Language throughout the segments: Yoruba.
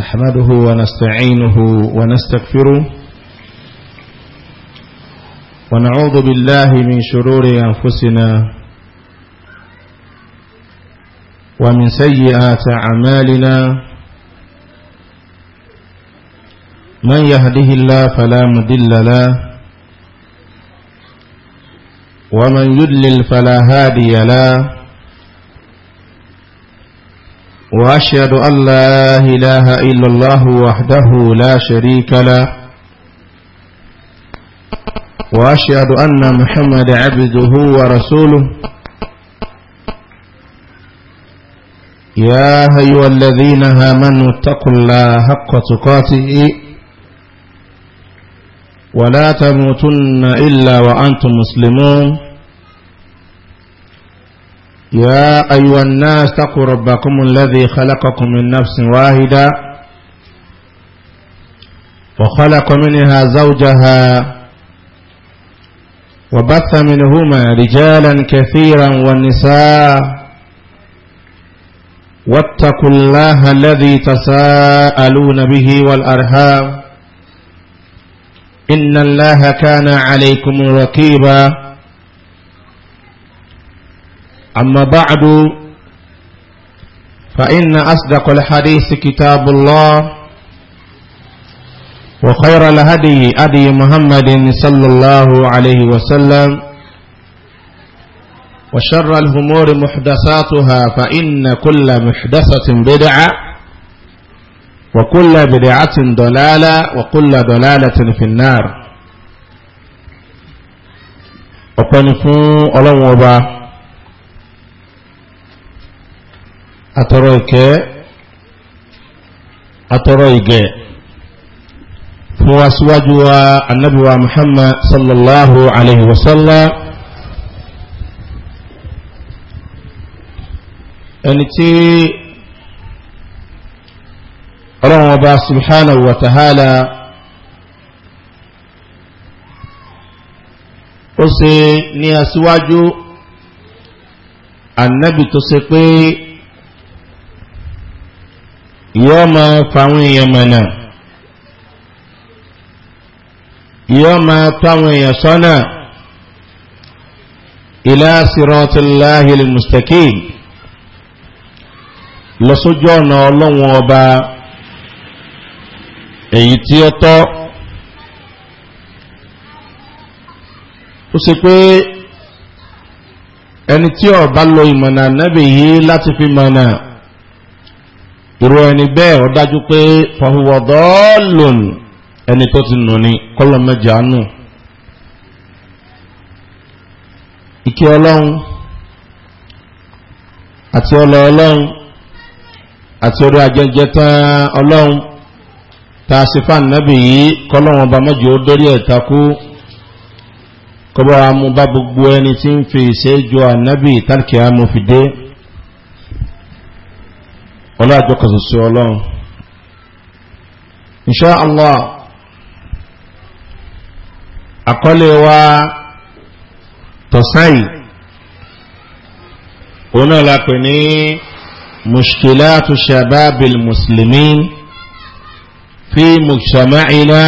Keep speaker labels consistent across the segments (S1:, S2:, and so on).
S1: نحمده ونستعينه ونستغفره ونعوذ بالله من شرور أنفسنا ومن سيئات أعمالنا من يهده الله فلا مدل له ومن يدلل فلا هادي له وأشهد أن لا إله إلا الله وحده لا شريك له وأشهد أن محمد عبده ورسوله يا أيها الذين آمنوا اتقوا الله حق تقاته ولا تموتن إلا وأنتم مسلمون يا أيها الناس اتقوا ربكم الذي خلقكم من نفس واحدة وخلق منها زوجها وبث منهما رجالا كثيرا والنساء واتقوا الله الذي تساءلون به والأرهام إن الله كان عليكم رقيباً أما بعد فإن أصدق الحديث كتاب الله وخير الهدي أدي محمد صلى الله عليه وسلم وشر الهمور محدثاتها فإن كل محدثة بدعة وكل بدعة ضلالة وكل ضلالة في النار وقنفوا ألوم àtọrọ ìkẹ́ àtọrọ ìgẹ̀ fún aṣíwájú wa annabi wa muhammad sallallahu alaihi wasallam ẹni tí ọlọ́run ọba subhanahu wa ta'ala ó ṣe ní aṣíwájú annabi tó ṣe pé yọ́ ma fáwọn èèyàn mọ̀nà yọ́ ma táwọn èèyàn sọ́nà ilá sírọ́tìláhì mustaqim lọ́sójú ọ̀nà ọlọ́run ọba èyí tí ó tọ́ ó sì pé ẹni tí ó bá lo ìmọ̀nà nábì yìí láti fi mọ̀nà irú ẹni bẹ́ẹ̀ ó dájú pé fọwọ́dọ́ọ̀lùn ẹni tó ti nù ní kọlọ̀mẹ́jì àánú ìkẹ́ ọlọ́run àti ọlọ ọlọ́run àti orí ajẹ́jẹ́ tán ọlọ́run ta sífà nẹ́bì yìí kọlọ̀wọ̀n bá mẹ́jì ó dórí ẹ̀takú kọbọ̀ amú bá gbogbo ẹni tí ń fi ìṣẹ́jọ ànẹ́bì tàbí kí a mú fi dé ọlájọ́ kan ṣoṣo ọlọ́run insha Allah àkọlé wa tọ̀sáì òun náà la pè ní mushkilatu shababil muslimin fi mujtama'ina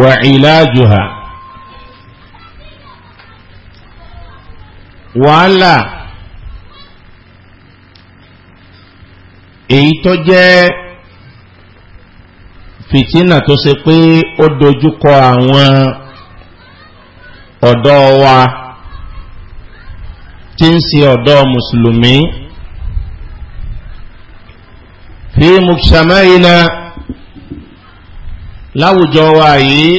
S1: wa ilajuha wàhálà èyí tó jẹ́ fìtínà tó ṣe pé ó dojúkọ àwọn ọ̀dọ́ wa tí ń ṣe ọ̀dọ́ mùsùlùmí fi mùsàmáyìnà láwùjọ wa yìí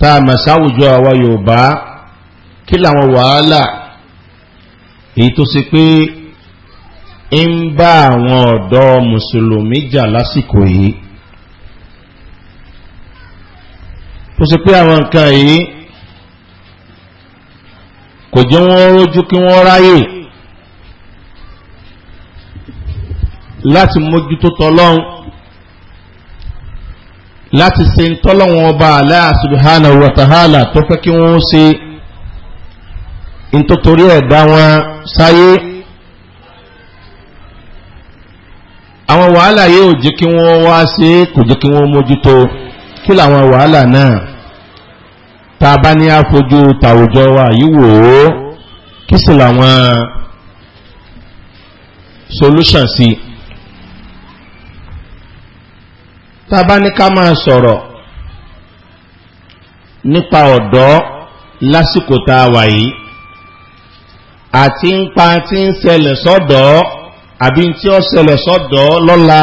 S1: ta a mọ̀ sáwùjọ àwa yorùbá kí làwọn wàhálà èyí tó ṣe pé ń bá àwọn ọ̀dọ́ mùsùlùmí jà lásìkò yìí tó sì pé àwọn nǹkan yìí kò jẹ́ wọ́n rójú kí wọ́n ráyè láti mójútó tọlọ́hun láti se ń tọ́lọ́wọ́n ọba Allah subhanahu wa ta'ala tó fẹ́ kí wọ́n ṣe ń tó torí ẹ̀dá wọn sáyé. àwọn wàhálà yóò jẹ́ kí wọ́n wá sí kò jẹ́ kí wọ́n mójútó kí làwọn wàhálà náà ta bá ní àfojú tàwùjọ wa yíwò ó kí sì làwọn solution sí ta bá ní ká máa sọ̀rọ̀ nípa ọ̀dọ́ lásìkò tá wà yìí àti ń pa tí ń ṣẹlẹ̀ sọ́dọ̀ọ́ àbí tí ó ṣẹlẹ̀ sọ́dọ̀ lọ́la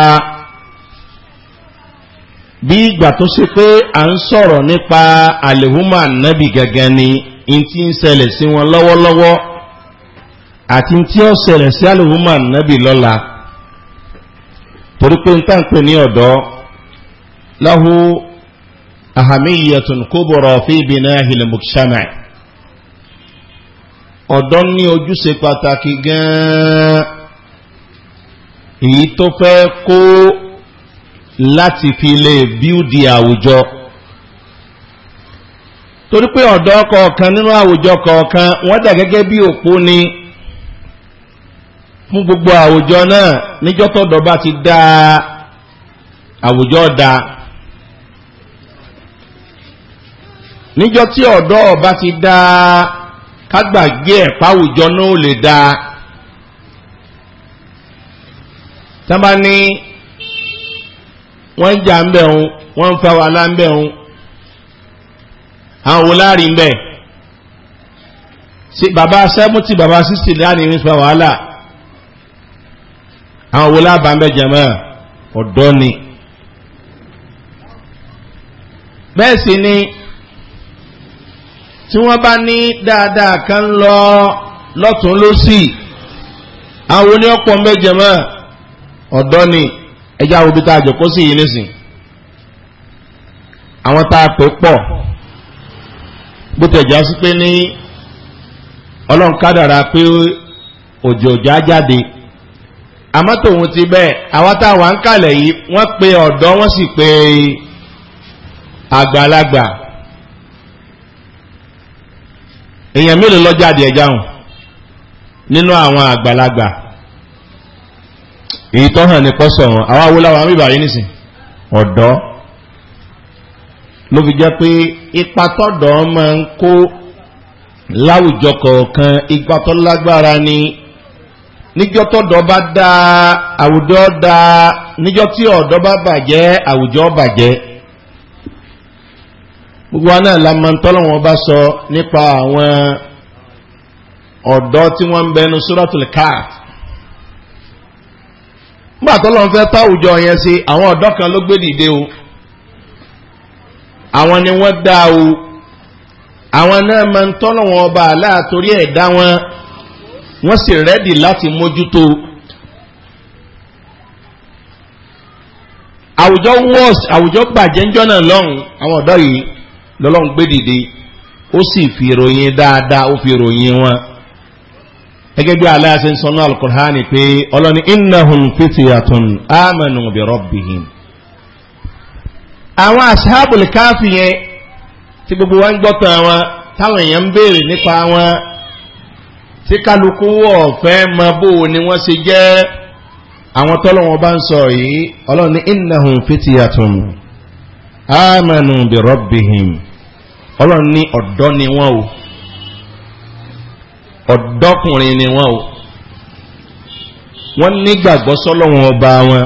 S1: bí ìgbà tó ṣe pé à ń sọ̀rọ̀ nípa àlèhúmà nẹ́bì gẹ́gẹ́ ni in tí ń ṣẹlẹ̀ sí wọn lọ́wọ́lọ́wọ́ àti tí ó ṣẹlẹ̀ sí àlèhúmà nẹ́bì lọ́la torí ń tàn ní ọ̀dọ́ láhú àhàmíyàtùn kóbọ̀rọ̀ fí ìbìnà ìlẹ̀mùkṣámẹ̀ ọ̀dọ́ ní ojúṣe pàtàkì gan-an èyí tó fẹ́ kó láti fi lè bíúdi àwùjọ torí pé ọ̀dọ́ kọ̀ọ̀kan nínú àwùjọ kọ̀ọ̀kan wọ́n dà gẹ́gẹ́ bí òpó ni fún gbogbo àwùjọ náà níjọ́ tọ́dọ̀ bá ti dá àwùjọ dá níjọ́ tí ọ̀dọ́ bá ti dá kágbàgbé ẹ̀ páwùjọ náà ò lè dáa. tán bá ní wọ́n jà ń bẹ̀ òun wọ́n ń fa wàhálà ń bẹ̀ òun àwọn wo láàrin ń bẹ̀ sí bàbá sẹ́mùtì bàbá sísì láàrin ń fa wàhálà àwọn wo ń bẹ̀ jẹ̀mọ́ ọ̀dọ́ ni bẹ́ẹ̀ sì ni tí wọ́n bá ní dáadáa kan lọ lọ́tún lọ́sì àwọn oníọ̀pọ̀ ń bẹ̀ jẹ̀mọ́ ọ̀dọ́ ni ẹjẹ́ àwọn obìnrin tá a jòkó sí yìí nísìn àwọn tá a pè pọ̀ bó tẹ̀já sí pé ní ọlọ́run kádàrá pé òjò òjò á jáde àmọ́ tòun ti bẹ́ẹ̀ àwọn táwa ń kàlẹ̀ yìí wọ́n pe ọ̀dọ́ wọ́n sì pe àgbàlagbà èèyàn mélòó lọ jáde ẹ̀jáhùn nínú àwọn àgbàlagbà. èyí tó hàn ní pọ́sọ̀ wọn àwọn awúláwà mìí báyìí nìsìn ọ̀dọ́ ló fi jẹ́ pé ipa tọ́dọ̀ máa ń kó láwùjọ kọ̀ọ̀kan ipa tó lágbára ni níjọ́ tọ́dọ̀ bá dá àwùjọ dá níjọ́ tí ọ̀dọ́ bá bàjẹ́ àwùjọ bàjẹ́ gbogbo wa náà la máa ń tọ́lọ́wọ́n bá sọ nípa àwọn ọ̀dọ́ tí wọ́n ń bẹnu suratul Kahf nígbà tó lọ́n fẹ́ tá àwùjọ yẹn ṣe àwọn ọ̀dọ́ kan ló gbé dìde o àwọn ni wọ́n dá o àwọn náà máa ń tọ́nà wọn ọba aláàtórí ẹ̀ dá wọn wọ́n sì rẹ́dì láti mójútó àwùjọ wọ́ọ̀sì àwùjọ bàjẹ́ ńjọ́ náà lọ́hùn àwọn ọ̀dọ́ yìí lọ́lọ́hùn gbé dìde ó sì fi ròyìn dáadáa ó fi ròyìn wọn gẹ́gẹ́ bí aláàṣẹ sọ́nà alkùnránì pé ọlọ́ni innahun fitiyatun amanu bi rabbihim àwọn asáàbùl káfí yẹn tí gbogbo wọn gbọ́tọ̀ àwọn táwọn èèyàn ń béèrè nípa wọn tí kálukú ọ̀fẹ́ mọ bó ni wọ́n ṣe jẹ́ àwọn tọ́lọ́wọ́n bá ń sọ yìí ọlọ́ni innahun fitiyatun amanu bi rabbihim ọlọ́ni ọ̀dọ́ ni wọ́n o. ọ̀dọ́kùnrin ni wọ́n o wọ́n nígbàgbọ́ sọ́lọ́run ọba wọn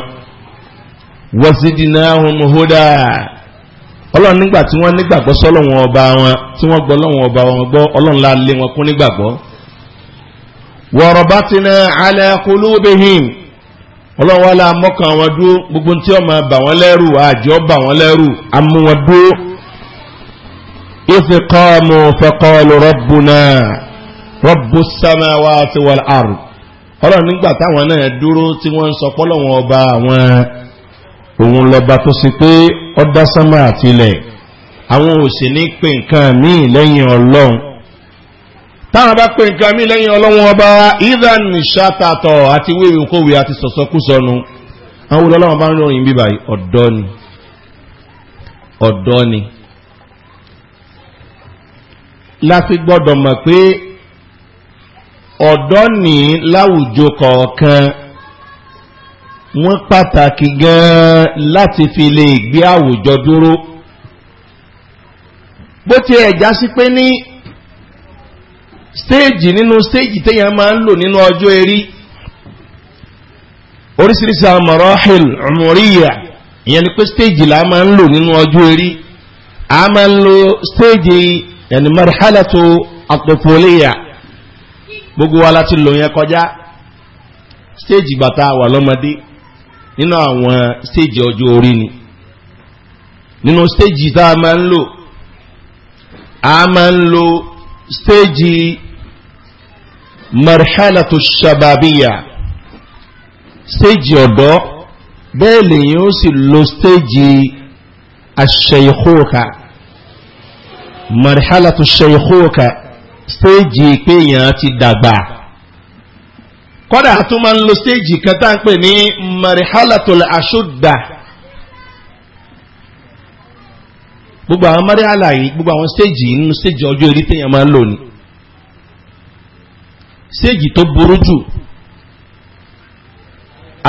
S1: wasidinahum huda ọlọ́run nígbà tí wọ́n nígbàgbọ́ sọ́lọ́run ọba wọn tí wọ́n gbọ́ lọ́run ọba wọn gbọ́ ọlọ́run la lé wọn kún nígbàgbọ́ warabatina ala qulubihim ọlọ́run wàhálà mọ́kàn wọn dúró gbogbo tí wọ́n máa bà wọ́n lẹ́rù àjọ bà wọ́n lẹ́rù amú wọn dúró ìfikọ́ mu faqalu rabbuna. rọ́bù sámáwá ti wà àrùn ọlọ́run nígbà táwọn náà dúró tí wọ́n ń sọ pọ́lọ́wọ́n ọba àwọn òun lọ́ba tó sì pé ọdá sámá àti ilẹ̀ àwọn òsì ní pé nǹkan míì lẹ́yìn ọlọ́run táwọn bá pé nǹkan míì lẹ́yìn ọlọ́run ọba ivan ṣàtàtọ̀ àti wíwíkówì àti sọ̀sọ́kúsọnu àwọn olọ́lọ́wọ́n bá ń ròyìn bíbà ọ̀dọ́ ni ọ̀dọ́ ni láti gbọ́dọ̀ mọ̀ pé ọ̀dọ́ ni láwùjọ kọ̀ọ̀kan wọ́n pàtàkì gan-an láti fi lè gbé àwùjọ dúró bó ti ẹ̀já sí pé ní stéèjì nínú stéèjì téèyàn máa ń lò nínú ọjọ́ eré oríṣiríṣi àmọ̀rọ́hìl ọ̀mọ̀ríyà ìyẹn ni pé stéèjì là máa ń lò nínú ọjọ́ eré a máa ń lo stéèjì yẹn ni marhalatu gbogbo wa láti lò yẹn kọjá stéèjì ìgbà tá a wà lọ́mọdé nínú àwọn stéèjì ọjọ́ orí ni nínú stéèjì tá a máa ń lò a máa ń lo stéèjì marhalatu shababiya stéèjì ọ̀dọ́ bẹ́ẹ̀ lèyìn ó sì lo stéèjì aṣèyíkóka marhalatu aṣèyíkóka stéèjì pé èèyàn ti dàgbà kọ́dà tó máa ń lo stéèjì kan tá à ń pè ní marihalatul ashuda gbogbo àwọn marihala yìí gbogbo àwọn stéèjì yìí nínú stéèjì ọjọ́ orí téèyàn máa ń lò ní stéèjì tó burú jù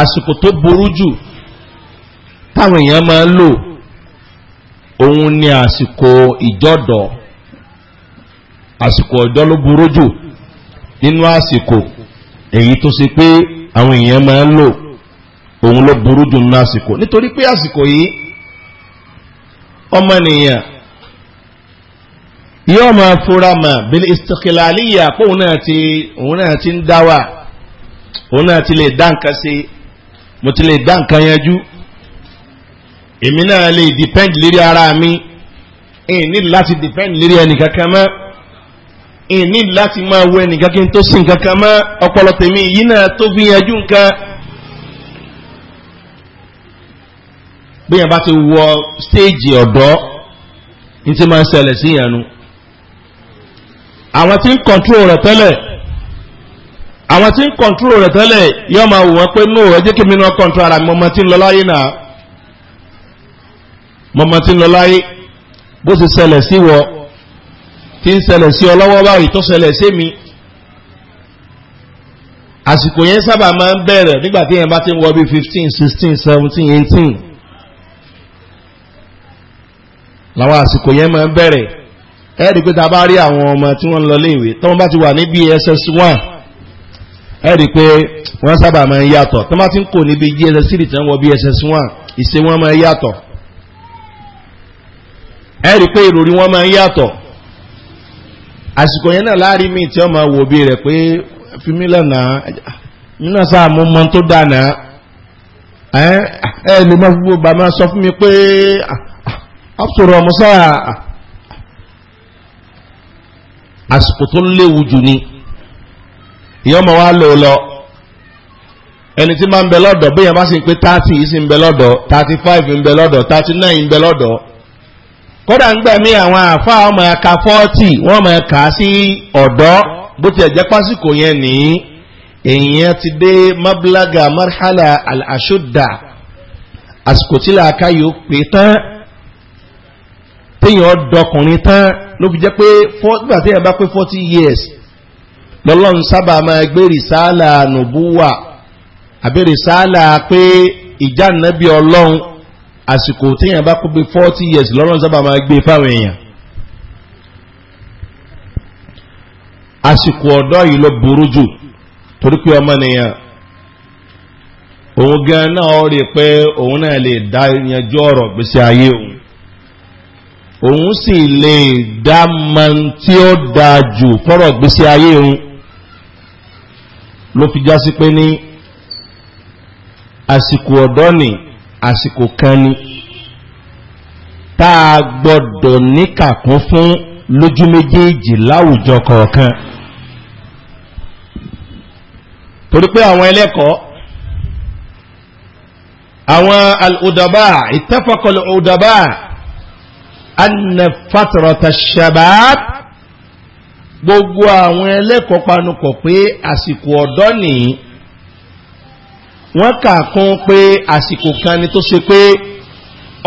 S1: àsìkò tó burú jù táwọn èèyàn máa ń lò òun ni àsìkò ìjọ́dọ̀ọ́ àsìkò ọ̀dọ́ ló burú jù nínú àsìkò èyí tó ṣe pé àwọn èèyàn máa ń lò òun ló burú jù nínú àsìkò nítorí pé àsìkò yìí ọmọnìyàn yóò máa fura mà bíi ìsìkìlàlíyà pé òun náà ti òun náà ti ń dá wà òun náà ti lè dá nǹkan ṣe mo ti lè dá nǹkan yanjú èmi náà lè depend lérí ara mi èyí nílò láti depend lérí ẹnìkankan mọ́. ìní láti máa wẹ nìkan kí n tó sin kankan ma ọpọlọ tèmi yìí náà tó fi yanjú nǹkan. bá ti wọ stéèjì ọ̀dọ́ ní ti máa ń ṣẹlẹ̀ sí ìyanu. àwọn tí ń kọ̀ntró rẹ̀ tẹ́lẹ̀ àwọn tí ń kọ̀ntró rẹ̀ tẹ́lẹ̀ yóò máa wọ́n pé nù ara mi tí ń lọ láyé náà mọ̀mọ́ tí ń lọ láyé bó ti tí ń ṣẹlẹ̀ sí ọlọ́wọ́ báyìí tó ṣẹlẹ̀ sí mi àsìkò yẹn sábà máa ń bẹ̀rẹ̀ nígbà yẹn bá ti ń bí fifteen sixteen seventeen eighteen làwọn àsìkò yẹn máa ń bẹ̀rẹ̀ ẹ rí i pé tá a bá rí àwọn ọmọ tí wọ́n ń lọ léèwé tí wọ́n bá ti wà ní bss one ẹ rí i pé wọ́n sábà máa ń yàtọ̀ tí bá ti ń kò níbi jss three tí wọ́n bss one ìṣe wọn máa ń yàtọ̀ ẹ pé ìròrí wọn máa ń yàtọ̀ àsìkò yẹn náà láàrin mi tí ó máa wò bí rẹ̀ pé fi mí nínú sáà mú tó dànà ẹ lè má fúnbó bà máa sọ fún mi pé ah, ah, àpòrò ọ ah, àsìkò ọmọ wa lò lọ ẹni tí máa ń bẹ lọ́dọ̀ bí yẹn bá sì ń pé yìí sì ń bẹ lọ́dọ̀ ń kódà ń gbẹ̀mí àwọn àfá ọmọ ẹ̀ka 40 wọ́n mọ̀ ẹ̀ka sí ọ̀dọ́ bó ti ẹ̀jẹ́ pásíkò yẹn ní èèyàn ti dé mablaga marhala al-ashudda àsìkò tí làákà yóò pé tán téèyàn dọkùnrin tán ló fi jẹ́ pé nígbà téèyàn bá pé 40 years lọ́lọ́run sábà máa gbé rìsáàlà nùbúwà àbí rìsáàlà pé ìjà nàbí ọlọ́run àsìkò téèyàn bá kó pé forty years lọ́rùn sábà máa gbé fáwọn èèyàn àsìkò ọ̀dọ́ yìí lọ burú jù torí pé ọmọnìyàn òun gan náà rí i pé òun náà lè dá yanjú ọ̀rọ̀ gbèsè ayé òun òun sì lè dá man tí ó dáa jù fọ́rọ̀ gbèsè ayé òun ló fi já sí pé ní àsìkò ọ̀dọ́ nìí àsìkò kan ni táa gbọ́dọ̀ níkàkún fún lójú méjèèjì láwùjọ kọ̀ọ̀kan torí pé àwọn ẹlẹ́kọ̀ọ́ àwọn al'udaba ìtẹ́fọ̀kọ̀ al'udaba anna fatrata shabab gbogbo àwọn ẹlẹ́kọ̀ọ́ panukọ̀ pé àsìkò ọ̀dọ́ nìyí wọ́n kà kún pé àsìkò kan ni tó ṣe pé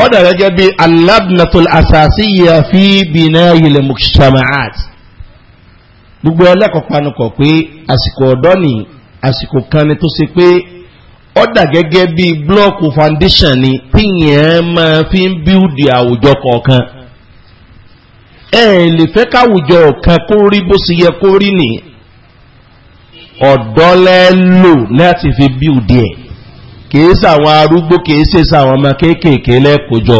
S1: ọ̀dà gẹ́gẹ́ bí alabnatul asasiyya fi binayil mujtama'at gbogbo ẹlẹ́kọ̀ọ́ panukọ̀ pé àsìkò ọ̀dọ́ ni àsìkò kan ni tó ṣe pé ọ̀dà gẹ́gẹ́ bí blọ́ọ̀kù foundation ni tíyẹn máa fi ń bíúdì àwùjọ kọ̀ọ̀kan ẹ̀ lè fẹ́ káwùjọ kan kó rí bó ṣe yẹ kó rí nìyẹn ọ̀dọ́lẹ́lò láti fi bí òdí ẹ̀ kìí sàwọn arúgbó sàwọn ọmọ kéèkèé lẹ́kòjọ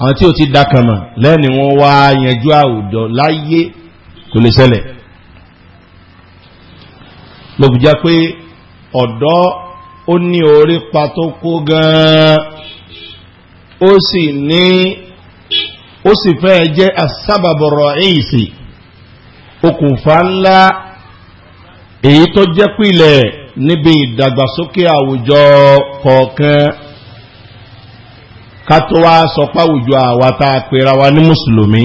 S1: àwọn tí ó ti dákàmà lẹ́ni wọ́n wá yanjú àwùjọ láyé kò lè ṣẹlẹ̀ lọ́bùjá pé ọ̀dọ́ ó ní orí gan-an ó sì ní ó sì fẹ́ jẹ́ èyí sí okùnfà ńlá èyí tó jẹ́ pìlẹ̀ níbi ìdàgbàsókè àwùjọ kọ̀ọ̀kan ká tó wá sọpá àwùjọ àwa tá pera wa ní mùsùlùmí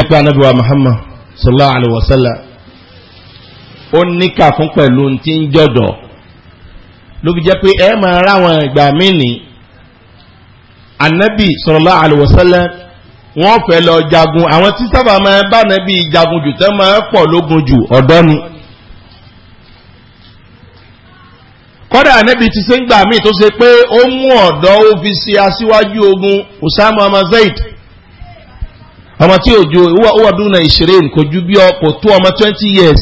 S1: ẹ̀pẹ́ anábíwá muhammad sallallahu alaihi wasallam ó níkà fún pẹ̀lú tí ń jọ̀dọ̀ ló fi jẹ́ pé ẹ máa ráwọn ìgbà mí ní anábì sallallahu alaihi wasallam wọ́n fẹ́ lọ jagun àwọn tí sábà máa bá nàbí jagun jù tẹ́ máa pọ̀ lógun jù ọ̀dọ́ ni. kọ́dà ti ṣe ń gbà míì tó ṣe pé ó mú ọ̀dọ́ ó fi aṣíwájú ogun usama amazaid ọmọ tí òjò ìwọ́dún náà ìṣeré kò ju bí ọkọ̀ tó ọmọ twenty years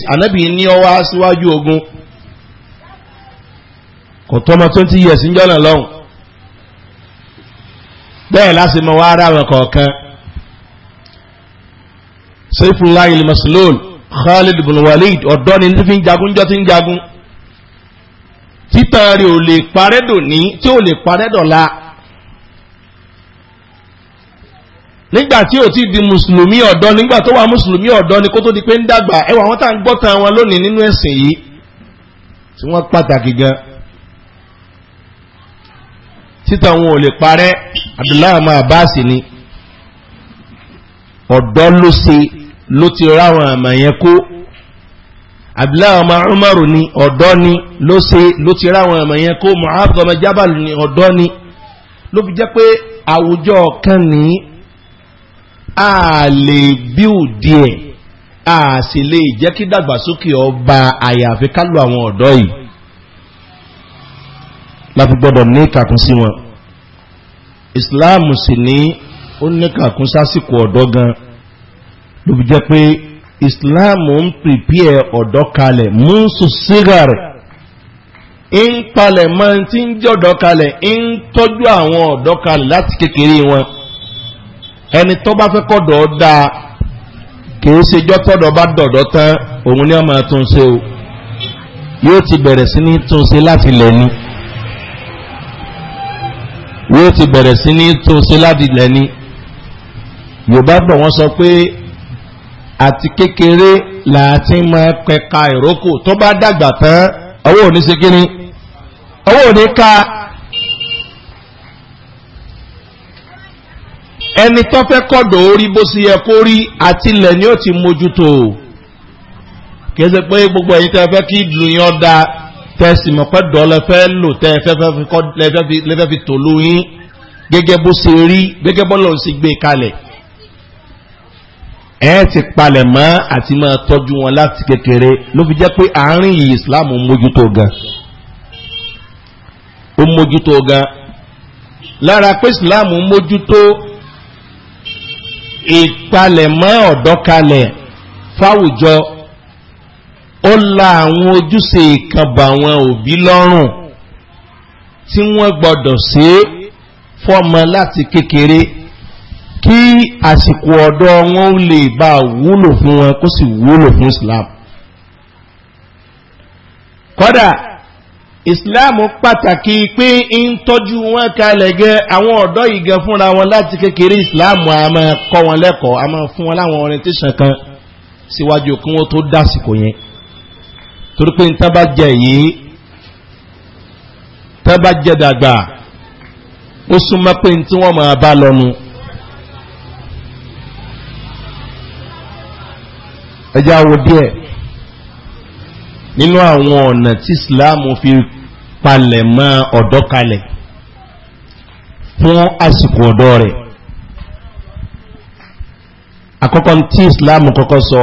S1: ní ọwọ́ aṣíwájú ogun twenty years ń jọ́nà lọ́hùn bẹ́ẹ̀ láti mọ wá ara wọn Saifullah al-Maslul Khalid bin Walid ọ̀dọ́ ni tí fi ń jagun jọ́ ti ń jagun títàn rẹ̀ ò lè parẹ́ dòní tí ò lè parẹ́ dọ̀la nígbà tí ò ti di mùsùlùmí ọ̀dọ́ nígbà tó wà mùsùlùmí ọ̀dọ́ ni kó tó di pé ń dàgbà ẹwà wọn tá ń gbọ́ tan wọn lónìí nínú ẹ̀sìn yìí tí wọ́n pàtàkì gan títàn wọn ò lè parẹ́ Abdullahi Abbas ni ọ̀dọ́ ló ṣe ló ti ráwọn àmà yẹn kó abdullahi ọmọ umaru ni ọ̀dọ́ ni ló ṣe ló ti ráwọn àmà yẹn kó muhammadu ọmọ ni ọ̀dọ́ ni ló fi jẹ́ pé àwùjọ kan ní a lè bíù díẹ̀ a sì lè jẹ́ kí dàgbàsókè ọba àyàfi kálù àwọn ọ̀dọ́ yìí láti gbọ́dọ̀ ní ìkàkùn sí wọn islam sì ní ó ní ìkàkùn sásìkò ọ̀dọ́ gan-an ló fi jẹ́ pé islam ń prepare ọ̀dọ́ kalẹ̀ múnsù sígar ń palẹ̀ máa ti ń jẹ́ ọ̀dọ́ kalẹ̀ ń tọ́jú àwọn ọ̀dọ́ kalẹ̀ láti kékeré wọn ẹni tó bá fẹ́ kọ́dọ̀ dáa kìí ṣe jọ́tọ̀dọ̀ bá dọ̀dọ̀ tán òun ni ó máa o yóò ti bẹ̀rẹ̀ sí ní tún láti lẹ̀ ni yóò ti bẹ̀rẹ̀ sí ní tún láti lẹ̀ ni yorùbá bọ̀ wọ́n sọ pé àti kékeré láti máa pẹka ìrókò tó bá dàgbà tán ọwọ́ òní ṣe kíni ọwọ́ òní ká ẹni tó fẹ́ kọ́dọ̀ orí bó ṣe yẹ kó rí àtilẹ̀ ni ó ti mójútó kìí ṣe pé gbogbo ẹ̀yin tẹ́ fẹ́ kí ìlú yẹn da tẹ̀sí mọ̀ pé dọ́lẹ̀ fẹ́ lò tẹ́ lẹ́fẹ́ fi tòlú yín gẹ́gẹ́ bó ṣe rí gẹ́gẹ́ bọ́lọ̀ ń sì gbé kalẹ̀ ẹ ti palẹ̀ mọ́ àti máa tọ́jú wọn láti kékeré ló fi jẹ́ pé àárín yìí islam mójútó gan ó mójútó gan lára pé islam mójútó ìpalẹ̀mọ́ ọ̀dọ́kalẹ̀ fáwùjọ ó la àwọn ojúṣe ìkànbà àwọn òbí lọ́rùn tí wọ́n gbọ́dọ̀ ṣe fọ́mọ láti kékeré kí àsìkò ọ̀dọ́ wọn ó lè bá wúlò fún wọn kó sì wúlò fún islam kọ́dà islam pàtàkì pé ń tọ́jú wọn kalẹ̀ gẹ àwọn ọ̀dọ́ ìgẹ fúnra wọn láti kékeré islam a máa kọ́ wọn lẹ́kọ̀ọ́ a máa fún wọn láwọn orientation kan síwájú kí wọ́n tó dásìkò yẹn torí pé ń tábà jẹ yìí tábà jẹ dàgbà ó súnmọ́ pé ń tí wọ́n máa bá lọ́nu ẹjá wo díẹ̀ nínú àwọn ọ̀nà tí islamu fi palẹ̀ mọ́ ọ̀dọ́ kalẹ̀ fún àsìkò ọ̀dọ́ rẹ̀ àkọ́kọ́ tí islamu kọ́kọ́ sọ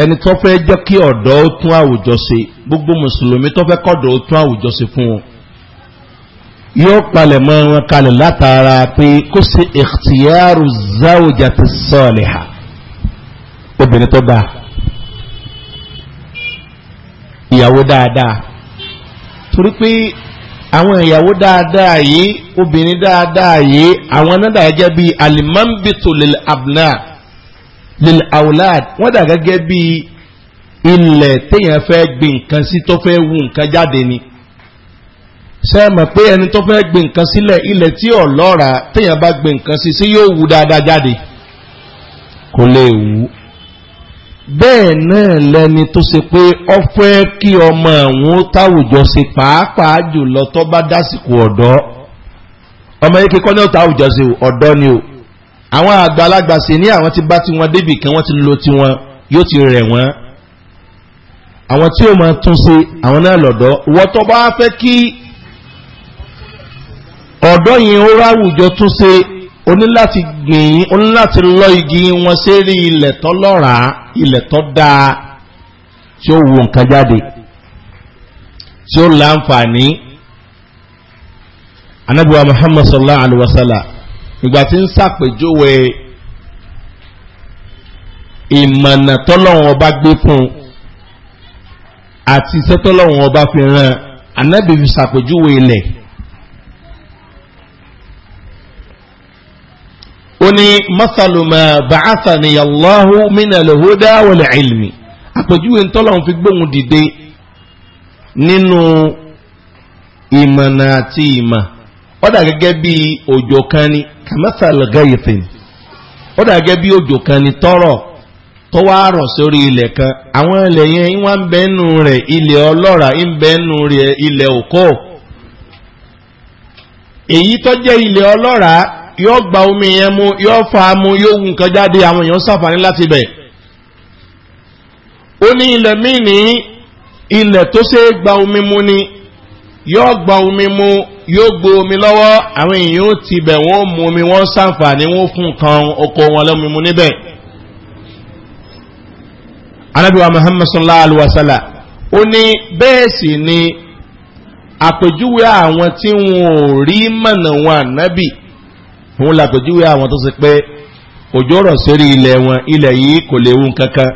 S1: ẹni tó fẹ́ jẹ́ kí ọ̀dọ́ ó tún àwùjọ ṣe gbogbo mùsùlùmí tó fẹ́ kọ́dọ̀ tún àwùjọ fún wọn yóò palẹ̀ mọ́ wọn kalẹ̀ látara pé kó ṣe ìhtiyàrù záwùjá sọ́ọ̀lẹ̀ ha obìnrin tó dáa ìyàwó dáadáa torí pé àwọn ìyàwó dáadáa yìí obìnrin dáadáa yìí àwọn náà dàá gẹ́gẹ́ bíi alimambito lil abna lil awlad wọ́n dàá gẹ́gẹ́ bíi ilẹ̀ téèyàn fẹ́ gbin nǹkan sí tó fẹ́ wù nǹkan jáde ni ṣe mọ̀ pé ẹni tó fẹ́ gbin nǹkan sílẹ̀ ilẹ̀ tí ọ̀lọ́ra téèyàn bá gbin nǹkan sí sí yóò wù dáadáa jáde kò lè wù bẹ́ẹ̀ náà lẹni tó ṣe pé ọ fẹ́ kí ọmọ ẹ̀wọ̀n táwùjọ ṣe pàápàá jùlọ tó bá dásìkò ọ̀dọ́ ọmọ yìí kíkọ́ ní ọ̀tá àwùjọ ṣe ọ̀dọ́ ni o àwọn àgbàlagbà sì ní àwọn ti bá ti wọn débì kan wọ́n ti lo ti wọn yóò ti rẹ̀ wọ́n àwọn tí ó máa tún ṣe àwọn náà lọ́dọ́ wọ́n tó bá fẹ́ kí ọ̀dọ́ yẹn ó ráwùjọ tún ṣe o ní láti gbìn o ní láti lọ igi wọn sérí ilẹ̀ tọ́ lọ́ràá ilẹ̀ tọ́ dáa tí ó wù nǹkan jáde tí ó láǹfààní anábíwá muhammad sallallahu alaihi wasallam ìgbà tí ń sàpèjúwe ìmọ̀nà tọ́lọ́wọ́n ọba gbé fún àti iṣẹ́ tọ́lọ́wọ́n ọba fi ràn anábìfi sàpèjúwe ilẹ̀ ó ní masaluma ni allahu minal huda wal ilmi àpèjúwe ntọ́lọ́hún fi gbóhùn dìde nínú ìmọ̀nà àti ìmọ̀ ó gẹ́gẹ́ bí òjò kan ni kamasal gaithin ó dà gẹ́gẹ́ bí òjò kan ni tọ́rọ̀ tó wá rọ̀ sórí ilẹ̀ kan àwọn ilẹ̀ yẹn wá ń bẹ́ rẹ̀ ilẹ̀ ọlọ́ràá ń bẹ́ ile rẹ̀ ilẹ̀ òkó èyí tó jẹ́ yóò gba omi yẹn mu yóò fa mu yóò wù nǹkan jáde àwọn èèyàn sàfàní láti bẹ̀. ó ní ilẹ̀ míì ní ilẹ̀ tó ṣe é gba omi mu ni yóò gba omi mu yóò gbé omi lọ́wọ́ àwọn èèyàn ó ti bẹ̀ wọ́n mu omi wọ́n sàǹfààní wọ́n fún nǹkan oko wọn lọ́mọ mu níbẹ̀. anábìwá muhammad sallallahu alayhi wa sallam ó ní bẹ́ẹ̀ sì ni àpèjúwe àwọn tí wọn ò rí mọ̀nà wọn ànábì òun làpèjúwe àwọn tó ṣe pé òjò rọ̀ sórí ilẹ̀ wọn ilẹ̀ yìí kò lè wú kankan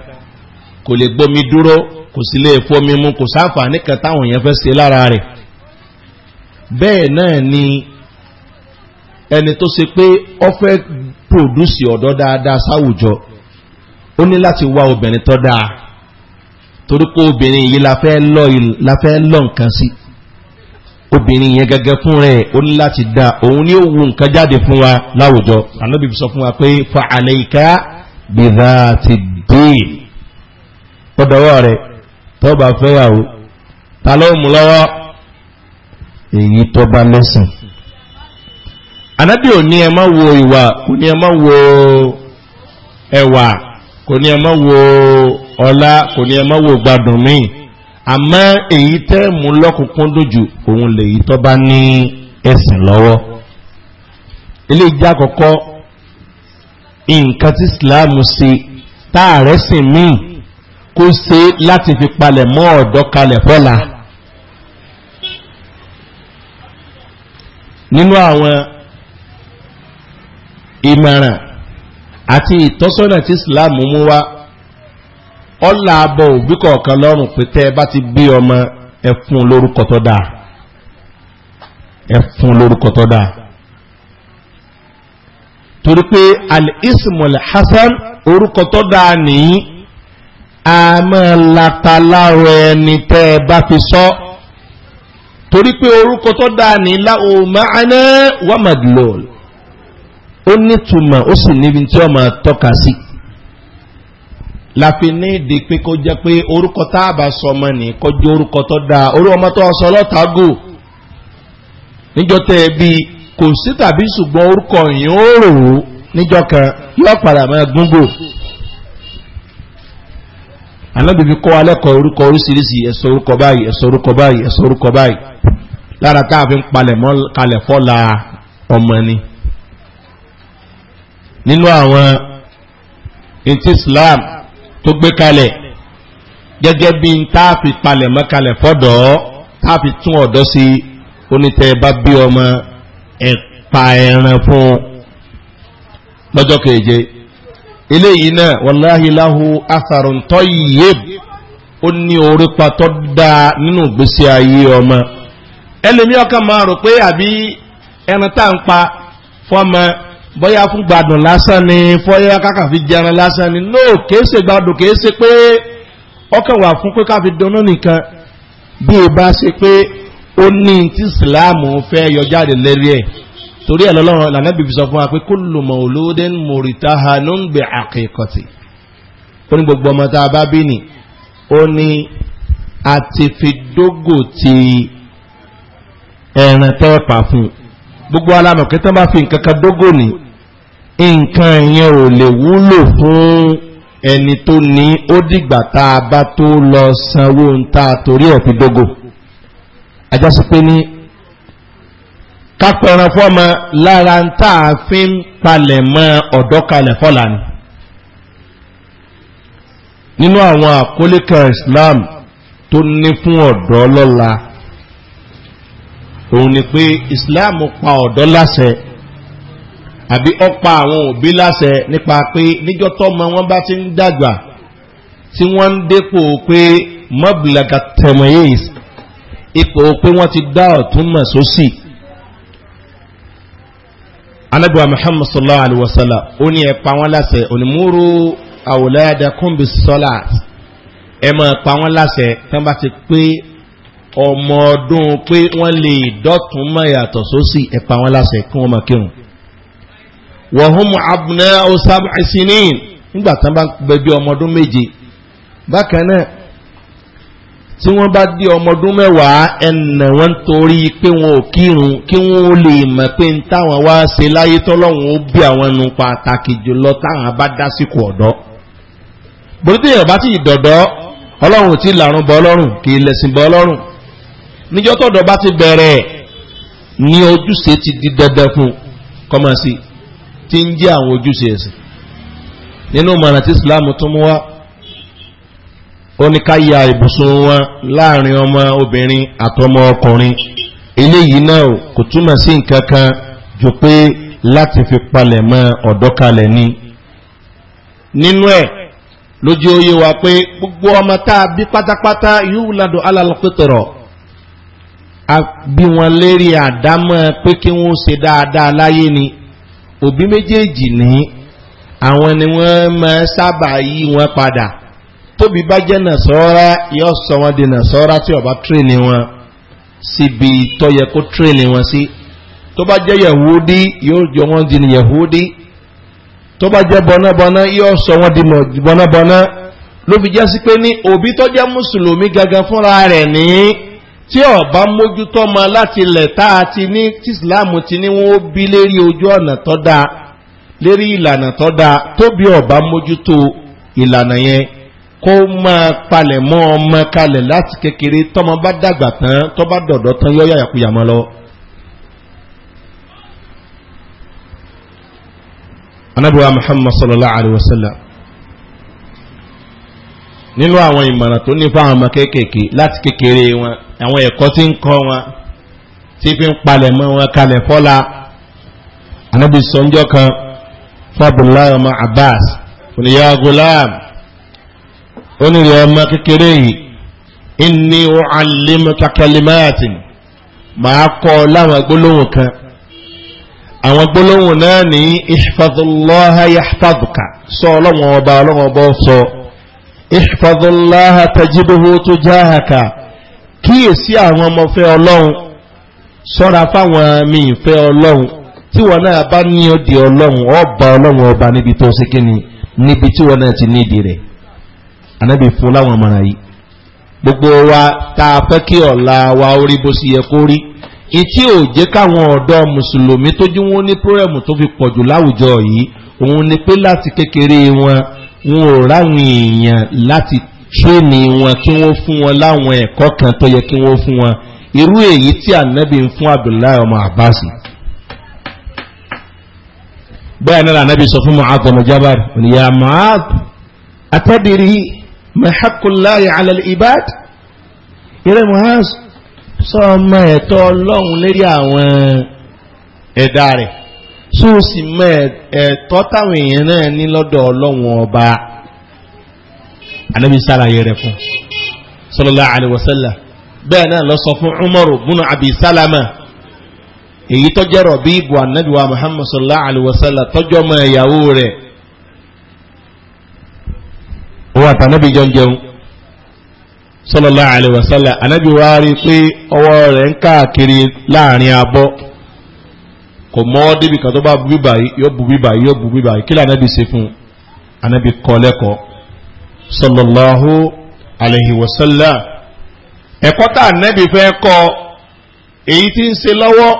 S1: kò lè gbómi dúró kò sì lè fọmi mu kò sáǹfààní kan táwọn èèyàn fẹ́ ṣe lára rẹ̀ bẹ́ẹ̀ náà ni ẹni tó ṣe pé ọ fẹ́ pòdúsì ọ̀dọ́ dáadáa sáwùjọ ó ní láti wá obìnrin tó dáa torí pé obìnrin yìí la fẹ́ lọ nǹkan sí obìnrin yẹn gẹ́gẹ́ fún rẹ̀ ó ní láti dá òun ní òwú nǹkan jáde fún wa láwùjọ anábì sọ fún wa pé fa àlẹ́ìká bìdá ti dé ọdọwọ́ rẹ̀ tó bá fẹ́yàwó ta ló mú lọ́wọ́ èyí tó lẹ́sìn anábì ò ní ẹ wo ìwà kò ní ẹ wo ẹwà kò ní ẹ wo ọlá kò ní ẹ wo gbádùn míì àmọ́ èyí tẹ́ mú lọ́kùnkún dójú òun lè yí tọ́ bá ní ẹ̀sìn lọ́wọ́ ilé ìjá àkọ́kọ́ nǹkan tí ìsìláàmù se táàrẹ́ sìn míì kó se láti fi palẹ̀ mọ́ ọ̀dọ́ kalẹ̀ fọ́la nínú àwọn ìmọ̀ràn àti ìtọ́sọ́nà tí ìsìláàmù mú wá ọlà abọ òbí kọ̀ọ̀kan lọ́rùn pé tẹ́ bá ti bí ọmọ ẹ̀fún lórúkọ tó dáa ẹ̀fún lórúkọ tó dáa torí pé al-ismul hasan orúkọ tó dáa nìyí a máa lata lára ẹni tẹ́ bá fi sọ torí pé orúkọ tó dáa ní láwo ma'ana wa madlul ó nítumọ̀ ó sì níbi tí ó tọ́ka sí. Si láfi ní èdè pé kó jẹ́ pé orúkọ tá a bá sọ ọmọ ní kọjú orúkọ tó dáa orí ọmọ tó sọ lọ́tàgò níjọ tẹ́ ẹ bí kò sí tàbí ṣùgbọ́n orúkọ yìí ó rò ó níjọ kan yóò padà máa gúngò alábìbí kọ́ alẹ́kọ̀ọ́ orúkọ oríṣiríṣi ẹ̀sọ́ orúkọ báyìí ẹ̀sọ́ orúkọ báyìí ẹ̀sọ́ orúkọ báyìí lára tá palẹ̀ mọ́ kalẹ̀ fọ́la ọmọ ni nínú àwọn ètí islam tó gbé kalẹ̀ gẹ́gẹ́ bí n tá fi palẹ̀ mọ́ kalẹ̀ fọ́dọ̀ tá fi tún ọ̀dọ́ sí onítẹ̀ bá bí ọmọ ẹ̀pa ẹran fún lọ́jọ́ keje eléyìí náà wàláhì láhu tọ́ yìí ó ní dáa nínú ìgbésí ayé ọmọ ẹlẹ́mí ọkàn máa rò pé àbí ẹran tá ń pa fọ́mọ bọ́yá fún gbádùn lásán ni fọ́yá kákà fi jẹran lásán ni no kéèsè gbádùn kéèsè pé ọkàn wà fún pé káfi dunnú nìkan bí o bá ṣe pé ó ní tí ìsìláàmù fẹ́ yọjáde lérí ẹ̀ torí ẹ̀ lọ́lọ́run lànàbí fi sọ fún wa pé kullu mauludin murtahanun bi aqiqati ó ní gbogbo ọmọ tá a bá bí ni ó ní a ti fi dógò ti ẹran tẹ́ẹ̀pà fún gbogbo alámọ̀kẹ́tàn bá fi nǹkan kan dógò ní nǹkan yẹn ò lè wúlò fún ẹni tó ní ó dìgbà tá a bá tó lọ sanwó ń ta torí ẹ̀fí dógò ajásí pé ní kápẹ̀ran fọ́mọ lára ń tà á fi ń palẹ̀ mọ́ ọ̀dọ́kalẹ̀ fọ́là ni nínú àwọn àkólé islam tó ní fún ọ̀dọ́ lọ́la òun ni pé islam pa ọ̀dọ́ láṣẹ àbí ọ̀pá àwọn òbí láṣẹ nípa pé níjọ́ tọ́mọ wọn bá ti ń dàgbà tí wọ́n ń dépò pé mọ́bìlàgà tẹ̀mọ̀yéis ipò pé wọ́n ti dá ọ̀tún mọ̀ sósì. anábìwá muhammad sallallahu alayhi wa sallam ó ní ẹ pa wọ́n láṣẹ onímúrú àwòláyàdá kúnbi sọ́là ẹ máa pa wọ́n láṣẹ tí bá ti pé ọmọ ọdún pé wọ́n lè dọ́tún mọ̀ yàtọ̀ sósì ẹ pa wọ́n kí wọ́n máa kírun. wọ̀hún abúlé ọ̀sàbà ìsìnìyìn nígbà tán bá ń bí ọmọ ọdún méje bákan náà tí wọ́n bá di ọmọ ọdún mẹ́wàá ẹnà wọn torí pé wọn ò kírun kí wọn ó lè mọ̀ pé ń táwọn wá ṣe láyé tí ń jẹ́ àwọn ojúṣe ẹ̀sìn nínú mọ̀nà tí islamu tún mú wá ó ní ká ya wọn láàrin ọmọ obìnrin àtọmọ ọkùnrin yìí náà kò túmọ̀ sí nǹkan kan jù pé láti fi palẹ̀ mọ́ ọ̀dọ́kalẹ̀ ni nínú ẹ̀ gbogbo ọmọ tá a bí pátápátá yóò ládùn a bí wọn lérí àdámọ́ pé kí wọ́n ṣe dáadáa láyé ni òbí méjèèjì ní àwọn ni wọ́n máa sábà yí wọn padà tóbi bá jẹ́ nàṣọ́ra yóò sọ wọn di nàṣọ́ra tí ọba tírèlì wọn síbi bi yẹ kó tírèlì wọn sí tó bá jẹ́ yahudi yóò jọ wọn di yahudi tó bá jẹ́ bọ́nábọ́ná yóò sọ wọn di bọ́nábọ́ná ló fi jẹ́ sí pé ní òbí tó jẹ́ mùsùlùmí gangan fúnra rẹ̀ ni. tí ọ̀bá mójútó ma láti lẹ̀ táa ti ní tí ìsìláàmù ti ní wọ́n ó bí lérí ojú ọ̀nà tó dáa lérí ìlànà tó dáa tó bí ọ̀bá mójútó ìlànà yẹn kó máa palẹ̀ mọ́ ọmọ kalẹ̀ láti kékeré tọ́mọ bá dàgbà tán tó bá dọ̀dọ̀ tán yọ́ yàyàkuyà mọ́ lọ. anábìwá muhammad sallallahu alayhi wa sallam nínú àwọn ìmọ̀ràn tó ní fáwọn ọmọ kéékèèké láti kékeré wọn àwọn ẹ̀kọ́ tí ń kọ́ wọn tí fi ń palẹ̀ mọ́ wọn kalẹ̀ fọ́la anábì sọ́njọ́ kan fábùláì ọmọ abbas oníyà gulam onírè ọmọ kékeré yìí inni ó alimu takalimatin màá kọ́ láwọn gbólóhùn kan àwọn gbólóhùn náà ní sọ ìfọdúnláha tajidoho tujahaka kíyèsí àwọn ọmọfẹ́ ọlọ́run sọ́ra fáwọn mi ìfẹ́ ọlọ́run tí wọ́n náà bá ní òdì ọlọ́run ọba ọlọ́run ọba níbi tó sí kí ni níbi tí wọ́n náà ti ní ìdí rẹ̀ anábì fún láwọn ọmọràn yìí gbogbo wa tá a fẹ́ kí ọ̀la wa orí bó sì yẹ kó rí ìtí ò jẹ́ káwọn ọ̀dọ́ mùsùlùmí tójú wọn ní pírọ́ẹ̀mù tó fi pọ̀jù láwùjọ yìí òun ni pé láti kékeré wọn wọn ò ráwọn èèyàn láti tréní wọn kí wọ́n fún wọn láwọn ẹ̀kọ́ kan tó yẹ kí wọ́n fún wọn irú èyí tí ànábì ń fún abdullahi ọmọ abbas bẹ́ẹ̀ náà ànábì sọ fún ma'ad ẹ̀tọ́ ọlọ́run lérí àwọn ẹ̀dá rẹ̀ so sì mọ ẹ̀tọ́ táwọn èèyàn náà ní lọ́dọ̀ ọlọ́run ọba anábì sálàyé rẹ̀ fún sallallahu alaihi wasallam bẹ́ẹ̀ náà lọ sọ fún umaru bunu abi salama èyí tọ́jẹ́ rọ̀bí ibu anábì wa muhammad sallallahu alaihi tọ́jọ́ mọ ìyàwó rẹ̀ òun àtànábì jọ jẹun sallallahu alaihi wasallam rí pé ọwọ́ rẹ̀ ń káàkiri láàrin abọ́ kò mọ́ débi kan tó bá bu bíbà yìí yóò bu bíbà yìí yóò bu bíbà yìí kí lè anábì ṣe fún un anábì kọ́ lẹ́kọ̀ọ́ sallallahu alayhi wa sallam ẹ̀kọ́ tá anábì fẹ́ kọ́ èyí tí ń ṣe lọ́wọ́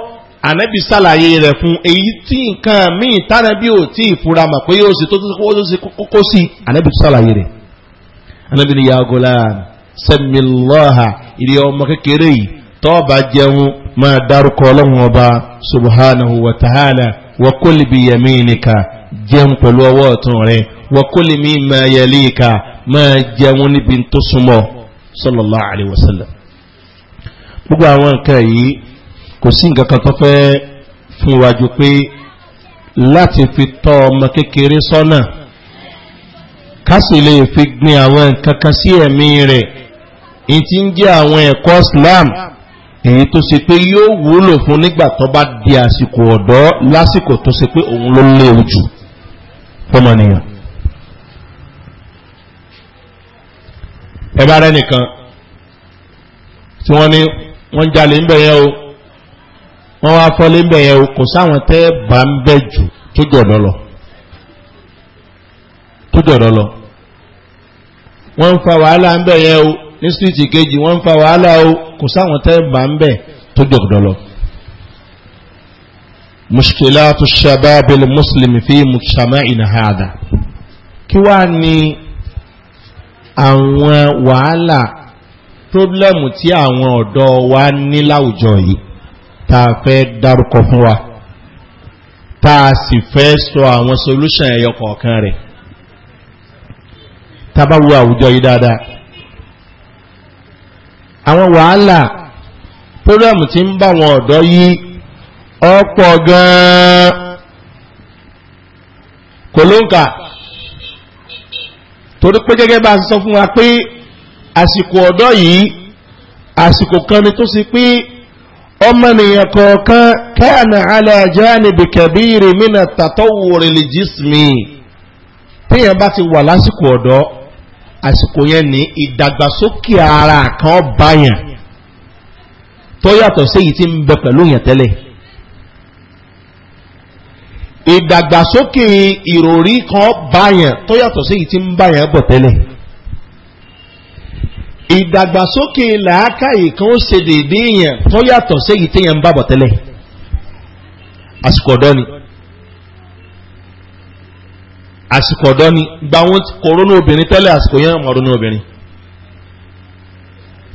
S1: anábì ṣàlàyé rẹ̀ fún èyí tí nǹkan míì tánábì ò tí ì fura mà pé yóò ṣe tó tó ṣe kókó sí anábì ṣàlàyé rẹ̀ anábì ni ya gulam ilé ọmọ kékeré yìí tọ́ọ̀bà jẹun máa dárúkọ ọlọ́run ọba subhanahu wa ta'ala wa kulli bi yaminika jẹun pẹ̀lú ọwọ́ ọ̀tún rẹ wa kulli mimma yalika máa jẹun níbi tó súnmọ́ sallallahu alayhi wa sallam. gbogbo àwọn nǹkan yìí kò sí nǹkan kan tó fẹ́ fún wa pé láti fi tọ́ ọmọ kékeré sọ́nà ká fi gbin àwọn nǹkan kan sí ẹ̀mí rẹ̀ èyí ń jẹ́ àwọn ẹ̀kọ́ Islam. Islam èyí tó ṣe pé yóò wúlò fún nígbà tó bá di àsìkò ọ̀dọ́ lásìkò tó ṣe pé òun ló léwu jù fọmọnìyàn ẹ bá rẹ nìkan tí wọ́n ní wọ́n jalè ń bẹ̀ yẹn o wọ́n wá fọ́lé ń bẹ̀ o kò sáwọn tẹ́ bá ń bẹ̀ jù tó jọ̀dọ̀ lọ tó jọ̀dọ̀ lọ wọ́n ń fa wàhálà ń bẹ̀ o ní stíìtì kejì wọ́n ń fa wàhálà o kò sáwọn tẹ́ bá ń bẹ̀ tó jọ̀dọ̀ lọ. mushkilatu shababi muslimi fi mujtama'ina hada kí wá ní àwọn wàhálà pírọ́blẹ́mù tí àwọn ọ̀dọ́ wa ní láwùjọ yìí ta fẹ́ dárúkọ fún wa ta sì fẹ́ sọ àwọn solúṣàn ẹyọ kọ̀ọ̀kan rẹ̀ tabawu àwùjọ yìí dáadáa àwọn wàhálà program tí ń bá wọn ọ̀dọ́ yí ọpọ̀ gan-an kò ló ń kà torí pé gẹ́gẹ́ bá sọ fún wa pé àsìkò ọ̀dọ́ yìí àsìkò kan ni tó sì pé ọmọnìyàn kọ̀ọ̀kan kana ala janibi kabiri mina tatawuri li àsìkò yẹn ní ìdàgbàsókè ara kan báyàn tó yàtọ̀ sí èyí tí ń bẹ pẹ̀lú yẹn tẹ́lẹ̀ ìdàgbàsókè ìròrí kan báyàn tó yàtọ̀ sí èyí tí ń báyàn bọ̀ tẹ́lẹ̀ ìdàgbàsókè làákàyè kan ṣe yẹn tó yàtọ̀ sí èyí tí yẹn ń bá tẹ́lẹ̀ àsìkò ọ̀dọ́ ni àsìkò ọ̀dọ́ ni gba wọn kòrónú obìnrin tẹ́lẹ̀ àsìkò yẹn ọmọ ronú obìnrin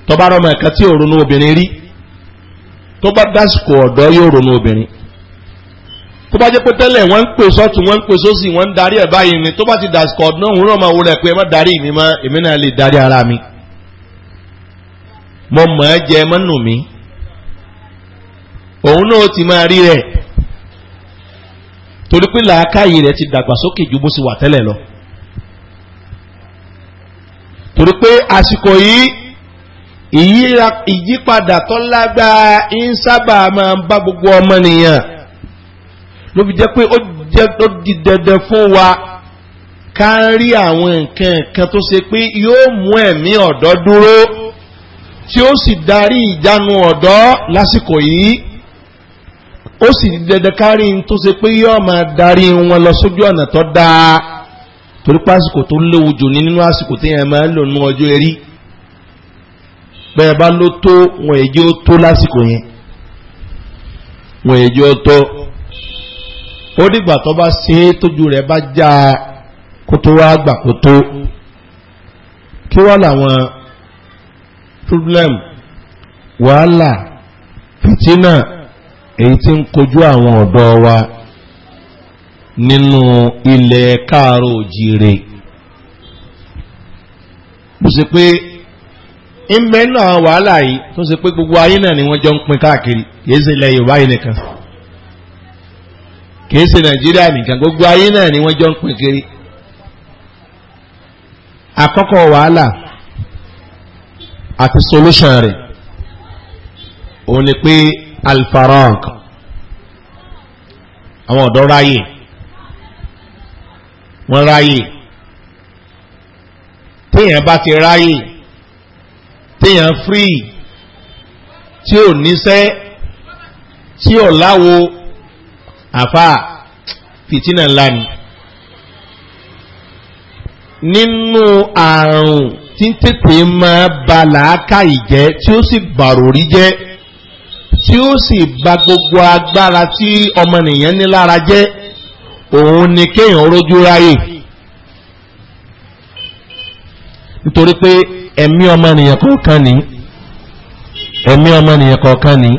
S1: tó bá rọmọ ẹ̀ka tí ò ronú obìnrin rí tó bá dásìkò ọ̀dọ́ yóò ronú obìnrin tó bá jẹ́ pé tẹ́lẹ̀ wọ́n ń pè sọ́tún wọ́n ń pè sósì wọ́n ń darí ẹ̀ báyìí ni tó bá ti dásìkò ọ̀dọ́ òun náà máa wo rẹ̀ pé ẹ má darí mi mọ́ èmi náà lè darí ara mi mo mọ̀ ẹ́ jẹ mọ́nù mi òun náà ti máa rí rẹ̀ torí pé làákàyè rẹ̀ ti dàgbàsókè ju bó ṣe wà tẹ́lẹ̀ lọ torí pé àsìkò yìí ìyípadà tó lágbára ń sábà máa ń bá gbogbo ọmọnìyàn ló fi jẹ́ pé ó di dandan fún wa ká rí àwọn nǹkan kan tó ṣe pé yóò mú ẹ̀mí ọ̀dọ́ dúró tí ó sì darí ìjánu ọ̀dọ́ lásìkò yìí ó sì dẹ̀dẹ̀ kárí ń tó ṣe pé yọ́ máa darí wọn lọ sójú ọ̀nà tó dáa torí pásìkò tó léwu jù ní nínú àsìkò tí yẹn máa ń lò nú ọjọ́ erí bẹ́ẹ̀ bá ló tó wọn èjì ó tó lásìkò yẹn wọn èjì ó tó ó dìgbà tó bá ṣe tójú rẹ̀ bá já kó tó wá gbà kó tó kí wá làwọn problem wàhálà fìtínà. èyí tí ń kojú àwọn ọ̀dọ́ wa nínú ilẹ̀ káàrò òjìire bó ṣe pé ń náà wàhálà yìí tó pé gbogbo ayé náà ni wọ́n jọ ń pin káàkiri kìí Yorùbá yìí nìkan kìí Nàìjíríà nìkan gbogbo ayé náà ni wọ́n jọ ń pin kiri àkọ́kọ́ wàhálà àti solution rẹ̀ òun ni pé alfarag àwọn ọ̀dọ́ ráyè wọ́n ráyè téèyàn bá ti ráyè téèyàn free tí ò níṣẹ́ tí ò láwo àfa fìtínà ńlá ni nínú àrùn tí tètè máa ba làákàyè jẹ́ tí ó sì bàròrí jẹ́ tí ó sì bà gbogbo agbára tí ọmọnìyàn ní lára jẹ́ òun ni kéèyàn rójú ráyè nítorí pé ẹ̀mí ọmọnìyàn kọ̀ọ̀kan ni ẹ̀mí ọmọnìyàn kọ̀ọ̀kan ni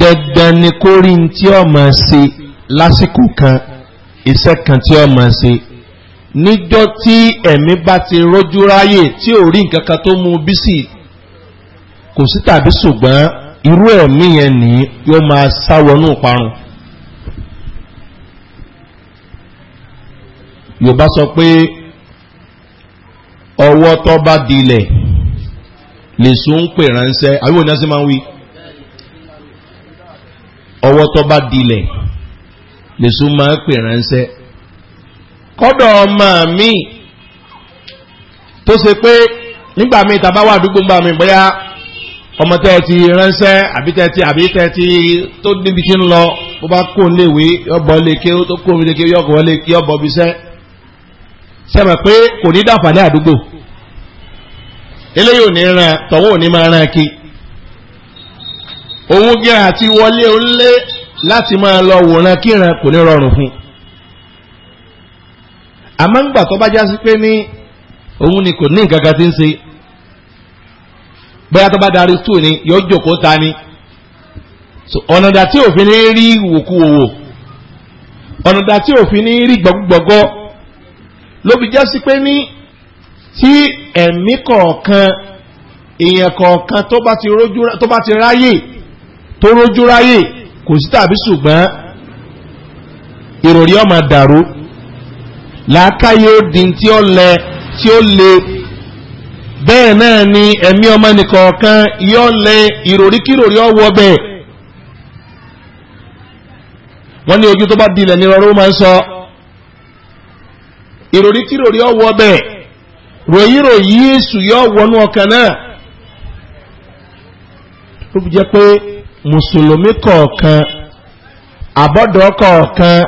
S1: dandan ni kó rí tí ó ṣe lásìkò kan iṣẹ́ kan tí ó ṣe níjọ́ tí ẹ̀mí bá ti rójú ráyè tí ò rí nǹkan kan tó mú bísí kò sí tàbí ṣùgbọ́n irú ẹ̀mí yẹn ní yóò máa sáwọnú parun yorùbá sọ pé ọwọ́ tó bá dilẹ̀ lè sún ń pè ránṣẹ́ àbíwò ní ọ́sẹ́ wí ọwọ́ tó bá dilẹ̀ lè sún máa pè ránṣẹ́ mi tó se pé nígbà mi àdúgbò ń bá mi ọmọ tẹ́ ti ránṣẹ́ àbí tẹ́ ti àbí tẹ́ ti tó níbi tí ń lọ bó bá kó léwé yọ́bọ̀ léke tó kó léke yọ́bọ̀ léke yọ́bọ̀ bí sẹ́ sẹ́mọ̀ pé kò ní dáfàdé àdúgbò eléyìí ò ní ran tọ̀wọ́ ò ní máa ran kí òun gẹ́ àti wọlé onílé láti máa lọ wòran kíran kò ní rọrùn fún àmọ́ ń gbà tó bá já sí pé ní òun ni kò ní nǹkan kan ti ń ṣe bóyá tó bá darí stool ni yóò jòkó ta ni ọ̀nà dà tí òfin ní rí wòkúwòwò ọ̀nà dà tí òfin ní rí gbọ̀gbọ̀gbọ̀ ló fi jẹ́ sí pé ní tí ẹ̀mí kọ̀ọ̀kan èèyàn kọ̀ọ̀kan tó bá ti ráyè tó rójú ráyè kò sí tàbí ṣùgbọ́n ìròrí ọmọ dàrú làákàyè ó di tí ó le bẹ́ẹ̀ náà ni ẹ̀mí ọmọ nìkọ̀ọ̀kan yọ lẹ ìròríkìròrí ọwọ́ bẹ́ẹ̀ wọ́n ní ojú tó bá dilẹ̀ ní ọrọ̀ máa ń sọ ìròríkìròrí ọwọ́ bẹ́ẹ̀ ròyìnròyìn èṣù yọ wọnú ọkàn náà ó fi jẹ́ pé mùsùlùmí kọ̀ọ̀kan àbọ̀dọ̀ kọ̀ọ̀kan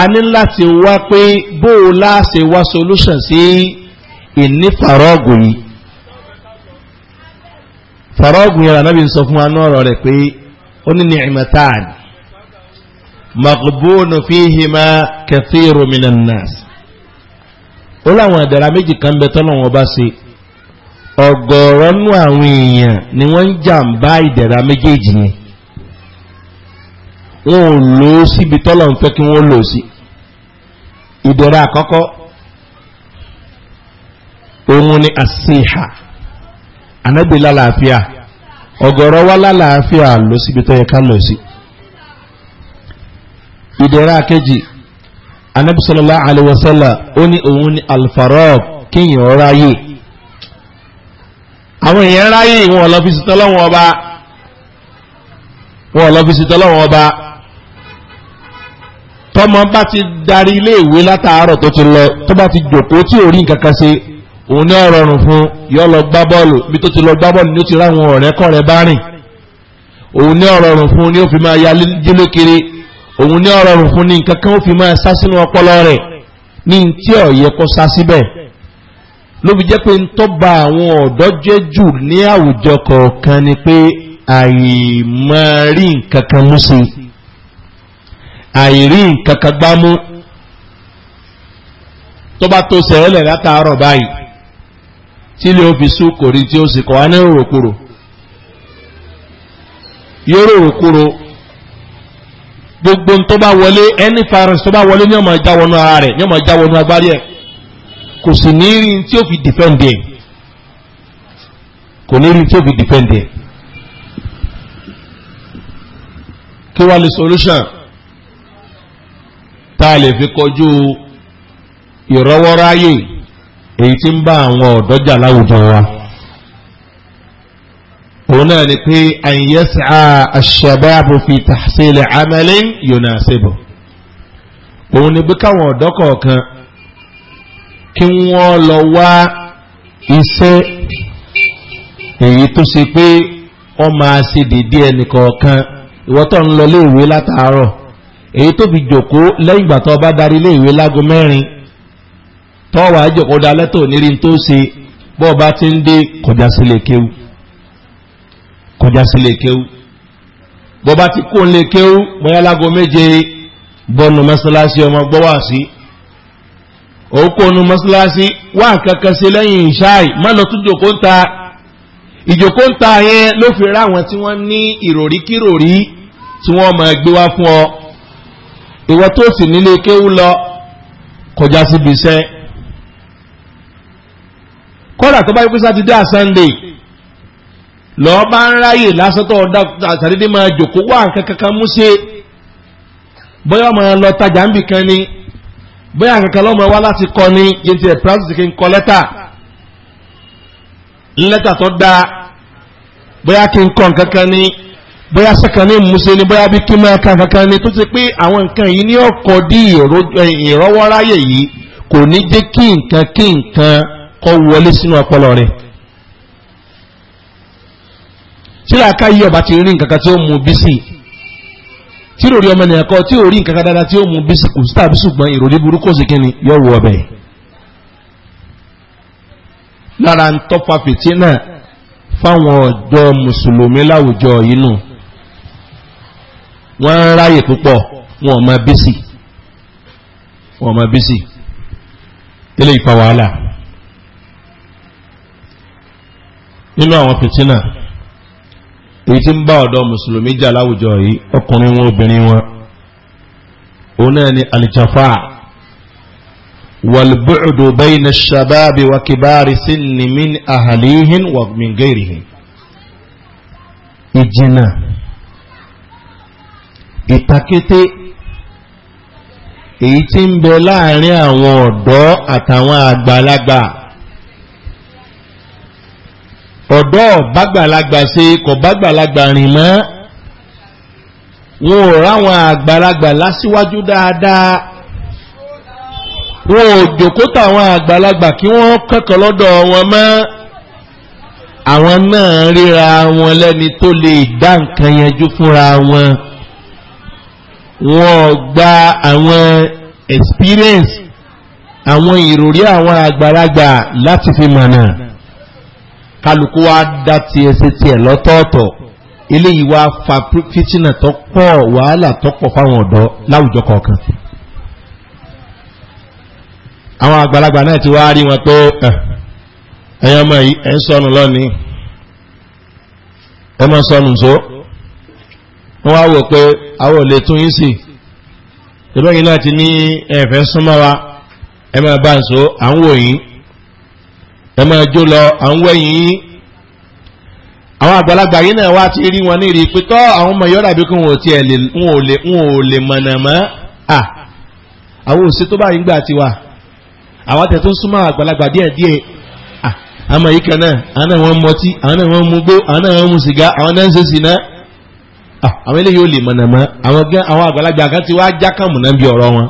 S1: a ní láti wá pé bóò láàṣẹ wá solution sí. Si, ìní fàrọ́ọ̀gù yìí fàrọ́ọ̀gù yẹn anábì ń sọ fún wa náà rẹ̀ pé ó ní ní ìmọ̀tàn magbóònù kathiru minan ó láwọn àdàrà méjì kan bẹ tọ́nà wọn bá àwọn èèyàn ni wọ́n ń jàǹbá ìdẹ̀ra méjèèjì yẹn wọn ò lò ó síbi tọ́lọ̀ ń fẹ́ kí òun ni àṣíhà anábì lálàáfíà ọ̀gọ̀rọ̀ wá lálàáfíà lọ síbi tó yẹ ká lọ sí ìdẹ̀rẹ́ àkejì anábì sallallahu alaihi wasallam ó ní òun ni alfarab kíyàn ráyè àwọn èèyàn ráyè wọn lọ fi sí tọ́lọ́wọ́n ọba tọ́mọ bá ti darí ilé látàárọ̀ tó ti lọ tó bá ti jòkó tí ò nǹkan kan ṣe òun ní ọ̀rọ̀ ọ̀rùn fún yọ lọ gbá bọ́ọ̀lù bí tó ti lọ gbá bọ́ọ̀lù ní ó ti ráwọn ọ̀rẹ́kọ̀ rẹ̀ bá rìn òun ní ọ̀rọ̀ ọ̀rùn fún ní ó fi máa yalé délé kiri òun ní ọ̀rọ̀ ọ̀rùn fún ni nǹkan kan ó fi máa jẹ́ pé ń ní àwùjọ kọ̀ọ̀kan ni pé àìmọ̀rí nǹkan kan mú sí àìrí nǹkan kan gbámú tó bá tó látàárọ̀ báyìí tí ilé ó fi sú kò rí tí ó sì kọ̀ wá ní òròkúrò yóò ròròkúrò gbogbo tó bá wọlé ẹni farans tó bá wọlé ní ọmọ ìjà ara rẹ̀ ní ọmọ ìjà agbárí ẹ̀ kò sì ní rí tí ó fi dìfẹ́ǹdì ẹ̀ kò ní rí tí ó fi dìfẹ́ǹdì ẹ̀ kí wá ní solution tá a lè fi kọjú ìrọwọ́ráyè. èyí tí ń bá àwọn ọ̀dọ́jà láwùjọ wa òun náà ni pé àyẹ́sà àṣàbáàbò fi tàṣílẹ̀ amẹ́lẹ́ yóná síbò òun ni káwọn ọ̀dọ́ kọ̀ọ̀kan kí wọ́n lọ wá iṣẹ́ èyí tó ṣe pé wọ́n máa ṣe dédé ẹnì kọ̀ọ̀kan ìwọ́tọ̀ ń lọ léèwé látàárọ̀ èyí tó fi jòkó lẹ́yìn ìgbà tó bá darí léèwé lágo mẹ́rin tọ́wà ajọ̀kọ́dá lẹ́tọ̀ nírí tó ṣe bọ́ bá ti ń dé kọjá sílé kéwú kọjá sílé kéwú bọ́ bá ti kó lè kéwú bọ́yá lágo méje bọ́nu mọ́sálásí ọmọ gbọ́wà sí òkónu mọ́sálásí wà kankan sí lẹ́yìn ìṣáì má lọ tún jòkó ń ta ìjòkó ń ta yẹn ló fi rá àwọn tí wọ́n ní ìròrí kíròrí tí wọ́n mọ̀ gbé wá fún ọ ìwọ tó sì nílé kéwú lọ kọjá síbi iṣẹ́ kọ́dà tó bá yẹ pé sátidé à sunday lọ́ọ́ bá ń ráyè lásán tó ọ̀dà sátidé máa jòkó wà nǹkan kankan mú ṣe bóyá ọmọ lọ tajà ń bì kan ni bóyá kankan lọ́mọ wá láti kọ́ ni yẹn ti ẹ̀ practice kí n kọ lẹ́tà lẹ́tà tó dáa bóyá kí n kọ́ nǹkan kan ni bóyá sẹ́kàn ní mùsẹ̀ ni bóyá bí kí máa ka kankan ni tó ti pé àwọn nǹkan yìí ní ọkọ̀ dí ìrọwọ́ráyè yìí kò ní jẹ́ kí nǹkan kí nǹkan kọ́ wọlé sínú ọpọlọ rẹ̀ tí làákà yí ọba ti rí nǹkankan tí ó mú bí sí tí lórí ọmọ ènìyàn kan tí ò rí nǹkankan dáadáa tí ó mú bí sí kò sí tàbí ṣùgbọ́n ìròrí burúkú òsì kínni yóò wọ ọbẹ̀ lára ń tọ́pa fìtínà fáwọn ọ̀dọ́ mùsùlùmí láwùjọ yìí wọ́n ń ráyè púpọ̀ wọn ò mọ bí sí wọn ò mọ bí sí ilé ìfà wàhálà. nínú àwọn fìtínà èyí tí ń bá ọ̀dọ́ mùsùlùmí jà láwùjọ yìí ọkùnrin wọn obìnrin wọn òun náà ni alìjàfà wàlbùdù bẹ́yìn ṣàbábì wa kìbárì sí ni min ahàlíhìn wa ìjìnà ìtàkété èyí tí ń bẹ láàrin àwọn ọ̀dọ́ àtàwọn àgbàlagbà ọ̀dọ́ bágbàlagbà ṣe kọ̀ bágbàlagbà rìn mọ́ wọn ò ráwọn àgbàlagbà lásíwájú dáadáa wọn ò jòkótà àwọn àgbàlagbà kí wọ́n kẹ́kọ̀ọ́ lọ́dọ̀ wọn mọ́ àwọn náà ríra wọn lẹ́ni tó lè dá nǹkan yanjú fúnra wọn wọn gba àwọn experience àwọn ìròrí àwọn àgbàlagbà láti fi mọ̀nà kálukú wá dá tiẹ̀ ṣe tiẹ̀ lọ́tọ̀ọ̀tọ̀ eléyìí wá fa fìtínà tó pọ̀ wàhálà tó pọ̀ fáwọn ọ̀dọ́ láwùjọ kọ̀ọ̀kan àwọn àgbàlagbà náà ti wá rí wọn pé ẹ̀yàn ọmọ yìí ẹ̀ ń sọnù lónìí ẹ mọ́ sọnù tó wọ́n wá wò pé àwọn olè tún yín sí ìbẹ́yìn náà ti ní ẹ̀fẹ́ súnmọ́ wa ẹ máa bá ń à ń wò yín ẹ máa lọ à ń wẹ̀yìn yín àwọn àgbàlagbà yìí náà wá ti rí wọn ní rí pé tọ́ àwọn ọmọ yọ̀ọ́ dàbí kí wọn ò tiẹ̀ lè wọn ò lè wọn ò lè mọ̀nà à àwọn òsè tó bá yín gbà tiwa àwọn àtẹ̀ tó súnmọ́ àgbàlagbà díẹ̀ díẹ̀ àmọ̀ yìí kan náà àwọn náà wọ́n náà na àwọn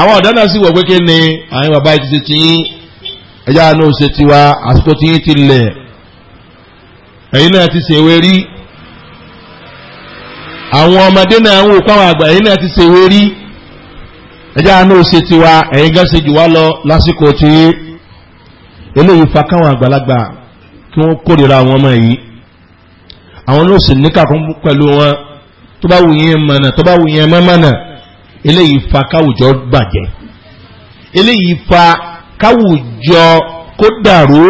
S1: àwọn ọ̀dọ́ náà sì wọ̀ pé kí ni àwọn bàbá yìí ti ṣe ti yín ẹja náà ṣe ti wa àsìkò ti yín ti lẹ̀ ẹ̀yin náà ti ṣèwé rí àwọn ọmọdé náà ń wò pàwọn àgbà ẹ̀yin náà ti ṣèwé rí ẹja náà ṣe ti wa ẹ̀yin gan ṣe jù wá lọ lásìkò ti yín eléyìí fa káwọn àgbàlagbà kí wọ́n kórìíra àwọn ọmọ yìí àwọn náà sì níkà pẹ̀lú wọn tó bá wù yín mọ̀nà tó bá wù yín mọ́mọ́nà. eléyìí fa káwùjọ bàjẹ́ eléyìí fa káwùjọ kó dàrú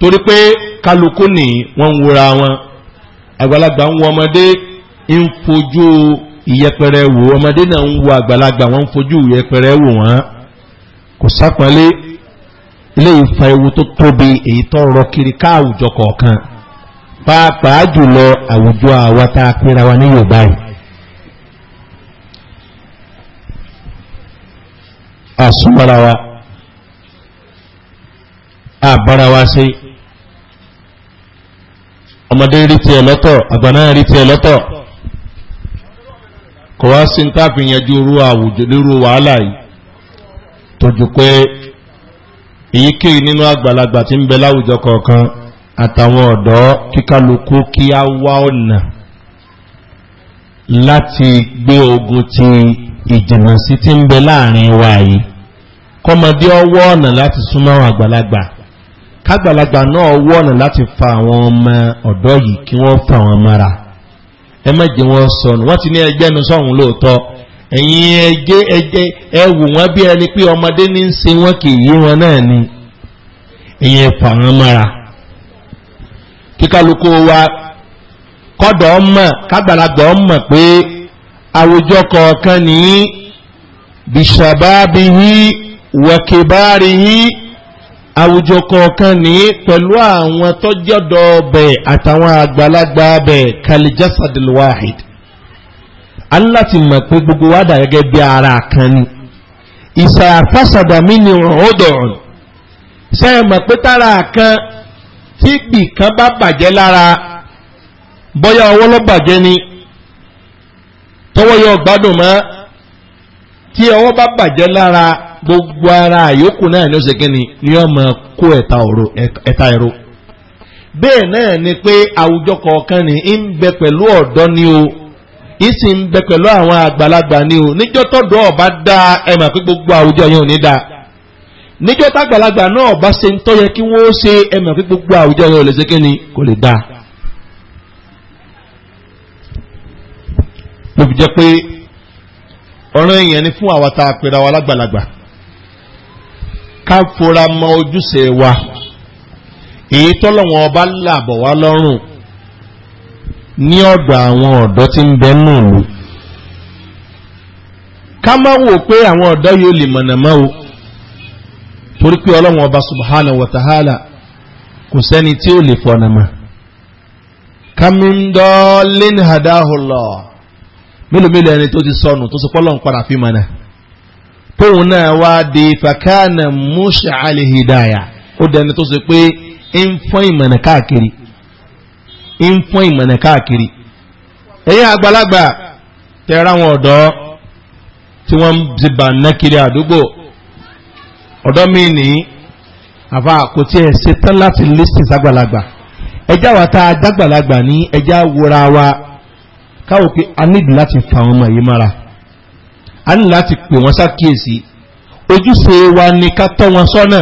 S1: torí pé kálukú ni wọn ń wúra wọn àgbàlagbà ń wo ọmọdé ń fojú ìyẹpẹrẹ wò ọmọdé náà ń wo àgbàlagbà wọ́n ń fojú ìyẹpẹrẹ wò wọ́n kò sápọnlé eléyìí fa ewu tó tóbi èyí tó rọ kiri ká àwùjọ kọ̀ọ̀kan pàápàá jùlọ àwùjọ àwa tá a pínra wa ní yorùbá yìí àsúnmọ́ra wa àbára wa sí ọmọdé rí tiẹ̀ lọ́tọ̀ àgbà rí tiẹ̀ lọ́tọ̀ kò wá sí ní táàfin orú àwùjọ lérú wàhálà yìí tójú pé èyíkéyìí nínú àgbàlagbà tí ń bẹ láwùjọ kọ̀ọ̀kan àtàwọn ọ̀dọ́ kíkálukú kí á wá ọ̀nà láti gbé ogun ti ìjìnà sí ń bẹ láàrin wa yìí kọmọdé ọwọ́ ọ̀nà láti súnmọ́ àwọn àgbàlagbà kágbàlagbà náà ọwọ́ ọ̀nà láti fa àwọn ọmọ ọ̀dọ́ yìí kí wọ́n fa wọn mara ẹ wọn sọnù wọ́n ti ní ẹgbẹ́ nu sọ́hun lóòótọ́ ẹ̀yin ẹgbẹ́ ẹgbẹ́ bí ẹni pé ọmọdé ní ń kì í yí wọn náà ni ẹ̀yin fa mara kíkálukú wa kọ́dọ̀ ọmọ kágbàlagbà ọmọ pé àwùjọ kọ̀ọ̀kan wàkìbáàrìyí àwùjọ kọ̀ọ̀kan ní pẹ̀lú àwọn tọ́jọ́dọ̀ ọbẹ̀ àtàwọn àgbàlagbà ọbẹ̀ kalijasadil wahid Allah ti mọ̀ pé gbogbo wa dà gẹ́gẹ́ bí ara kan ni ìsàfàsàdà mi ni ọ̀dọ̀ọ̀n ṣe é mọ̀ pé tára kan tí gbìkan bá bàjẹ́ lára bọ́yá ọwọ́ ló bàjẹ́ ni tọwọ́ yọ gbádùn mọ́ tí ọwọ́ bá bàjẹ́ lára gbogbo ara àyókù náà ni ó ni ó kó ẹ̀ta ẹ̀rọ. bẹ́ẹ̀ náà ni pé àwùjọ kọ̀ọ̀kan ni ń bẹ pẹ̀lú ọ̀dọ́ ni o ìsì ń bẹ pẹ̀lú àwọn àgbàlagbà ni o níjọ́ tọ́dọ̀ ọba dá ẹ pé gbogbo àwùjọ yẹn ò ní níjọ́ ṣe ń tọ́ yẹ ṣe gbogbo àwùjọ yẹn ò lè ṣe kò lè mo fi pé ká fura mọ ojúṣe wa èyí tọ́lọ́wọ́n ọba làbọ̀ wá lọ́rùn ní ọ̀dọ̀ àwọn ọ̀dọ́ tí ń bẹ nnụnụ. ká má wò pé àwọn ọ̀dọ́ yóò lè torí pé ọba subhanahu wa ta'ala kò sẹ́ni tí ó lè mélòó mélòó ẹni tó ti sọnù tó sọ pọ́lọ́n padà tóun náà wá di fakana musha'ali hidaya ó dẹni tó ṣe pé ń fọ́n ìmọ̀nà káàkiri ń fọ́n ìmọ̀nà káàkiri ẹ̀yin àgbàlagbà tẹ̀ra àwọn ọ̀dọ́ tí wọ́n ti bà ná kiri àdúgbò ọ̀dọ́ mi ní àfa kò tiẹ̀ ṣe tán láti lísìn sàgbàlagbà ẹjá wa tá a dágbàlagbà ní ẹjá wúra wa káwọ́ pé a nídìí láti fa àwọn ọmọ yìí mára a ní láti pè wọ́n sákìyèsí ojúṣe wa ni ká tọ́ wọn sọ́nà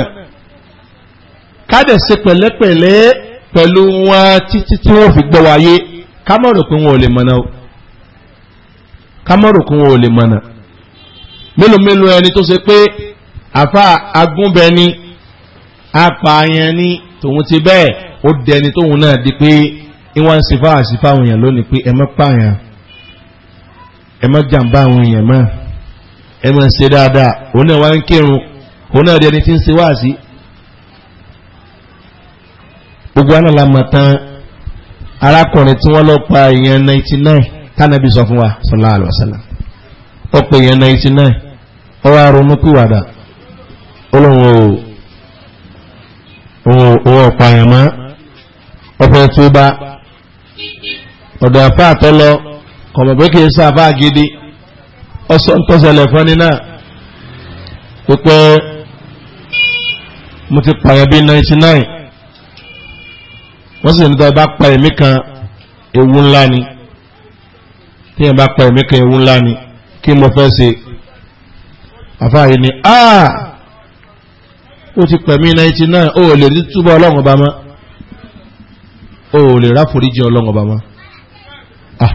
S1: ká dẹ̀ ṣe pẹ̀lẹ́pẹ̀lẹ́ pẹ̀lú wọn títí tí wọ́n fi gbọ́ wáyé ká má rò pé wọn ò lè mọ̀nà o ká má rò pé wọn ò lè mọ̀nà mélòó mélòó ẹni tó ṣe pé àfa agúnbẹ ni apààyàn ni tòun ti bẹ́ẹ̀ ó dẹni tóun náà di pé ìwọ́n ń ṣe fáwọn èèyàn lónìí pé ẹ má pààyàn ẹ má jàǹbá àwọn èèyàn máa. ẹ máa ṣe dáadáa òun náà wá ń kírun òun náà ẹni tí ń ṣe wáàsí gbogbo àná la mọ̀ tán arákùnrin tí wọ́n lọ pa èèyàn 99 tánàbí sọ fún wa sallallahu alaihi ó pe 99 ó wá ronú pìwàdà ó lóun ò òun ọ̀pọ̀ àyàn mọ́ bá ọ̀dọ̀ àfáà tọ́lọ kọ̀mọ̀ pé gidi ọsọ ń tọ́sẹ̀lẹ̀ fẹ́ni náà wípé mo ti pààyàn bí 99 wọ́n sì ní tọ́ bá pa èmi kan ewu ńlá ni tí yẹn bá pa èmi kan ewu ńlá ni kí mo fẹ́ ṣe àfáàyè ni áà ó ti pẹ̀mí 99 ó lè rí túbọ̀ ọlọ́run ọba mọ́ ó lè ráforíjì ọlọ́run ọba mọ́ ah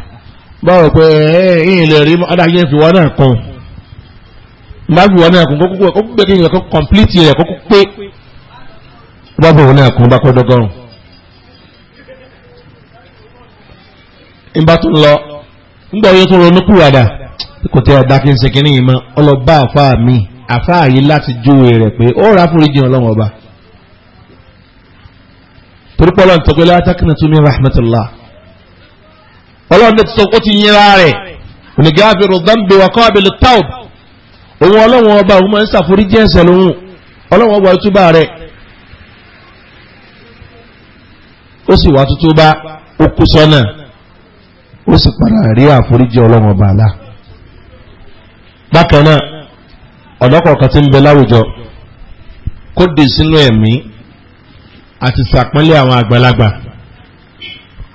S1: báwọ̀ pé ẹ̀yìn ilẹ̀ rí adáyé fi wọ́n náà kan lábí wọ́n náà kan kó kúkú pé kí nìkan kọ̀m̀plìtì rẹ̀ kókú pé bábọ̀ wọ́n náà kan bá pẹ́ dọ́gọ́rùn ìbá tó ń lọ nígbà yóò tó ronú kúràdà kò tẹ́ ẹ̀dá kí n ṣe kínní ìmọ̀ ọlọ́ba àfáà mi àfáà yìí láti júwe rẹ̀ pé ó rà fúrijì ọlọ́wọ́n ọba torípọ́lọ́ ń tọ́gbẹ́lá tákìnà tó mi rahmatullah ọlọ́run ti sọ ó ti yẹra rẹ̀ onígáfẹ́rù dánbẹ̀ wà kọ́bẹ̀lì taub òun ọlọ́run ọba òun máa ń ṣàforíjì ẹ̀ṣẹ̀ lóhun ọlọ́run ọba túbà rẹ̀ ó sì wà tútú bá ó kú sọ́nà ó sì padà rí àforíjì ọlọ́run ọba àlá bákan náà ọ̀dọ́kọ̀ọ̀kan ti ń bẹ láwùjọ kó dè sínú ẹ̀mí àti sàpínlẹ̀ àwọn àgbàlagbà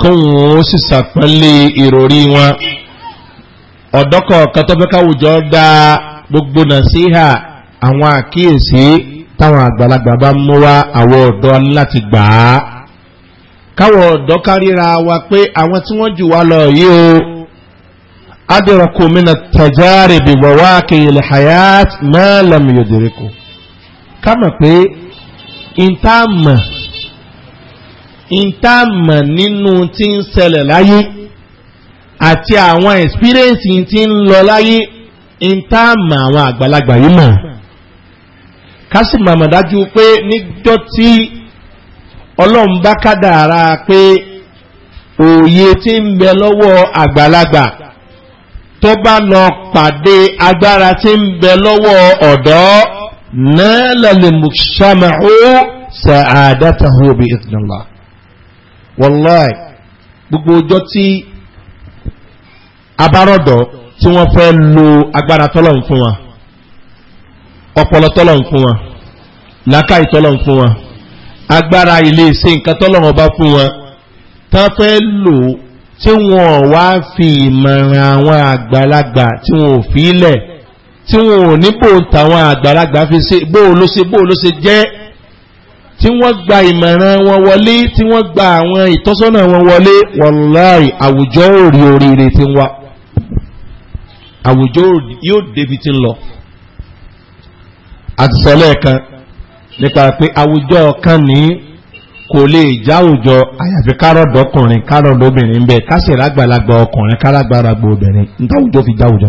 S1: kóhun ó sì sàpẹ́lẹ̀ ìròrí wọn ọ̀dọ́kọ̀ kan tó fẹ́ káwùjọ gba gbogbo nàṣíhà àwọn àkíyèsí táwọn àgbàlagbà bá mú wá àwọn ọ̀dọ́ láti gbà á káwọn ọ̀dọ́ kárìíra wa pé àwọn tí wọ́n jù wá lọ yìí o adìrọ̀kù mìíràn tàjáre bìbọ̀ wá kéèlè hayat mẹ́lẹ̀mù yòdìríkù ká mọ̀ pé ìtààmù ìtàmà nínú tí ń ṣẹlẹ̀ láyé àti àwọn experience tí ń lọ láyé ìtàmà àwọn àgbàlagbà yìí mọ̀ kásì màmà dájú pé níjọ́ tí ọlọ́run bá kádàrá pé òye tí ń bẹ lọ́wọ́ àgbàlagbà tó bá lọ pàdé agbára tí ń bẹ lọ́wọ́ ọ̀dọ́ náà mùsàmáhó sàádátàhó bí ìtìlọ́lá wọláì gbogbo ọjọ́ tí abárọ̀dọ̀ tí wọ́n fẹ́ lo agbára tọ́lọ̀ fún wa ọpọlọ tọ́lọ̀ fún wa làákàì tọ́lọ̀ fún wa agbára ilé iṣẹ́ nǹkan tọ́lọ̀ ọba fún wa tán fẹ́ lò tí wọ́n wá fi ìmọ̀ràn àwọn àgbàlagbà tí wọ́n fi ilẹ̀ tí wọ́n ò ní bò ń tàwọn àgbàlagbà fi ṣe bó ló ṣe bó ló ṣe jẹ́ tí wọ́n gba ìmọ̀ràn wọn wọlé tí wọ́n gba àwọn ìtọ́sọ́nà wọn wọlé wọláì àwùjọ òrì oríire tí ń wá àwùjọ yóò débi tí ń lọ àti sọ lẹ́ẹ̀kan nípa pé àwùjọ kan ní kò lè já àwùjọ àyàfi kárọ̀dọ̀ ọkùnrin kárọ̀dọ̀ obìnrin ń bẹ kásìrì àgbàlagbà ọkùnrin kárágbàlagbà obìnrin ní táwùjọ fi já àwùjọ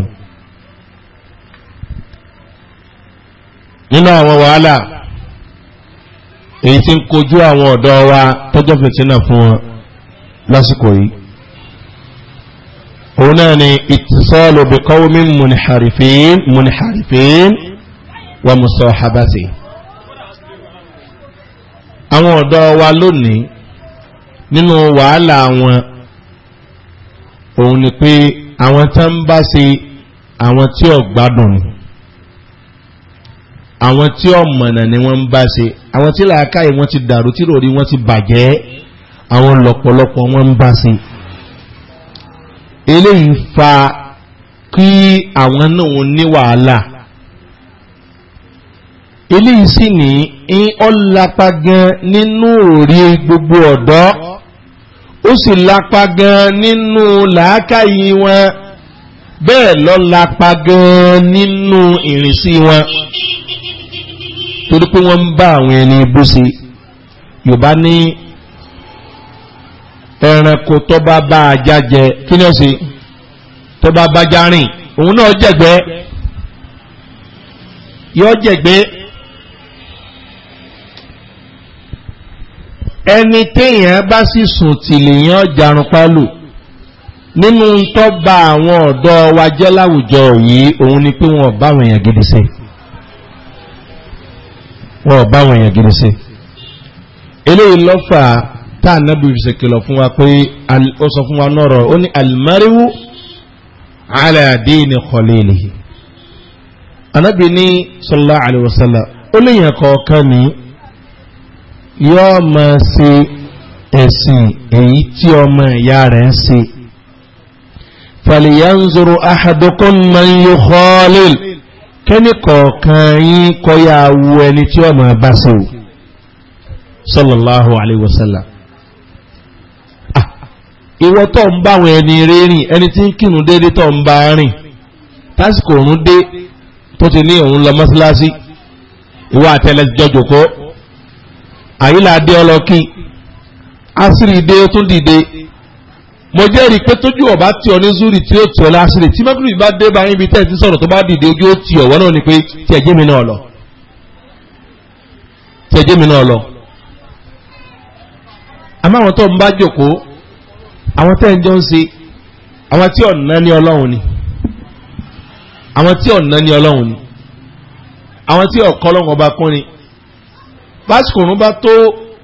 S1: nínú àwọn wàhálà èyí tí ń kojú àwọn ọ̀dọ́ wa tọ́jọ́ fìtínà fún wọn lásìkò yìí òun náà ni ìtìsọ́ọ̀lù bí qawmin munharifin munharifin wa musahabati àwọn ọ̀dọ́ wa lónìí nínú wàhálà wọn òun ni pé àwọn tán bá ṣe àwọn tí ó gbádùn ni àwọn tí ọ̀mọ̀nà ni wọ́n ń bá ṣe àwọn tí làákàyè wọ́n ti dàrú tí lórí wọ́n ti bàjẹ́ àwọn lọ̀pọ̀lọpọ̀ wọ́n ń bá ṣe eléyìí fa kí àwọn náà ní wàhálà eléyìí sì ní in ọlápá gan nínú òrí gbogbo ọ̀dọ́ ó sì lápá gan nínú làákàyè wọn bẹ́ẹ̀ lọ́lápá gan nínú ìrìnsí wọn torí pé wọ́n ń bá àwọn ẹni bú sí yorùbá ní ẹranko tó bá bá ajá jẹ kí ni ó sì tó bá bá já rìn òun náà jẹ̀gbẹ́ yóò jẹ̀gbẹ́ ẹni téèyàn bá sì sùn tìlèyàn jarun pálò nínú tó bá àwọn ọ̀dọ́ wa jẹ́ láwùjọ yìí òun ni pé wọn bá àwọn èèyàn gidi sí i wọn ọba àwọn èèyàn gidi sí eléyìí lọ́fà tá ànábì ṣe kìlọ̀ fún wa pé ó sọ fún wa nọ́rọ̀ ó ní alimariwu aláàdé ní kọlẹ́lì ànábì ní sọlá àlùwọ̀sálà ó léyìn kọ̀ọ̀kan ní yóò máa ṣe ẹ̀sìn èyí tí ọmọ ìyá rẹ̀ ń ṣe fàlìyàn zoro man yóò kọ́lẹ́lì. kẹ́ni kọ̀ọ̀kan yín kọ́yà wu ẹni tí ọmọ bá sí o sallallahu alaihi wasallam ah, ìwọ tó ń bá ẹni rírìn ẹni tí ń kírun dédé tó ń bá rìn tásìkò òun dé tó ti ní òun lọ mọ́síláṣí ìwọ mo jẹ́rìí pé tójú ọba tí ọ ní zuri tí ó tì ọ lásìrè tí mọ́kùnrin bá dé bá níbi tẹ́ẹ̀ tí sọ̀rọ̀ tó bá dìde ojú ó tì ọ̀wọ́ náà ni pé tí ẹ̀jẹ̀ mi náà lọ. tí ẹ̀jẹ̀ mi náà lọ. àmọ́ àwọn tó ń bá jòkóó àwọn tẹ́ ń jọ ń ṣe àwọn tí ọ̀nà ní ọlọ́run ni àwọn tí ọ̀nà ní ọlọ́run ni àwọn tí ọ̀kọ́ ọlọ́run ọba kún ni pásítọ̀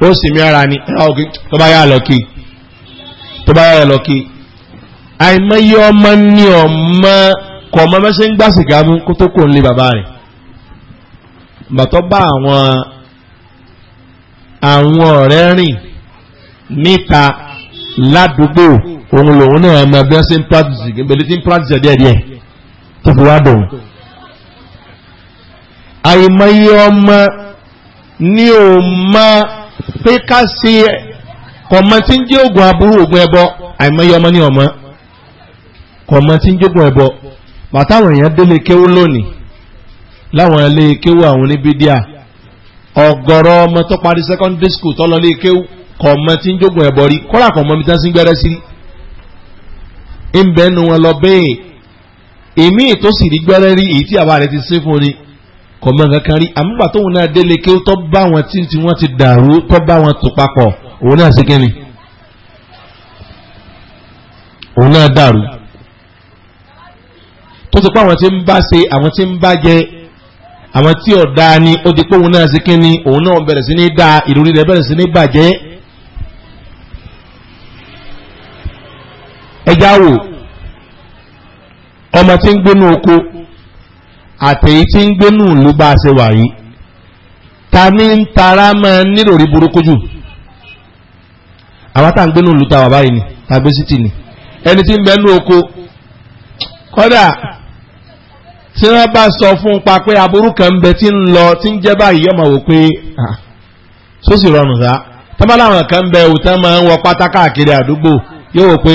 S1: ó sì mí ara ni tó bá yà lọ kí tó bá yà lọ kí àìmọye ọmọ ní ọmọ kọ ọmọ mẹsẹ ń gbà sìgá mú kó tó kò ń lé bàbá rẹ̀ bàtọ bá àwọn àwọn ọ̀rẹ́ rìn níta ládùúgbò òun lòun náà ọmọ ẹgbẹ́ sí ń practice ìgbẹ́lẹ́ tí ń practice díẹ̀díẹ̀ tó fi wá dùn àìmọye ọmọ ní òun máa pé si ṣe kọ̀mọ́ tí ń jẹ́ ògùn aburú ẹbọ àìmọye ọmọ ní ọmọ kọ̀mọ́ tí ń jógùn ẹbọ bàtàwọn èèyàn délé kéwú lónìí láwọn ilé kéwú àwọn oníbídíà ọ̀gọ̀rọ̀ ọmọ tó parí secondary school lọ lé kéwú tí ń jógùn ẹbọ rí kọ́lá mi tán sí sí ń bẹ́ẹ̀ ni kò mọ nǹkan kan rí àmúgbà tóun náà délé kí ó tọ́ bá wọn tí tí wọ́n ti dàrú tọ́ bá wọn tò papọ̀ òun náà ṣe kíni òun náà dàrú tó ti pa àwọn tí ń bá ṣe àwọn tí ń bá jẹ àwọn tí ọ̀dá ni ó di pé òun náà ṣe kíni òun náà bẹ̀rẹ̀ sí ní dá ìròrí rẹ̀ bẹ̀rẹ̀ sí ní bàjẹ́ ẹja wò ọmọ tí ń gbénu oko àtẹ̀yí tí ń gbénú ló bá ṣe wà yìí ta ní ń tara máa nílò burúkú jù àwátà tá gbé gbénú ló báyìí ni ni ẹni tí ń oko kọ́dà tí wọ́n bá sọ fún pa pé aburú kan ń bẹ tí ń lọ tí ń jẹ́ báyìí wò pé ah, rọrùn sá kan ń bẹ máa ń wọ àdúgbò yóò wò pé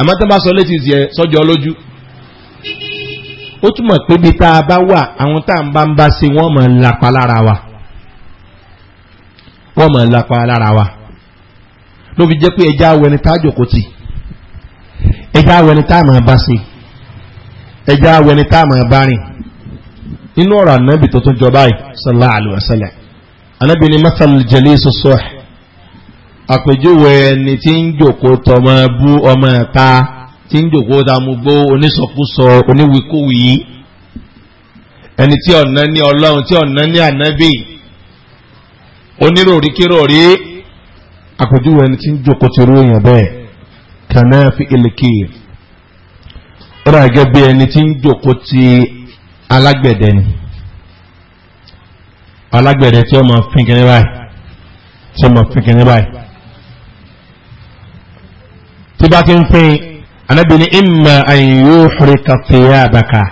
S1: àmọ́ tó bá sọ létí tiẹ̀ sọ́jọ́ lójú ó túmọ̀ pé bí tá a bá wà àwọn tá à ń bá ń bá ṣe wọ́n mọ̀ ń lapa lára wa wọ́n mọ̀ ń lapa lára wa ló fi jẹ́ pé ẹja awọ ẹni tá a jòkó tì ẹja awọ tá a máa bá ṣe ẹja awọ tá a máa bá rìn nínú ọ̀rọ̀ ànábì tó tún jọ báyìí sallallahu alaihi ànábì ni masal jẹ́lẹ́ sọ́sọ́ ẹ̀. àpèjúwe ẹni tí ń jòkó tọmọ bú ọmọ ẹ̀ta tí ń jòkó tamugbó onísọkúsọ oníwikúwì ẹni tí ọ̀nà ní ọlọ́run tí ọ̀nà ní ànábì oníròrí kíròrí àpèjúwe ẹni tí ń jòkó ti rú èèyàn bẹ́ẹ̀ kànáà fi ìlìkì ó rà gẹ́gẹ́ bí ẹni tí ń jòkó ti alágbẹ̀dẹ ni alágbẹ̀dẹ tí ó máa fi kẹ́ni báyìí tí ó máa fi kẹ́ni báyìí. tí bá ti ń pín anábìnrin ìmọ̀ àyìn yóò rí kàfíyà àbàkà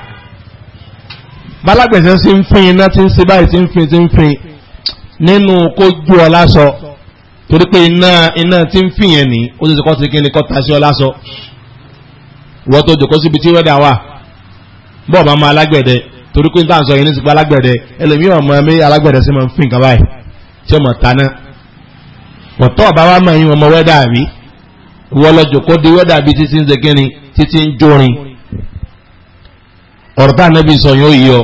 S1: bálágbèsè sí ń pín iná tí ń ṣe báyìí tí ń pín tí ń pín nínú kó ju ọ lásọ torí pé iná iná tí ń pín yẹn ní ó ti kọ́ ti kí ni kọ́ ta sí ọ lásọ wọ́n tó jòkó síbi tí wẹ́dà wà bọ́ọ̀ bá máa alágbẹ̀dẹ torí pé níta yìí ní sípa alágbẹ̀dẹ ẹlòmíràn ọmọ mi alágbẹ̀dẹ sí máa ń pín nǹkan báyìí tí ọmọ ta wọ́n tọ́ ọ̀bá wa máa yín ọmọ wẹ́dà àbí wọ́n lọ jòkó di wọ́dà bíi títí ń zegeni títí ń jórin ọ̀rọ̀ tá ànábì sọ yóò yọ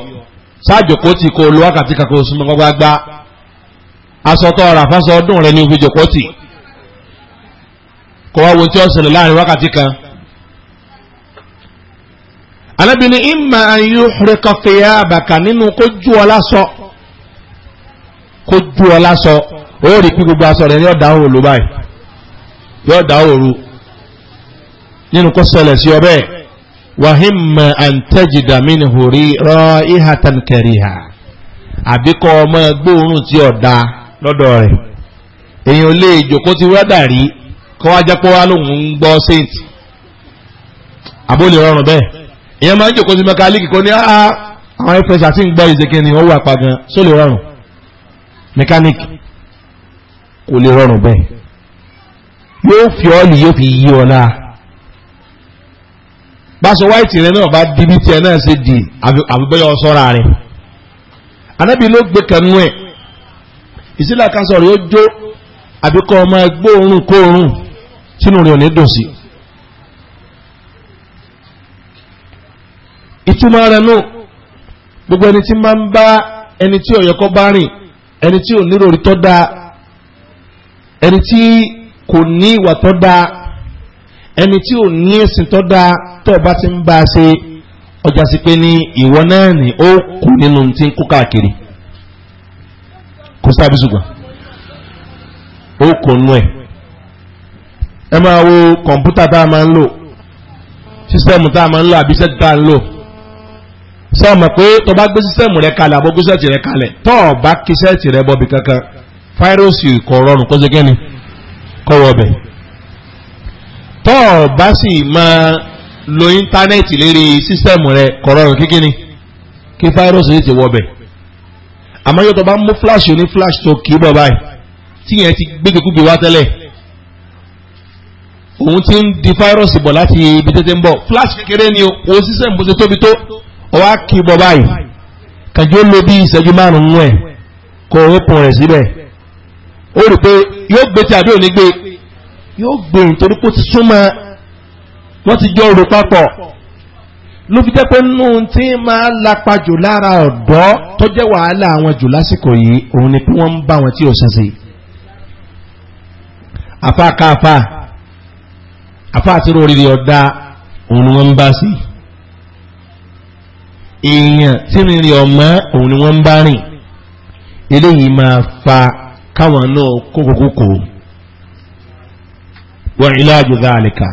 S1: sáàjòkó ti kó lu wákàtí kakó súnmọ́ gbágbá asọ́tọ̀ ọ̀rọ̀ àfáṣọ ọdún rẹ ní òfin jòkó tì kọ́ wá wo tí ó ṣẹlẹ̀ láàrin wákàtí kan ànábì ní ìmọ̀ ayé rẹ̀kọ̀ fìyà àbàkà nínú kó ọ lásọ kó ọ lásọ ó rí pí gbogbo aṣọ rẹ ní ọ̀dà òun ló yóò dá òru nínú kó sí ọbẹ̀ wàhíìmà àǹtẹ́jìdà mínú rọ ìhàtàn kẹrìhà àbíkọ ọmọ gbóòórùn tí lọ́dọ̀ rẹ̀ lè jòkó ti wádà rí kọ́ wá jápọ́ wá lóhun gbọ́ saint àbólè rọrùn bẹ́ẹ̀ èèyàn máa ń jòkó sí mẹkáníkì kó ní àwọn fs àti ń gbọ́ ìzèkìnrin ó yóò fi ọ́ọ̀lì yóò fi yí ọlá báṣọ wáìtì rẹ náà bá dibi tiẹ̀ náà ṣe di sọ́ra rẹ̀ anábì ló gbé kẹnu ẹ̀ ìsílẹ̀ kásọ̀ rẹ̀ ó jó àbíkọ ọmọ ẹgbẹ́ òórùn kóòórùn sínú rẹ̀ ò ní dùn sí ìtumọ̀ gbogbo ẹni tí máa ń bá ẹni tí ọ̀yọ́kọ́ bá rìn ẹni tí kò ní ìwà tó dáa ẹni tí ò ní ẹ̀sìn tó dáa tó ọba ti ń bá a ṣe ọjà sí pé ní ìwọ náà ni ó kù nínú tí ń kó káàkiri kò sábì ṣùgbọ́n ó kò nú ẹ̀ ẹ máa wo kọ̀ǹpútà tá a máa ń lò sísẹ́mù tá a máa ń lò àbí sẹ́tì tá a ń lò sọ ma pé tó bá gbé sísẹ́mù rẹ kalẹ̀ àbọ̀ gbé sẹ́tì rẹ kalẹ̀ tó ọba kí sẹ́tì rẹ bọ̀ bí kankan fáírọ́ọ̀sì kọ̀ rọrùn kó ṣe kẹ́ni. kọ́wọ́bẹ̀ tọ́ bá sì máa lo íńtánẹ́ẹ̀tì lérí sísẹ́mù rẹ kọ̀rọ̀rùn kíkíní kí fáírọ́ọ̀sì yìí ti wọ́bẹ̀ àmọ́ yóò tó bá mú flash oní flash tó kì í bọ̀ báyìí tí yẹn ti gbégekúgbe wá tẹ́lẹ̀ òun ti ń di fáírọ́ọ̀sì bọ̀ láti ibi tètè ń bọ̀ flash kékeré ni o sísẹ́mù bó ṣe tóbi tó ọwá kì í bọ̀ báyìí kàjọ́ lo bí ìṣẹ́jú márùn-ún ẹ̀ kó o rẹ̀ síbẹ̀ ó rí pé yóò gbé tí àbí òní gbé yóò gbé nítorí pé ó ti súnmọ́ wọ́n ti jọ rò papọ̀ ló fi jẹ́ pé nínú tí máa lapa jù lára ọ̀dọ́ tó jẹ́ wàhálà àwọn jù lásìkò yìí òun ni pé wọ́n ń bá wọn tí ò sẹ́sẹ̀ àfáàkáàfá àfáà tí rórìrì ọ̀dá òun ni wọ́n ń bá sí èèyàn tí rìnrìn ọ̀mọ́ òun ni wọ́n ń bá rìn eléyìí máa fa káwọn náà kókòkókò wọ́n ilé àjòdá àlìkà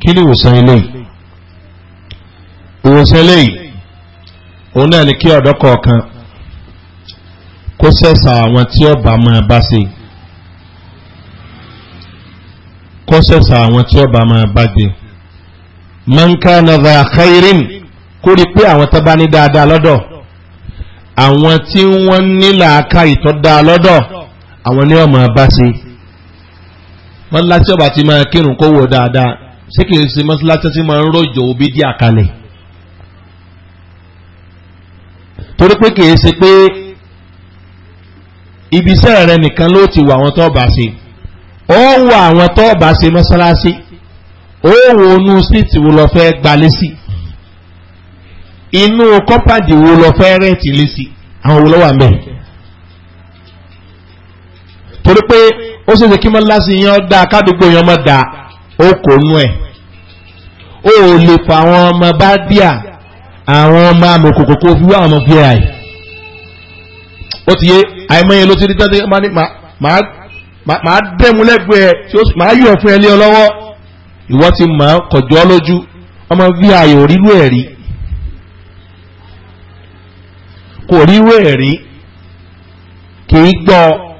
S1: kí ni ìwòsàn ilé ìwòsàn ilé òun náà ni kí ọ̀dọ́ kọ̀ọ̀kan kó sẹ́sà àwọn tí ọba máa bá se kó sẹ́sà àwọn tí ọba máa bá dé mọ́nká nàdà khairin kó rí pé àwọn tó bá ní dáadáa lọ́dọ̀ àwọn tí wọ́n nílà aka ìtọ́ dáa lọ́dọ̀ àwọn ní ọmọ bá ṣe mọ́sálásí ọba ti máa kírun kówó dáadáa ṣé kì í ṣe mọ́sálásí tí máa ń rọ̀jò òbí díà kalẹ̀ torí pé kì í ṣe pé ibiṣẹ́ rẹ nìkan ló ti wà àwọn tó bá ṣe ó wà àwọn tó bá ṣe mọ́sálásí ó wo inú síìtì wo lọ fẹ́ gbalé sí inú kọ́pàdì wo lọ fẹ́ rẹ̀tì lé sí àwọn wo àmẹ́rin torí pé ó ṣeéṣe kí mọ́láṣí yan dá kádùgbò yan mọ́ dá ó kò nú ẹ̀ ó lè fa àwọn ọmọ bá díà àwọn ọmọ amòkòkò kó fi wá ọmọ fi ẹ̀ ó ti yé àìmọye ló ti rí dájú máa ní máa dẹ́mu lẹ́gbẹ̀ẹ́ tí ó máa yọ̀ fún ẹ lé ọ ti máa kọjọ́ lójú ọmọ fi ààyò rírú ẹ̀ rí kò rírú ẹ̀ rí kì í gbọ́ ọ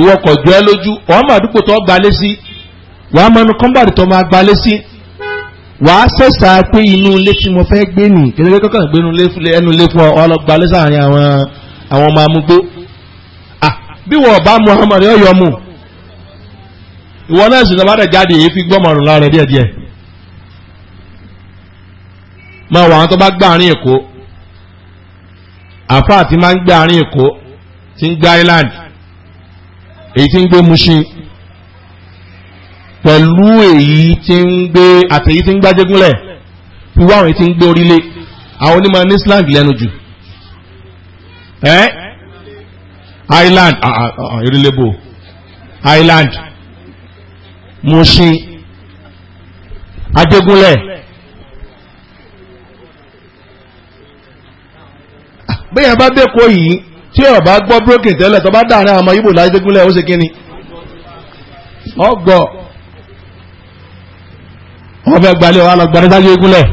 S1: ìwọ kọ̀ jọ ẹ́ lójú wàá mọ àdúgbò tó gbalé sí wàá mọ inú kọ́mbàdì tó máa gbalé sí wàá sẹ̀sà pé inú ilé tí mo fẹ́ gbé nì kékeré kankan gbé ẹnu ilé fún ọ ọ lọ gbalé sáàrin àwọn àwọn ọmọ amúgbó bí wọ́n bá mu ọmọ rẹ̀ yọ mu ìwọ náà sì lọ́wọ́ rẹ̀ jáde èyí fi gbọ́mọ̀rún lára díẹ̀díẹ̀ máa wà àwọn tó bá gbà àárín èkó àfáà tí máa ń gbà àárín èkó tí ń gbà Island èyí tí ń gbé Mushin pẹ̀lú èyí tí ń gbé àti èyí tí ń gbájégúnlẹ̀ fi wá àwọn èyí tí ń gbé orílẹ̀ àwọn onímọ̀ ní slang lẹ́nu jù island ah, ah, ah, orílẹ̀ island Mushin ajégúnlẹ̀ bẹ́ẹ̀ bá bẹ́ẹ̀ kó yìí tí ọba gbọ́ broken tẹ́lẹ̀ bá dáàrin àwọn ọmọ Ìgbò láìdégúnlẹ̀ ó ṣe kíni ọgbọ̀ ọmọ fẹ́ gbalẹ̀ ọ̀hánà gbalẹ̀ sáyé gúnlẹ̀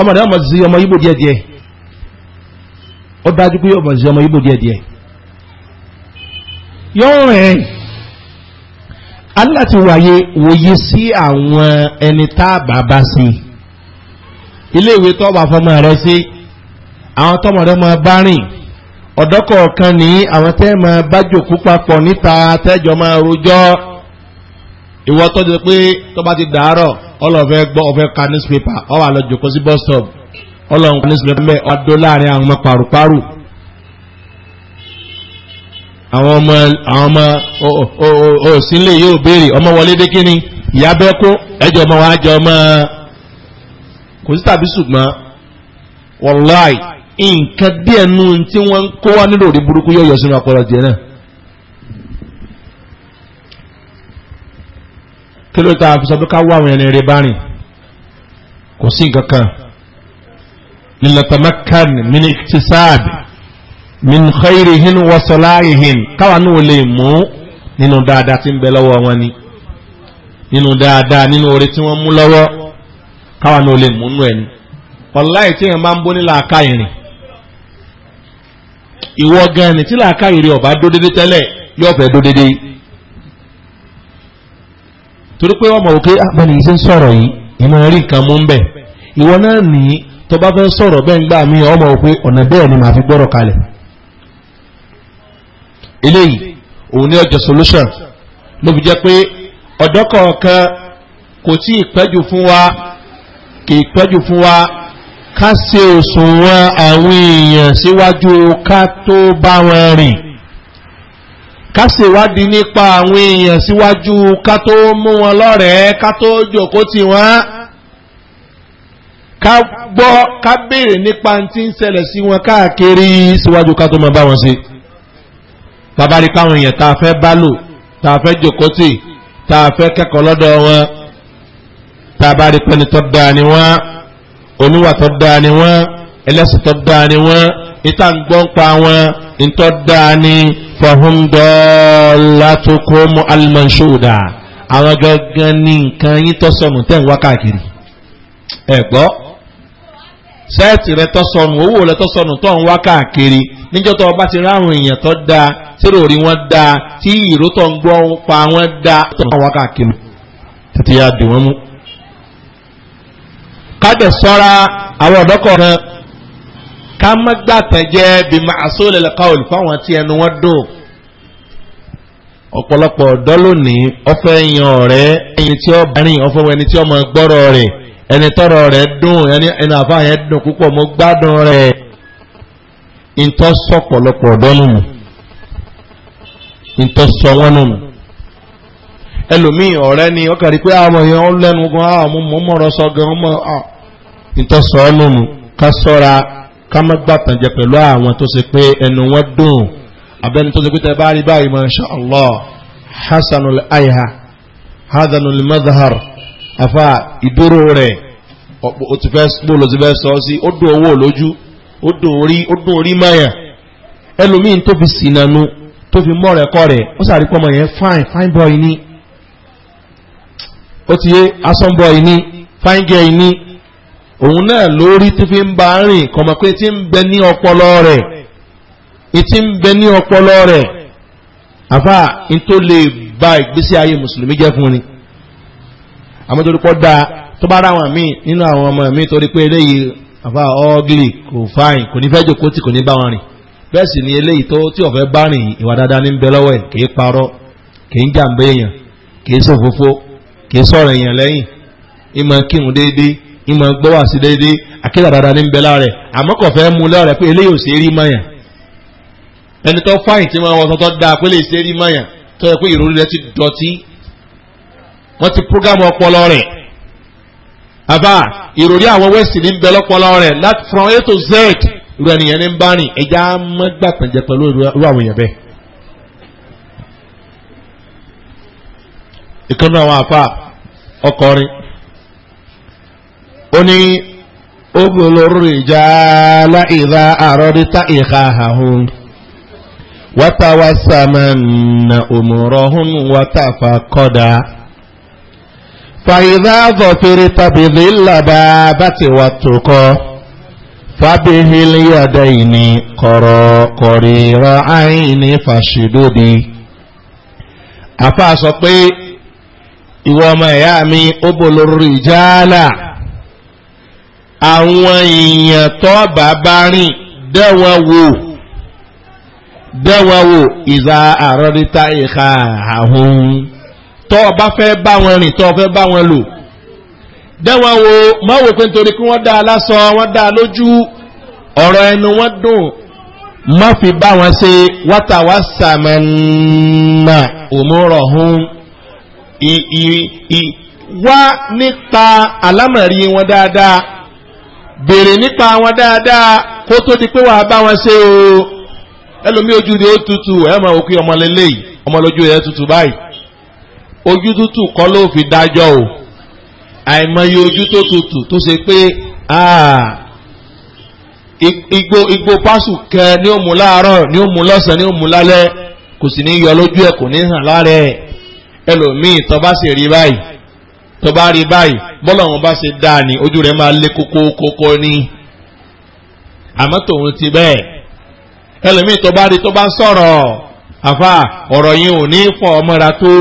S1: ọmọ rẹ̀ ọmọ sí ọmọ Ìgbò díẹ̀díẹ̀ ó dájú pé ọmọ sí ọmọ díẹ̀díẹ̀ yóò rìn aláti wòye sí àwọn ẹni tá bàbá sí ilé ìwé bá fọmọ àwọn tọ́mọ̀ rẹ̀ máa bá rìn ọ̀dọ́ kọ̀ọ̀kan ní àwọn tẹ́ ma bá jòkó papọ̀ níta tẹ́jọ máa rojọ́ ìwọ tó pé tó bá ti dàárọ̀ ọlọ́ọ̀fẹ́ gbọ́ ọ̀fẹ́ ka newspaper ọwà lọ jòkó sí paru-paru nǹkan díẹ̀ nù tí wọ́n ń kó wá nílò orí burúkú yóò yọ sínú apọ̀lọ̀ jẹ náà kí ló ta àfisọ pé ká wá àwọn ẹni rẹ bá rìn kò sí nǹkan kan linatamakkan min iktisab min khairihin wa salahihin káwa náà lè mú nínú dáadáa tí ń bẹ lọ́wọ́ wọn ni nínú dáadáa nínú oore tí wọ́n mú lọ́wọ́ káwa náà lè mú nú ẹni ọ̀láì tí èèyàn máa ń bó nílà aká ìrìn ìwọ gan ni tí iri ọba dó dédé tẹ́lẹ̀ yóò fẹ́ dó dédé torí pé ọmọ òkè abẹni ah, yìí ṣe ń sọ̀rọ̀ yìí ìmọ̀ rí nǹkan mú ń bẹ̀ ìwọ náà ní tó bá fẹ́ sọ̀rọ̀ ọmọ òkè ọ̀nà ni màá fi gbọ́rọ̀ kalẹ̀ eléyìí òun ọjọ́ solution ló fi jẹ́ pé kò ká ṣe òṣùwọ̀n àwọn èèyàn síwájú ká tó bá wọn rìn ká ṣèwádìí nípa àwọn èèyàn síwájú ká tó mú wọn lọ́rẹ̀ẹ́ ká tó jòkó tì wọ́n ká gbọ́ ká béèrè nípa tí ń ṣẹlẹ̀ sí wọn káàkiri síwájú ká tó máa bá wọn ṣe bàbá káwọn èèyàn tá fẹ́ bá lò fẹ́ jòkó tì tá fẹ́ kẹ́kọ̀ọ́ lọ́dọ̀ wọn tá bá rí pẹ́ni tó dáa ni wọ́n oníwà tó dáa ni wọ́n ẹlẹ́sìn tó dáa ni wọ́n ìta ń gbọ́n pa wọn ìtọ́ dáa ni fahumdọ́látókòmù almanṣúdà àwọn gangan ní nǹkan yín tó sọnù tẹ̀ ń wá káàkiri ẹ gbọ́ sẹ́ẹ̀tì rẹ tó sọnù owó rẹ tó sọnù tó ń wá káàkiri níjọ́ tó bá ti ráhùn èèyàn tó dáa tírò rí wọn dáa tí ìró tó ń gbọ́n pa wọn dáa tó ń wá káàkiri tètè yá dùn wọn mú. kádẹ̀ sọ́ra àwọn ọ̀dọ́kọ̀ kan ká má gbàtẹ̀jẹ́ bí ma lè lọ́kọ̀ òlù fáwọn tí ẹnu wọn dùn ọ̀pọ̀lọpọ̀ lónìí ọ̀fẹ́ yan ọ̀rẹ́ ẹni tí ẹni tí gbọ́rọ̀ ẹni tọrọ rẹ̀ dùn ẹni àfa yẹn dùn mo gbádùn rẹ̀ sọ sọ wọn nítọ́sọ ọ́nùnù ká sọ́ra ká má gbàtànjẹ pẹ̀lú àwọn tó ṣe pé ẹnu wọn dùn abẹ́ni tó ṣe pé tẹ́ bá rí báyìí masha Allah hasanul aiha hasanul mazhar afa ìdúró rẹ̀ ọ̀pọ̀ o ti fẹ́ bóòlù ti fẹ́ sọ sí ó dùn owó lójú ó dùn orí ó dùn orí máyà ẹlòmíín tó fi sìnànú tó fi mọ́ rẹ̀ kọ́ rẹ̀ ó sàrí pọ́mọ yẹn fine fine boy ni ó ti yé asọ́nbọ̀ yìí ni fine girl yìí ni òun náà lórí tí fi ń bá rìn kọmọ pé tí ń bẹ ní ọpọlọ rẹ̀ tí ń bẹ ní ọpọlọ rẹ̀ àfà n tó lè ba ìgbésí ayé mùsùlùmí jẹ́ fún ni àmọ́tòrípọ̀ dá tó bá ráwọn míì nínú àwọn ọmọ mi torí pé eléyìí àfà ọ́gìlì kò fáìn kò ní fẹ́ jòkó tí kò ní bá wọn rìn bẹ́ẹ̀ sì ni eléyìí tó tí ọ̀fẹ́ bá rìn ìwà dáadáa ní bẹ lọ́wọ́ ẹ̀ kìí parọ́ kìí jàǹbẹ́ èèyàn kìí ṣòfófó kìí sọ̀rọ̀ èèyàn lẹ́yìn ìmọ̀ kírun déédéé ìmọ̀ gbọ́wà sí dédé àkílà dada ní bẹ́lá rẹ̀ àmọ́kọ̀ fẹ́ mú lọ́rẹ̀ pé eléyìí ò sí rí mọ́yàn ẹni tó fáyìn tí wọ́n wọ́n tó dáa pé lè sí rí mọ́yàn tó yẹ pé ìròrí rẹ̀ ti dọ̀tí wọ́n ti prógámù ọpọlọ rẹ̀ bàbá ìròrí àwọn wẹ́sì ní bẹ́ lọ́pọlọ rẹ̀ láti from a to z irú ẹnìyẹn ní bá rìn ẹja mọ́gbàtànjẹ pẹ̀lú irú àwọn èèyàn bẹ́ẹ̀. ìkànnì àwọn àfa ọkọrin ó ní ogoloro ìjàlá ìdá àrọ́dítà ìhàhàhùn wátawásámánà òmùrọ̀hún wátàfàkọ́dá fàìdá zọ̀fẹ́rẹ́ tàbílì làbá bá ti wà tókọ́ fábíhìlì yàdá ìní kọ̀rọ̀ kọ̀rìrọ̀ àìní fàṣídóde àfáà sọ pé ìwọ ẹ̀yà mi ó bolórí ìjàlá àwọn èèyàn tó bàbá rìn dẹ́wọ̀n wò dẹ́wọ̀n wò ìzà àrọ́dítà ìka àhún tó bá fẹ́ bá wọn rìn tó fẹ́ bá wọn lò dẹ́wọ̀n wò má wò pé nítorí kí wọ́n dá lásọ wọ́n dá lójú ọ̀rọ̀ ẹnu wọn dùn má fi bá wọn ṣe wátàwá sàmẹ́nà òmùrọ̀ hún wá nípa alámọ̀rí wọn dáadáa béèrè nípa wọn dáadáa kó tó di pé wàá bá wọn ṣe o ẹlòmíì ojú rẹ̀ ó tutù ẹ máa wò pé ọmọ lélẹ́yìí ọmọ tutù báyìí ojú tutù kọ́ ló fi dájọ́ o àìmọye ojú tó tutù tó ṣe pé igbó igbó pásù kẹ ni ó mú láàárọ̀ ni ó mú lọ́sàn-án ni ó mú lálẹ́ kò sì ní yọ lójú ẹ̀ kò ní hàn lára ẹ̀ ẹlòmíì tó bá sì rí báyìí tó bá rí báyìí bọ́lá wọn bá ṣe dáa ni ojú rẹ̀ máa lé kókó kókó ní. àmọ́ tòun ti bẹ́ẹ̀ ẹlòmíì tó bá rí tó bá sọ̀rọ̀ àfa ọ̀rọ̀ yìí ò ní fọ ọmọra tó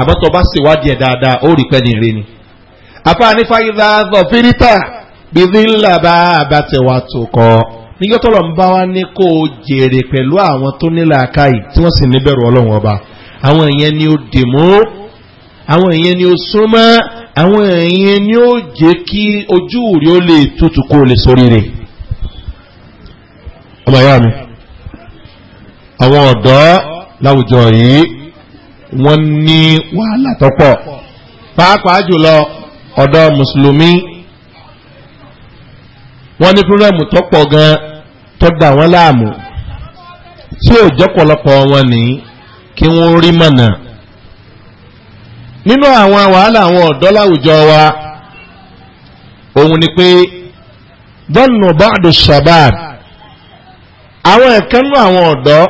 S1: àmọ́ tó bá ṣèwádìí ẹ̀ dáadáa ó rí pẹ́ nìire ni. àfa ní fáyidá zọfírítà bíbí ńlá bá àbátẹwà tó kọ nígbà tó lọ ń bá wa ní kó o jèrè pẹ̀lú àwọn tó nílà káyì tí wọ́n sì níbẹ̀rù ọlọ́run ọba àwọn ìyẹn ni ó dè mọ́ àwọn èèyàn ni ó súnmọ́ àwọn èèyàn ni ó jẹ́ kí ojú rí ó lè tútù kó lè sórí rẹ̀ ọmọ ìyá mi àwọn ọ̀dọ́ láwùjọ yìí wọ́n ní wàhálà tọ́pọ̀ pàápàá jùlọ ọ̀dọ́ mùsùlùmí wọ́n ní tọ́pọ̀ gan tó dà wọ́n láàmú tí ò jọ́pọ̀lọpọ̀ wọn ní kí wọ́n rí mọ̀nà nínú àwọn wàhálà àwọn ọ̀dọ́ láwùjọ wa òun ni pé dọ́nà báàdù shabab àwọn ẹ̀kánú àwọn ọ̀dọ́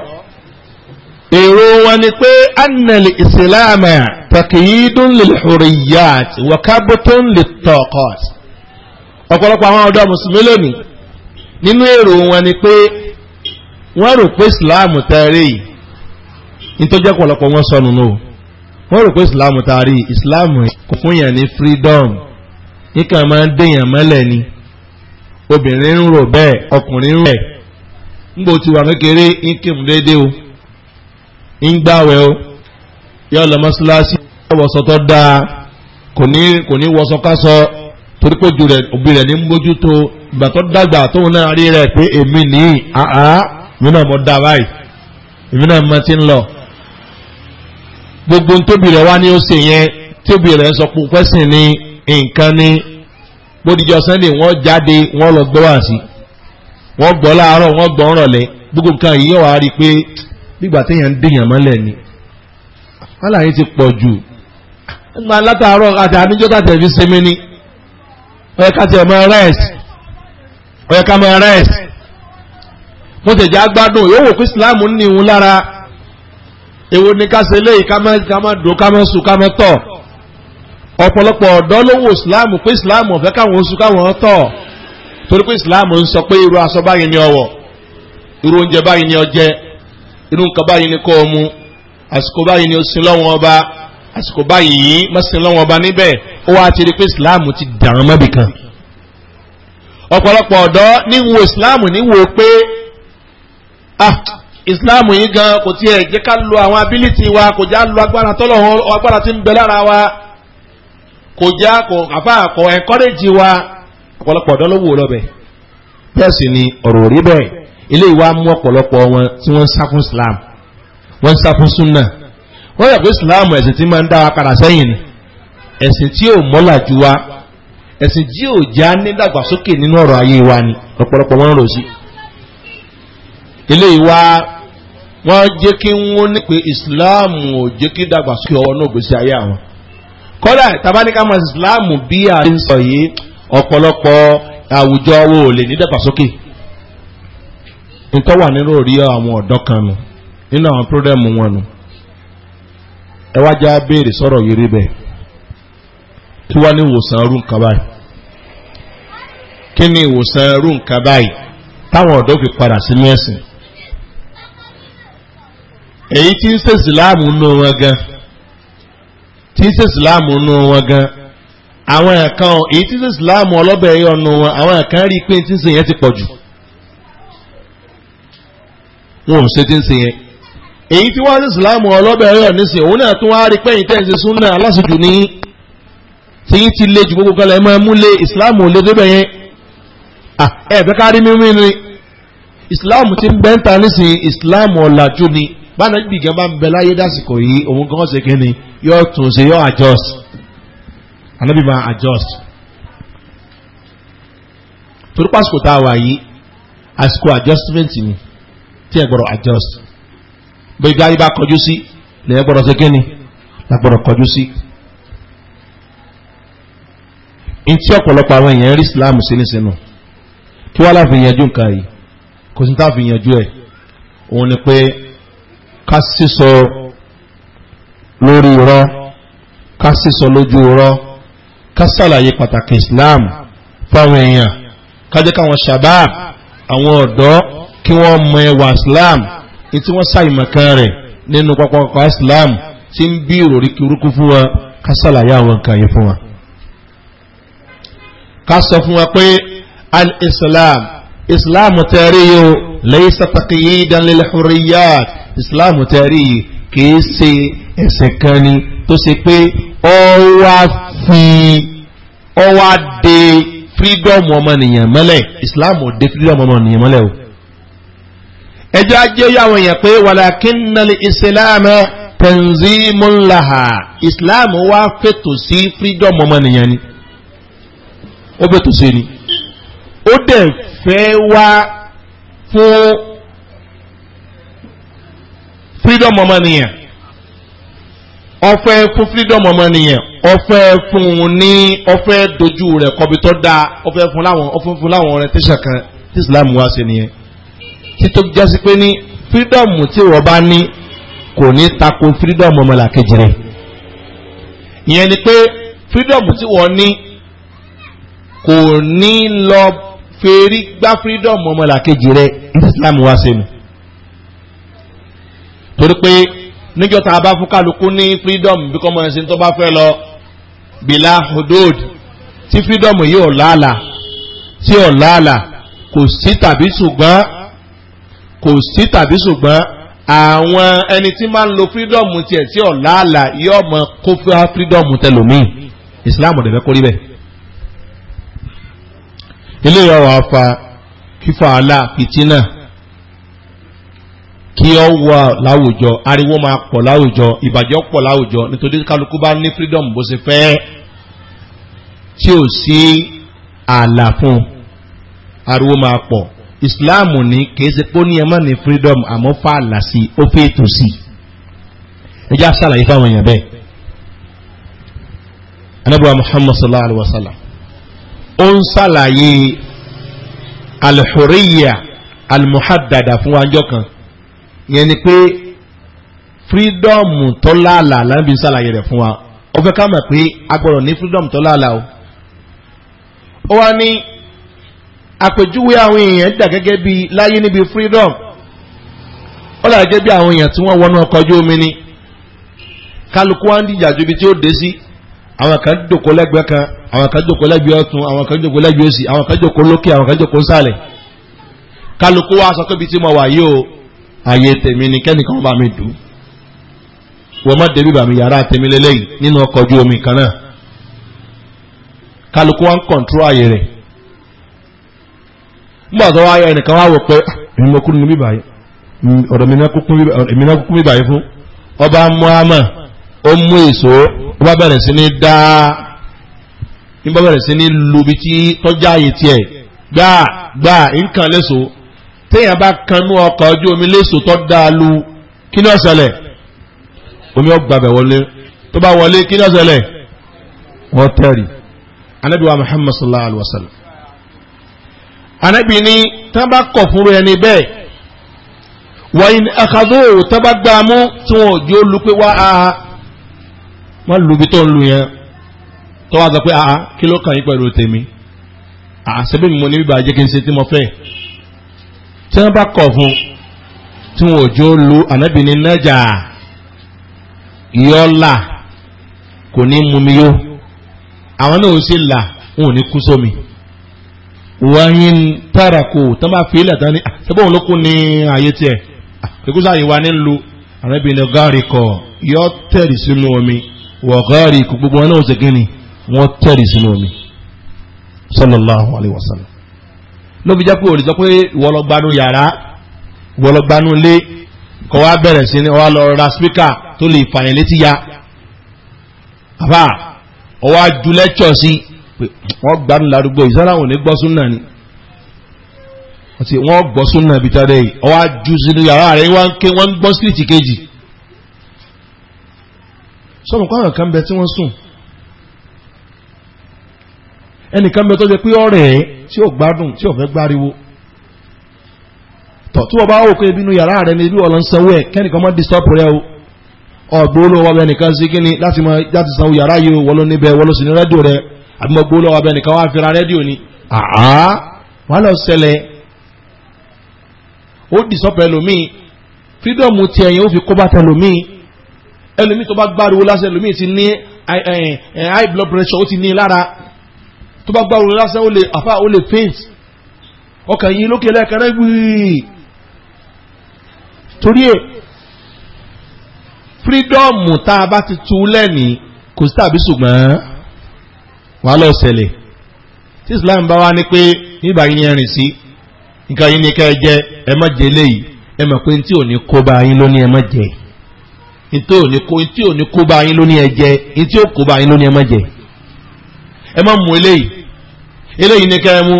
S1: èrò wọn ni pé annali ìsìláàmà takiyidun lilhuriyat wakabutun litokot ọ̀pọ̀lọpọ̀ àwọn ọ̀dọ́ mùsùlùmí lónìí nínú èrò wọn ni pé wọ́n rò pé ìsìláàmù tẹ́rẹ̀ yìí ní tó wọn sọnù náà wọ́n rò pé ìsìláàmù taari ìsìláàmù kò fún ní freedom nǹkan máa ń dèyàn ni obìnrin ń rò bẹ́ẹ̀ ọkùnrin ń rẹ̀ ńgbò tí wà kékeré ń kírun déédé o ń gbàwẹ̀ o yọ lọ mọ́ṣáláṣí ọwọ́sọ tó dáa kò ní kò kásọ torí pé ojú rẹ̀ òbí rẹ̀ ní ń ìgbà tó dàgbà tóun náà rí rẹ̀ pé èmi nìyí náà dá báyìí èmi náà ti gbogbo tóbi rẹ wá ní ó nye yẹn tóbi rẹ̀ sọ pé pẹ́sìn ní nǹkan ní bódìjọ sunday wọ́n jáde wọ́n lọ gbọ́ wá wọ́n gbọ́ láàárọ̀ wọ́n gbọ́ rọ̀lẹ́ gbogbo nǹkan yìí yóò rí i pé nígbà téèyàn ń dèèyàn ni aláyé ti pọ̀ jù ẹnu alátàárọ̀ àti àníjọ́ tàtẹ̀ fi sinmi ni ọ̀yẹ́ ká tiẹ̀ rẹ́ẹ̀sì ọ̀yẹ́ ká rẹ́ẹ̀sì mo yóò wò pé Islam ń ní ìhun lára. èwo ni ká ṣe léyìí ká má dùn ká má sùn ká má tọ̀ ọ̀pọ̀lọpọ̀ ọ̀dọ́ ló wo islam pé islam ọ̀fẹ́ káwọn sùn káwọn tọ̀ torí pé islam ń sọ pé irú aṣọ báyìí ni ọwọ̀ irú oúnjẹ báyìí ni ọjẹ irú nǹkan báyìí ni kò mu àsìkò báyìí ni o sin lọ́wọ́n ọba àsìkò báyìí má sin lọ́wọ́n ọba níbẹ̀ ó wá ti rí pé islam ti dàn mọ́bì kan ọ̀pọ̀lọpọ̀ ọ̀dọ́ ní wo islam ní wo pé ah islam yìí gan kò tiẹ̀ jẹ́ ká lo àwọn ability wa kò já lo agbára tọ́lọ́hún agbára tí ń bẹ lára wa kò já kò àfa kò encourage wa ọ̀pọ̀lọpọ̀ ọ̀dọ́ ló wò lọ́bẹ̀ bẹ́ẹ̀ sì ni ọ̀rọ̀ rí bẹ́ẹ̀ ilé ìwà mú ọ̀pọ̀lọpọ̀ wọn tí wọ́n ń sá fún islam wọ́n ń sá fún sunna wọ́n yà pé islam ẹ̀sìn tí máa ń dá wa padà sẹ́yìn ni ẹ̀sìn tí ò mọ́là ju wa ẹ̀sìn tí ò já nídàgbàsókè nínú ọ̀rọ̀ ayé wa ni ọ̀pọ̀lọpọ̀ wọn rò sí ilé ìwà wọ́n jẹ́ kí wọ́n ní pé ìsìláàmù ò jẹ́ kí dàgbàsókè ọwọ́ náà gbèsè ayé àwọn. kọ́dà tabaníkà máa ìsìláàmù bí a ti ń sọ yìí ọ̀pọ̀lọpọ̀ àwùjọ wo ò lè ní dàgbàsókè. nǹkan wà nínú òrí àwọn ọ̀dọ́ kan nù nínú àwọn pírọ́dẹ̀mù wọn nù. ẹ wá já béèrè sọ̀rọ̀ yìí rí bẹ́ẹ̀ tí wọ́n ní ìwòsàn irú nǹkan báyìí. kí ni ìwòsàn irú nǹkan báyìí táwọn ọ̀dọ́ fi padà sínú ẹ̀sìn èyí tí ń ṣe ìsìláàmù nù wọn gan tí ń ìsìláàmù nù wọn gan àwọn ẹ̀kan èyí tí ń ṣe ìsìláàmù ọlọ́bẹ̀ ẹ̀yọ nù wọn àwọn ẹ̀kan rí i pé tí ń yẹn ti pọ̀ jù wọn ò ṣe tí ń ṣe yẹn èyí tí wọ́n ìsìláàmù ọlọ́bẹ̀ òun ti lé ju gbogbo kan lẹ́ máa lé ìsìláàmù ò lé débẹ̀ yẹn ẹ̀ẹ́dẹ́kárí mímú ni ti ń bẹ́ńtà nísìn ìsìláàmù ọ̀làjú ni báńdà bíi gan bá ń bẹ láyé dásìkò yìí òun gan ṣe kí ni yóò tún ṣe yóò adjust anábì máa adjust torí pásìkò tá a wà yìí àsìkò adjustment ni tí ẹ gbọ́dọ̀ adjust bí gárí bá kọjú sí lẹ́yìn gbọ́dọ̀ ṣe kí ni lágbọ́dọ̀ kọjú sí ntí ọ̀pọ̀lọpọ̀ àwọn èèyàn rí Islam sí ní kí wọ́n láfi yanjú nǹkan yìí kò sí ní tá fi yanjú ẹ̀ òun ni pé ká sísọ lórí irọ́ ká sísọ lójú irọ́ ká sàlàyé pàtàkì islam fáwọn èèyàn ká jẹ́ káwọn shabab àwọn ọ̀dọ́ kí wọ́n mọ ẹwà islam ní tí wọ́n ṣàìmọ̀kan rẹ̀ nínú pápákọ̀ islam tí ń bí ìròrí kúrúkú fún wọn ká sàlàyé àwọn nǹkan yìí fún wọn ká sọ fún wọn pé al-islam islam tẹ́rí yóò laysa taqyidan lil hurriyat islam tẹ̀rí kìí ṣe ẹ̀sìn kan ni tó ṣe pé ó wá fi ó wá de freedom ọmọnìyàn mọ́lẹ̀ islam ò de freedom ọmọnìyàn mọ́lẹ̀ o ẹjọ́ ajé yàwọn èèyàn pé walakinnal islam tanzimun laha islam wá fètò sí freedom ọmọnìyàn ni ó fètò sí ni ó dẹ̀ fẹ́ wá fún freedom ọmọnìyàn ọfẹ fún freedom ọmọnìyàn ọfẹ fún un ní ọfẹ dojú rẹ kọbi tó dáa ọfẹ fún láwọn ọfẹ fún láwọn orientation kan tí Islam wá sí nìyẹn títọ́ jásí pé ní freedom tí wọ́n bá ní kò ní tako freedom ọmọlàkejì rẹ̀ ìyẹn ni pé freedom tí wọ́n ní kò ní lọ fèrí gbá freedom ọmọlàkejì rẹ islam wá sínú torí pé níjọ́ tá a bá fún kálukú ní freedom bí kò mọ̀ sí tó bá fẹ́ lọ bìlà hudud tí freedom yìí ò láàlà tí ò láàlà kò sí tàbí ṣùgbọ́n kò sí tàbí ṣùgbọ́n àwọn ẹni tí máa ń lo freedom tiẹ̀ tí ò láàlà yóò mọ kó fẹ́ freedom tẹlómi islam ò dẹ̀ fẹ́ kórìí bẹ́ẹ̀ eléyìí ọwọ́ fa fífa àlà fìtínà kí ọ wà láwùjọ ariwo máa pọ̀ láwùjọ ìbàjẹ́ pọ̀ láwùjọ nítorí kálukú bá ní freedom bó ṣe fẹ́ tí ò sí ààlà fún ariwo máa pọ̀ ìsìláàmù ní kìí pé ó ní ẹ ní freedom àmọ́ fààlà sí ó fẹ́ ètò sí ẹjá sàlàyé fáwọn èèyàn bẹ́ẹ̀ anábọ̀ muhammad sallallahu alaihi wa sallam ó ń ṣàlàyé alhuriya almuhaddada fún wájọ́ kan yẹn ni pé fírídọ́ọ̀mù tó láàlà lábí ṣàlàyé rẹ̀ fún wa ó fẹ́ ká mọ̀ pé a gbọ́dọ̀ ní fírídọ́ọ̀mù tó láàlà o ó wá ní àpèjúwe àwọn èèyàn dà gẹ́gẹ́ bí láyé níbi freedom ó làá jẹ́ bí àwọn èèyàn tí wọ́n wọnú ọkọ̀ ojú omi ni kálukú wá ń dìjà ju ibi tí ó dé sí àwọn kan jòkó lẹ́gbẹ́ kan àwọn kan jòkó lẹ́gbẹ́ ọ̀tún àwọn kan jòkó lẹ́gbẹ́ òsì àwọn kan jòkó lókè àwọn kan jòkó nsàlẹ̀ kálukú wa sọ tóbi tí mo wà yìí o àyè tèmi ni kẹ́nìkan bá mi dùn wọ́n má débi bàmí yàrá tèmi lélẹ́yìn nínú ọkọ̀ ojú omi kan náà kálukú wa ń kọ̀ntró àyè rẹ̀ nígbà tó wá yẹ ẹnìkan wá wò pé ah, èmi mo kú nínú bíbáyé ọ̀rọ̀ mi náà kúkú bíbáyé fún ọba muhammad ó mú èso ó bá bẹ̀rẹ̀ sí ní dá ní bá bẹ̀rẹ̀ sí ní lubi tí tọ́já ààyè tiẹ̀ gbà gbà nǹkan léso téèyàn bá kanú ọkọ̀ ojú omi léso tó dáa lu kí ni ó omi ó gbàbẹ̀ wọlé tó bá wọlé kí ni ó wọ́n tẹ̀rì anabi wa muhammad sallallahu alaihi wa sallam anabi ni tán bá kọ̀ fúnru ẹni bẹ́ẹ̀ wọ́n yìí akadó tán tí wọ́n jó lu wá a. Ah, wọ́n lu ibi tó ń lu yẹn tó wá sọ pé àá kí ló kàn yín pẹ̀lú tèmi àṣẹbí mi mo ní bíbá jẹ́ kí n ṣe tí mo fẹ́ tí wọ́n bá kọ̀ fún tí wọn ò jó lu ànábì ní nájà yọ́là kò ní mú yó àwọn náà ó sì là wọn ò ní kú sómi wọ́n tàràkù tó bá fi ilẹ̀ tán ní ṣẹ́bọ̀n ló kú ní ayé tiẹ̀ ìkúsáyìí wa ní lu ànábì ní gáàrí kọ̀ yọ́ tẹ̀rì sínú omi wọ̀gáàrí kò gbogbo náà jẹ́ wọ́n tẹ̀rì sínú omi sallallahu alaihi wasallam ló fi jẹ́ pé òrìṣọ́ pé ìwọlọ́gbanú yàrá ìwọlọ́gbanú lé kọ́ wá bẹ̀rẹ̀ sí ni ọwá lọ ra spíkà tó lè fàyẹ̀ létí ya àbá ọwá ju lẹ́tọ̀ sí wọ́n gbanú sọ́mù káwọn kan bẹ tí wọ́n sùn ẹnìkan bẹ tó jẹ pé ọ̀rẹ́ tí ò gbádùn tí ò fẹ́ gbáriwo tọ̀ tí wọ́n bá wò pé ibínú yàrá rẹ ni ibi ọ̀lọ́ ń sanwó ẹ̀ kẹ́nìkan mọ́ disọ́pù rẹ o ọ̀gbó ló wà bẹ nìkan sí kíni láti mọ láti sanwó yàrá yìí o wọ́n ló níbẹ̀ ẹlòmíì tó bá gbáriwo lásán ẹlòmíì ti ní eh, eh, eh, high blood pressure ó ti ní lára tó bá gbáriwo lásán ó lè àfa ó lè faint ọkàn yìí lókè lẹ́ẹ̀kan náà gbìyì torí ẹ̀ fírídọ́ọ̀mù tá a bá ti tu lẹ́nìí kò sí tàbí ṣùgbọ́n wàá lọ ṣẹlẹ̀ tí Islam bá wá ní pé nígbà yín ni ẹ rìn sí nǹkan yín ni ká ẹ jẹ ẹ má jẹ eléyìí ẹ mọ̀ pé tí ò ní kó bá yín lónìí ẹ yìí. ntí ò ní kó ntí ò ní kó bá yín lóní ẹ jẹ ntí ò kó bá yín lóní ẹ má jẹ ẹ má mú eléyìí eléyìí ní ká ẹ mú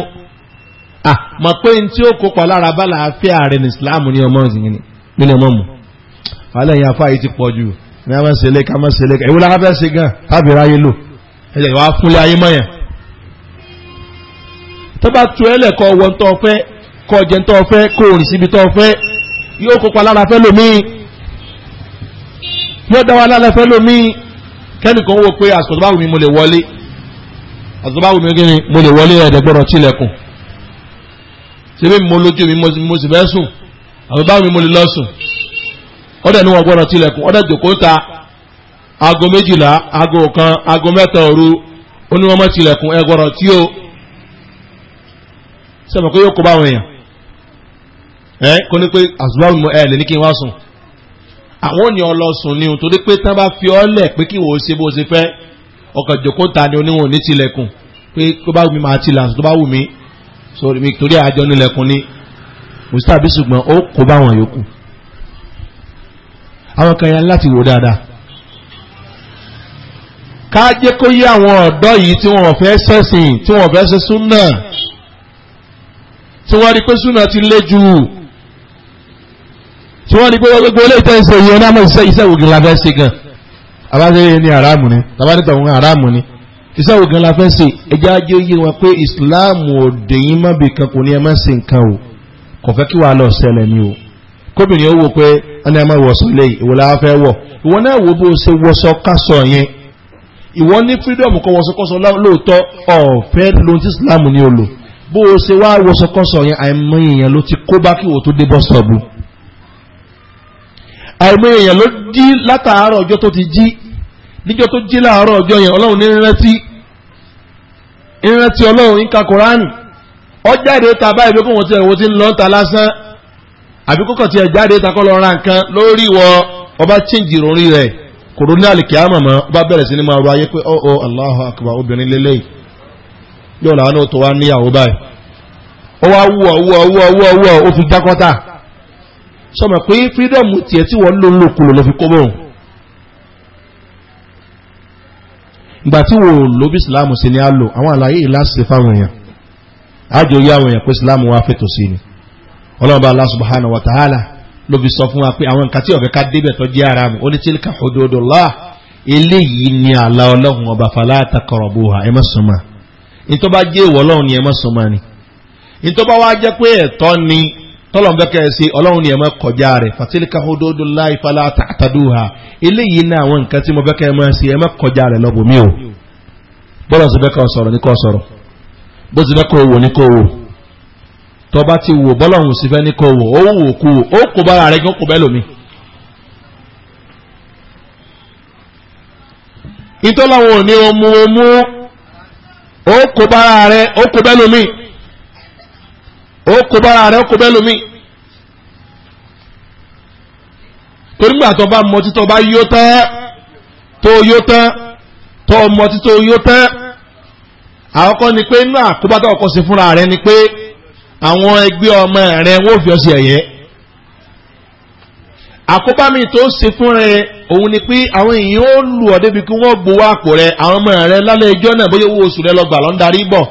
S1: à mọ̀ pé ntí ò kópa lára bá làáfíà rẹ ní islam ní ọmọ ìsìnkìní nínú ọmọ mu wàhálà yẹn afá yìí ti pọ̀ jù ní a má ṣe lé ká má ṣe lé ká ìwúlá ká fẹ́ ṣe gan tábìrì ayé lò ẹ jẹ́ wàá fúnlé ayé mọ́ yẹn tó bá tu ẹlẹ́kọ̀ọ́ wọ́n tó fẹ́ kọ́ jẹ́ tó fẹ́ kó òrìṣìbí tó fẹ́ yóò kópa lára fẹ́ lómii yóò dá wa lálẹ́ fẹ́ lómi kẹ́nìkan wò pé àsìkò mi mo lè wọlé àsìkò mi gírin mo lè wọlé ẹ̀ẹ́dẹ́gbọ́rọ̀ tilẹ̀kùn ṣebí mo lójú mi mo sì fẹ́ sùn àbí mi mo lè lọ sùn ọ̀dẹ̀ ni wọ́n gbọ́dọ̀ tilẹ̀kùn ọ̀dẹ̀ jòkó ta aago méjìlá aago kan aago mẹ́ta òru oníwọ́mọ́ tilẹ̀kùn ẹ̀gbọ́rọ̀ tí o sẹ́mi kó yóò kó báwọn èèyàn ẹ̀ kó ní pé àsìkò ẹ̀ lè ní kí n wá sùn àwọn ò ní ọlọ́sùn ni òun torí pé tán bá fi ọ́ lẹ̀ pé kí wò ó ṣe bó ṣe fẹ́ ọkọ̀ ìjòkó ta ni oníwọ̀n ò ní tilẹ̀kùn pé tó bá wù mí màá ti là tó bá wù mí sórí mi torí àjọ nílẹ̀kùn ni mùsítà bí ṣùgbọ́n ó kó bá wọn yòókù àwọn kan yẹn láti wò dáadáa ká jẹ́ kó yé àwọn ọ̀dọ́ yìí tí wọ́n fẹ́ ṣẹ̀sìn tí wọ́n fẹ́ ṣe súnà tí wọ́n rí pé súnà ti lé jù tí wọ́n ní pé gbogbo ilé ìtẹ́ ìṣe yẹn náà mọ̀ iṣẹ́ iṣẹ́ ògùn la fẹ́ ṣe gan abáṣe ní aráàmù ni tabanítọ̀ wọn aráàmù ni iṣẹ́ ògùn la fẹ́ ṣe ẹjẹ́ ajé yé wọn pé ìsìláàmù òde yín má bì kan kò ní ẹ má ṣe nǹkan o kò fẹ́ kí wàá lọ ṣẹlẹ̀ ni o kóbìnrin ó wò pé ẹni ẹ má wọ̀ sọ́lé ìwọ la fẹ́ wọ̀ ìwọ náà wo bó ṣe wọṣọ kásọ yẹn ìwọ ní fírídọ̀mù kọ wọṣọ kọsọ lóòótọ́ ọ̀fẹ́ lohun tí ìsìláàmù ni o lò bó ṣe wá wọṣọ kọsọ yẹn àìmọye èèyàn ló ti kó bá kí wò tó àìmọ̀ èèyàn ló jí látàárọ̀ ọjọ́ tó ti jí níjọ́ tó jí láàárọ̀ ọjọ́ yẹn ọlọ́run ní rántí ìrántí ọlọ́run ń ka kùránì ọjáde ta báyìí pé kó wọn ti ẹ̀wọ́ ti ń lọ ta lásán àbí kókò ti ẹ̀jáde ta kọ́ lọ ra nǹkan lórí wọ ọba chíǹjì ìròrí àlìkí àmàmà ọba bẹ̀rẹ̀ sí ni máa wáyé pé ọ́ oh, oh, Allahu obìnrin yóò làwọn náà tó wá níyàwó báyìí ó sọmọ pé freedom tiẹ̀ tí wọ́n ló ń lò kúlò fi kó bọ̀ ìgbà tí ló bí islam sí ni a lò àwọn àlàyé ìlàsì fáwọn èèyàn àwọn èèyàn pé islam sí ni wa ló fi sọ fún wa pé àwọn nǹkan tí ká débẹ̀ jẹ́ ara mu ó ní eléyìí ni àlà ọba ẹ ni ẹ ni ní ni tọ́lọ̀n bẹ́kẹ́ sí ọlọ́run ni eme kọjá rẹ fatilka hududu láì fala tàtàdúhà eléyìí náà àwọn nǹkan tí mo bẹ́kẹ́ ẹ̀mọ́ sí ma kọjá lọ lọ́bù mí o bọ́lọ̀ sí bẹ́kẹ́ ọ̀sọ̀rọ̀ ní kọ́ sọ̀rọ̀ bó ti owó ní owó tọba ti wò bọ́lọ̀hùn sí fẹ́ ní ó wò kú ó bára kí ó O kó bára rẹ̀ ó kó bẹ́ẹ̀ lómi. torí gbà tó bá mọtí tó bá yó tán tó yó tán tó mọtí tó yó tán àkọ́kọ́ ni pé inú àkóbá tó kọ́kọ́ sí fúnra rẹ̀ ni pé àwọn ẹgbẹ́ ọmọ rẹ̀ wọ́n fi ọsẹ ẹ̀yẹ. àkóbá mi tó ṣe fúnra rẹ̀ òun ni pé àwọn èèyàn ó lù ọ́ débi kí wọ́n gbowó àpò rẹ̀ àwọn ọmọ rẹ̀ lálẹ́ ẹjọ́ náà bóyá owó oṣù rẹ̀ lọ́gbà lọ́ndarí bọ̀.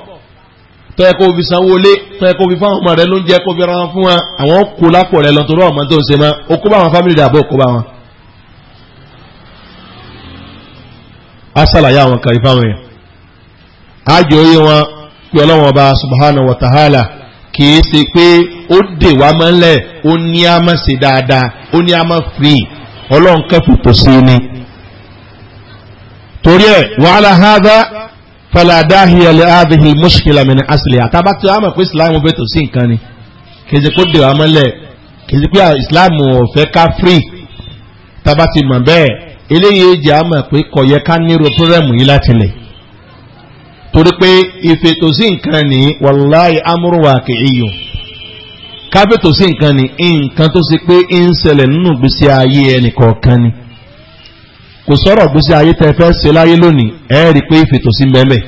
S1: tọ́yẹ kó fi sanwó lé tọ́yẹ kó fi fáwọn ọmọ rẹ ló ń jẹ́ kó fi ran fún wa àwọn kó lápò rẹ lọ torí ọmọ tó ń ó kó bá wọn fámìlì rẹ kó bá wọn. a ṣàlàyé àwọn kan ìfáwọn yẹn a jọ wọn pé ọlọ́wọ́n ọba subhanahu wa ta'ala kì í pé ó dè wá mọ́lẹ̀ ó ní a máa dáadáa ó ní ni torí ẹ̀ wàhálà faladáhìí ẹlẹ́ àbíhìí mọ́ṣíkìlá mi ní asìlẹ̀ àtàbá tí wọ́n mọ̀ pé ìsìláàmù bẹ́ẹ̀ tó sí nǹkan ni kèsì kó dèrò amọ́lẹ̀ kèsì pé ìsìláàmù ọ̀fẹ́ ká free tàbá ti mọ̀ bẹ́ẹ̀ eléyìí jẹ́ àmọ̀ pé kò yẹ ká nírò pírẹ́mù yìí láti lẹ̀ torí pé ìfètò sí nǹkan ni wàláì amúrúwà kìíyù káfètò sí nǹkan ni nǹkan tó ṣe pé ń ṣẹlẹ̀ nínú ìgbésí ayé ẹnì kọ̀ọ̀kan ni kò sọ̀rọ̀ gbèsè ayé tẹ fẹ́ ṣe láyé lónìí ẹ rí i pé ìfètò sí mẹ́mẹ́.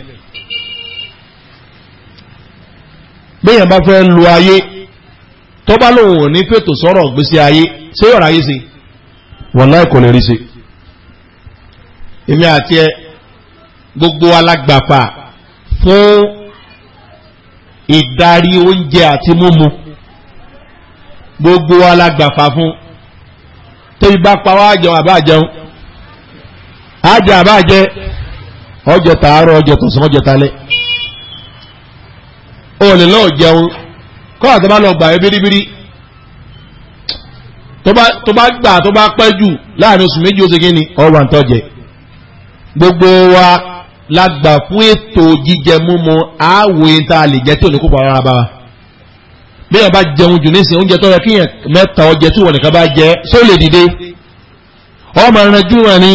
S1: béèyàn bá fẹ́ lu ayé tó bá lòun ò ní fètò sọ̀rọ̀ gbèsè ayé ṣé yọ̀rọ̀ ayé ṣe wàláì kò lè rí ṣe. èmi àti ẹ gbogbo alágbàfà fún ìdarí oúnjẹ àti múmu gbogbo alágbàfà fún tóbi bá pa wá jẹun àbá jẹun ajẹ́ àbájẹ́ ọjọ́ tààrọ̀ ọjọ́ tọ̀sán ọjọ́ talẹ́ o lè lọ́ọ̀ jẹun kọ́ àti bá lọ gbà ẹ bíríbírí tó bá gbà tó bá pẹ́ jù láàrin oṣù méjì oṣù kìíní ọwà tó gbogbo wa la gbà fún ètò jíjẹ múmu àwò ìta lè jẹ tí ò ní kópa rárá bá wa bí wọn bá jẹun jù nísìnyí oúnjẹ tó yẹ kíyàn mẹ́ta ọjẹ tí wọn nìkan bá jẹ só lè dìde ọmọ ìrìnàjò wọn ni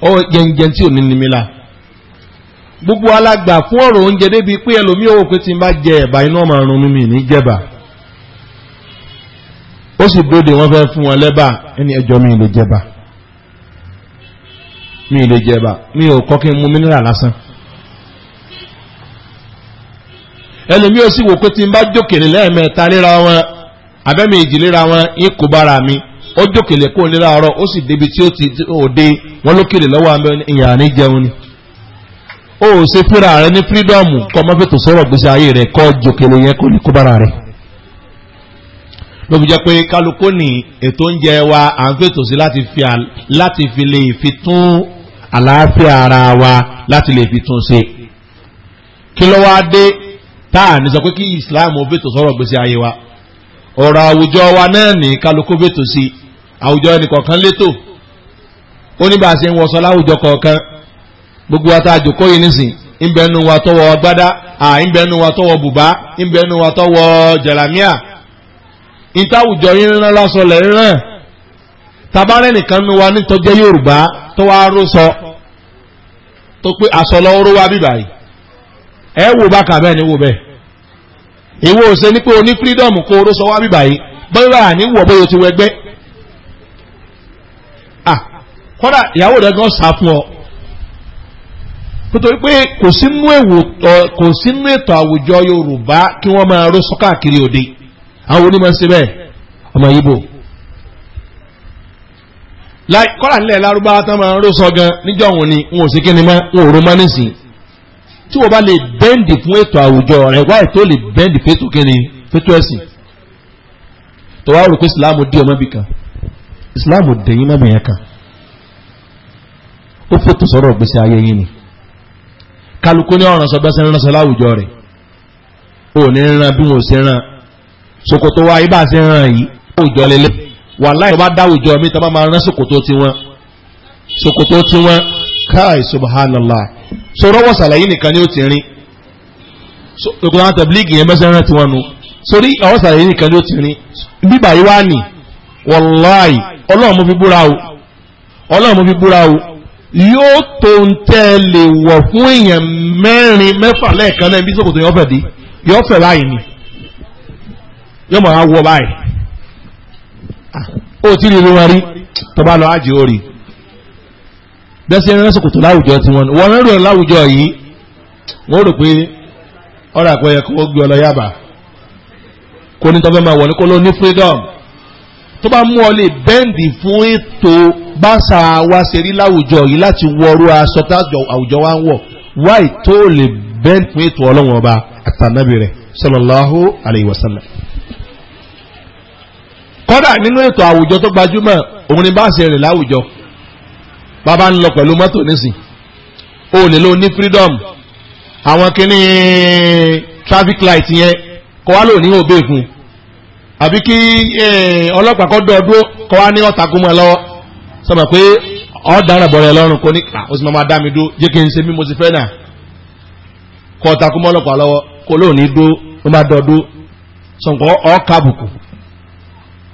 S1: ọ jẹnjẹn tí ò ní nimila gbogbo alàgbà fún ọ̀rọ̀ oúnjẹ débi pé ẹlòmí owó pé tí n bá jẹ ẹ̀bà iná máa ronú mi ní jẹ̀bà ó sì bóde wọ́n fẹ́ fún wọn lẹ́bà ẹni ẹjọ́ mi lè jẹ̀bà mi lè jẹ̀bà mi ò kọ́ kí n mú mínírà lásán ẹlòmí ó sì wò pé tí bá jókè ní lẹ́ẹ̀mẹ́ta léra wọn abẹ́mi ìjì léra wọn ń bára mi ó jókèlè kó lé láàárọ̀ ó sì débi tí ó ti òde wọn lókèlè lọ́wọ́ àmì ìyàn ní jẹun ni ó ò ṣe fúnra rẹ ní fírídọ́ọ̀mù kọ́ máa fètò sọ̀rọ̀ gbèsè ayé rẹ̀ kọ́ jókèlè yẹn kó ní kó bára rẹ̀ ló jẹ́ pé kálukú ní ètò oúnjẹ wa à ń fètò sí láti fi lè fi tún àlàáfíà ara wa láti lè fi tún ṣe kí ló wá dé táà ní sọ pé kí Islam fètò sọ̀rọ̀ gbèsè ayé wa ọ̀rọ̀ àwùjọ wa náà ní kálukú bètò sí àwùjọ ẹnìkọ̀ọ̀kan létò ó ní bá a ṣe kọ̀ọ̀kan gbogbo ata àjòkó yìí nísìn wa tọwọ́ agbádá à ìbẹ̀nu wa tọwọ́ bùbá ìbẹ̀nu wa tọwọ́ jẹ̀lámíà ìtàwùjọ yìí ńlá lọ́sọ lẹ̀ nìkan nu wa nítọ́jẹ́ yorùbá tó wá sọ tó pé wa bíbáyìí wò bá ìwọ ò ṣe ní pé o ní freedom kó o ló sọ wá bíbà yìí bóyá ní bóyá o ti wẹgbẹ́ kọ́dà ìyàwó rẹ̀ gan sá fún ọ nítorí pé kò sínú ètò àwùjọ Yorùbá kí wọ́n máa ró sọ káàkiri òde àwọn onímọ̀ sí bẹ́ẹ̀ ọmọ Ìgbò kọ́dà nílẹ̀ lárúbáwá tán máa ró sọ gan níjọ́ òun ni wọn ò sí tí wọ́n bá lè bẹ́ǹdì fún ètò àwùjọ rẹ̀ wáyé tó lè bẹ́ǹdì fẹ́tò kíni fẹ́tò ẹ̀sìn tó wá rò pé ìsìláàmù dí ọmọ bìkan ìsìláàmù dẹ̀yìn mọ́mọ́ yẹn kan ó fòtò sọ̀rọ̀ gbèsè ayé yín ni kálukú ní ọ̀ràn sọgbẹ́sẹ̀ ńlá láwùjọ rẹ̀ ò ní ran bí wọn ò ran ṣòkòtò wa ibà sí ran yìí àwùjọ lélẹ̀ wàláhì bá dáwùjọ mi tó bá máa rán ṣòkòtò tiwọn ṣòkòtò tiwọn káì subhanallah so rọ́wọ́ sàlàyé nìkan ni ó ti rin so ìkọ̀tà àwọn tàbílíìgì yẹn mẹ́sàn-án ti wọn nu sórí ọwọ́ sàlàyé nìkan ni ó ti rin bíbà yìí wá nì wọláì ọlọ́run mo fi búra o ọlọ́run mo fi búra o yóò tó ń tẹ́ lè wọ̀ fún èèyàn mẹ́rin mẹ́fà lẹ́ẹ̀kan náà bí sòkòtò yọ̀ọ́fẹ̀ dé yọ̀ọ́fẹ̀ báyìí ni yọ̀ọ́ mọ̀ á wọ báyìí ah, ó ti rí rí wọn rí tọ́ba lọ ájì ó rí bẹ́sẹ̀ rán sòkòtò láwùjọ tí wọ́n wọ́n rán rò láwùjọ yìí wọ́n rò pé ọ̀rọ̀ àpẹẹrẹ kó gbé ọlọ yàbá kó ní tọ́fẹ́ máa wọ̀ ní kó ló ní freedom tó bá mú ọ lè bẹ́ǹdì fún ètò báṣà wa ṣe rí láwùjọ yìí láti wọrú aṣọ tá àwùjọ wa ń wọ̀ wáì tó lè bẹ́ǹdì fún ètò ọlọ́wọ̀n ọba àtànábì rẹ̀ sallallahu alayhi wa sallam kódà nínú ètò àwùjọ bàbá ń lọ pẹ̀lú mọ́tò nísìn o lè lo ní freedom àwọn kíní traffic light yẹn kọ́ wá lò ní òbí fún àbí kí ọlọ́pàá kọ́ dọ̀ọ́dún kọ́ wá ní ọ̀tàkùn mọ́ ẹ lọ́wọ́ sọmọ pé ọ̀daràn bọ̀rẹ̀ lọ́rùn kò ní ó sì máa dá mi dó jẹ́ kí n ṣe mí mo ti fẹ́ náà kọ́ ọ̀tàkùn mọ́ ọlọ́pàá lọ́wọ́ kó lóò ní dó máa dọ̀ọ́dún sọ̀nkọ́ ọ̀ọ́kà àbùkù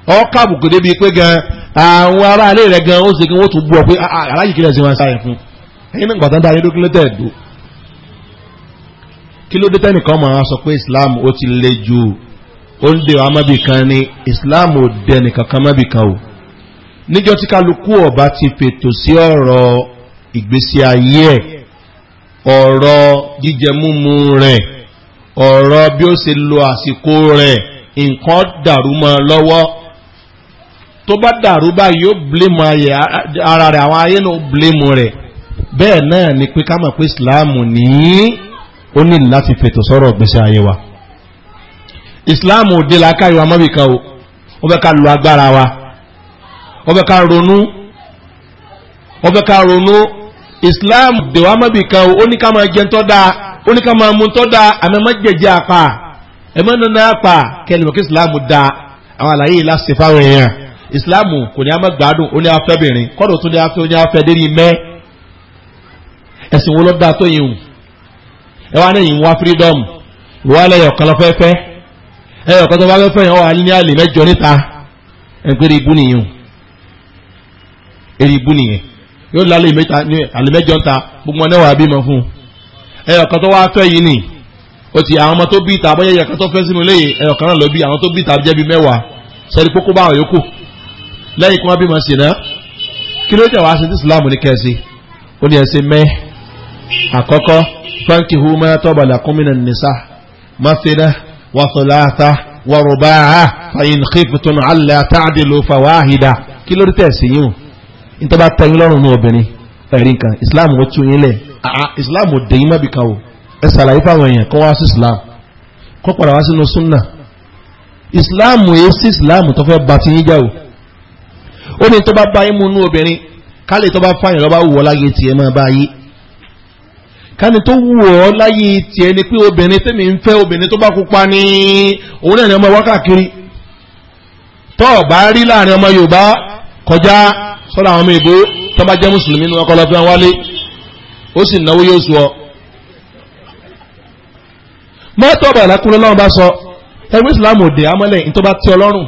S1: ọkà àbùkù débi pé gan àwọn ará ilé rẹ gan ó sì kí wọ́n tún gbọ́ pé ah, ah, aláyè kí lè ṣe wọn sáyẹn fún ẹ̀yin náà gbàtàn dáyé lókè lótẹ́ ẹ̀dọ́ kí ló dé tẹ́nìkan máa sọ pé Islam ó ti le ju ó ń de amábì kan ni Islam ò dẹnì kankan mábì kan o níjọ́ tí kálukú ọba ti fètò sí ọ̀rọ̀ ìgbésí ayé ẹ̀ ọ̀rọ̀ jíjẹ múmu rẹ̀ ọ̀rọ̀ bí ó ṣe lo àsìkò rẹ̀ nǹkan dàrú mọ́ lọ́wọ́ tó bá dàrú báyìí yóò blémù ara rẹ̀ àwọn ayé náà blémù rẹ̀ bẹ́ẹ̀ náà ni pé ká mọ̀ pé ìsìláàmù ní ó ní láti fètò sọ́rọ̀ gbèsè ayé wa ìsìláàmù òde la káyọ̀ amọ́bìkan o ó fẹ́ ká lo agbára wa ó fẹ́ ká ronú ó fẹ́ ká ronú ìsìláàmù òde wa amọ́bìkan o ó ní ká máa jẹun tó dáa ó ní ká máa mu tó dáa àmọ́ ẹ̀mọ́ jẹ̀jẹ̀ apá ẹ̀mọ́ nana apá kẹ́lẹ́mọ̀ kí ìsìláàmù dáa àwọn àlàyé yìí láti fáwọn èèyàn ìsìláàmù kò ní a máa gbádùn ó ní afẹ́bìnrin kọ́dọ̀ tó ní afẹ́ ó ní afẹ́ dérí mẹ́ ẹ̀sìn wo ló dáa tó yìí hù ẹ wá níyìn wá freedom ìwà lẹ́yọ̀ kan lọ fẹ́fẹ́ ẹ̀yọ̀ kan tó bá fẹ́fẹ́ yẹn wà ní àlè mẹ́jọ níta ẹgbẹ́rẹ́ ibú nìyẹn èrè ibú nìyẹn yóò lálẹ́ àlè mẹ́jọ níta gbogbo ọ̀nà wà bímọ fún ẹ̀yọ̀ kan tó wá fẹ́ yìí nìyí o ti àwọn ọmọ tó bí ìta abọ́yẹ̀yẹ̀ kan tó fẹ́ sínú léyìn ẹ̀yọ̀ kan lẹ́yìn kí wọ́n bí ma ṣe náà kí ló dé wàá ṣe tí islam ní kẹsí ó ní ẹsẹ mẹ́ àkọ́kọ́ fáńkì hu máa tọ́ balà kún mìíràn nìsa mafina wàtúláta wàrúbáà fàyín kíftun alẹ́ àtàdìlú fàwáhìdá kí ló dé tẹ̀sí yìí níta bá tẹ̀yìn lọ́rùn ní obìnrin ẹ̀rí nǹkan islam ó tún yín lẹ̀ islam ò dẹ̀yìn má bì kan ẹ ṣàlàyé fáwọn èèyàn kọ́ wá sí islam kọ́ padà wá sínú sunna islam èé sí islam tó fẹ́ bá ti yín já ó ní tó bá bá yín mú inú obìnrin kálẹ̀ tó bá fàyàn lọ́ba wù ọ́ láyé tiẹ̀ máa bá yé kálẹ̀ tó wù ọ́ láyé tiẹ̀ ni pé obìnrin tẹ́mi ń fẹ́ obìnrin tó bá kópa ní òun náà ni ọmọ wákàkiri tọ́ ọ̀ bá rí láàrin ọmọ Yorùbá kọjá sọ́dọ̀ àwọn ọmọ ìbò tó bá jẹ́ mùsùlùmí ni wọ́n kọ́ lọ fi hàn wálé ó sì náwó yóò sọ mọ́tò ọ̀bà ìlàkúnlọ́lọ́run bá sọ ẹgbẹ́ ìsìlámù òde amọ́lẹ̀ ní bá tẹ́ ọlọ́run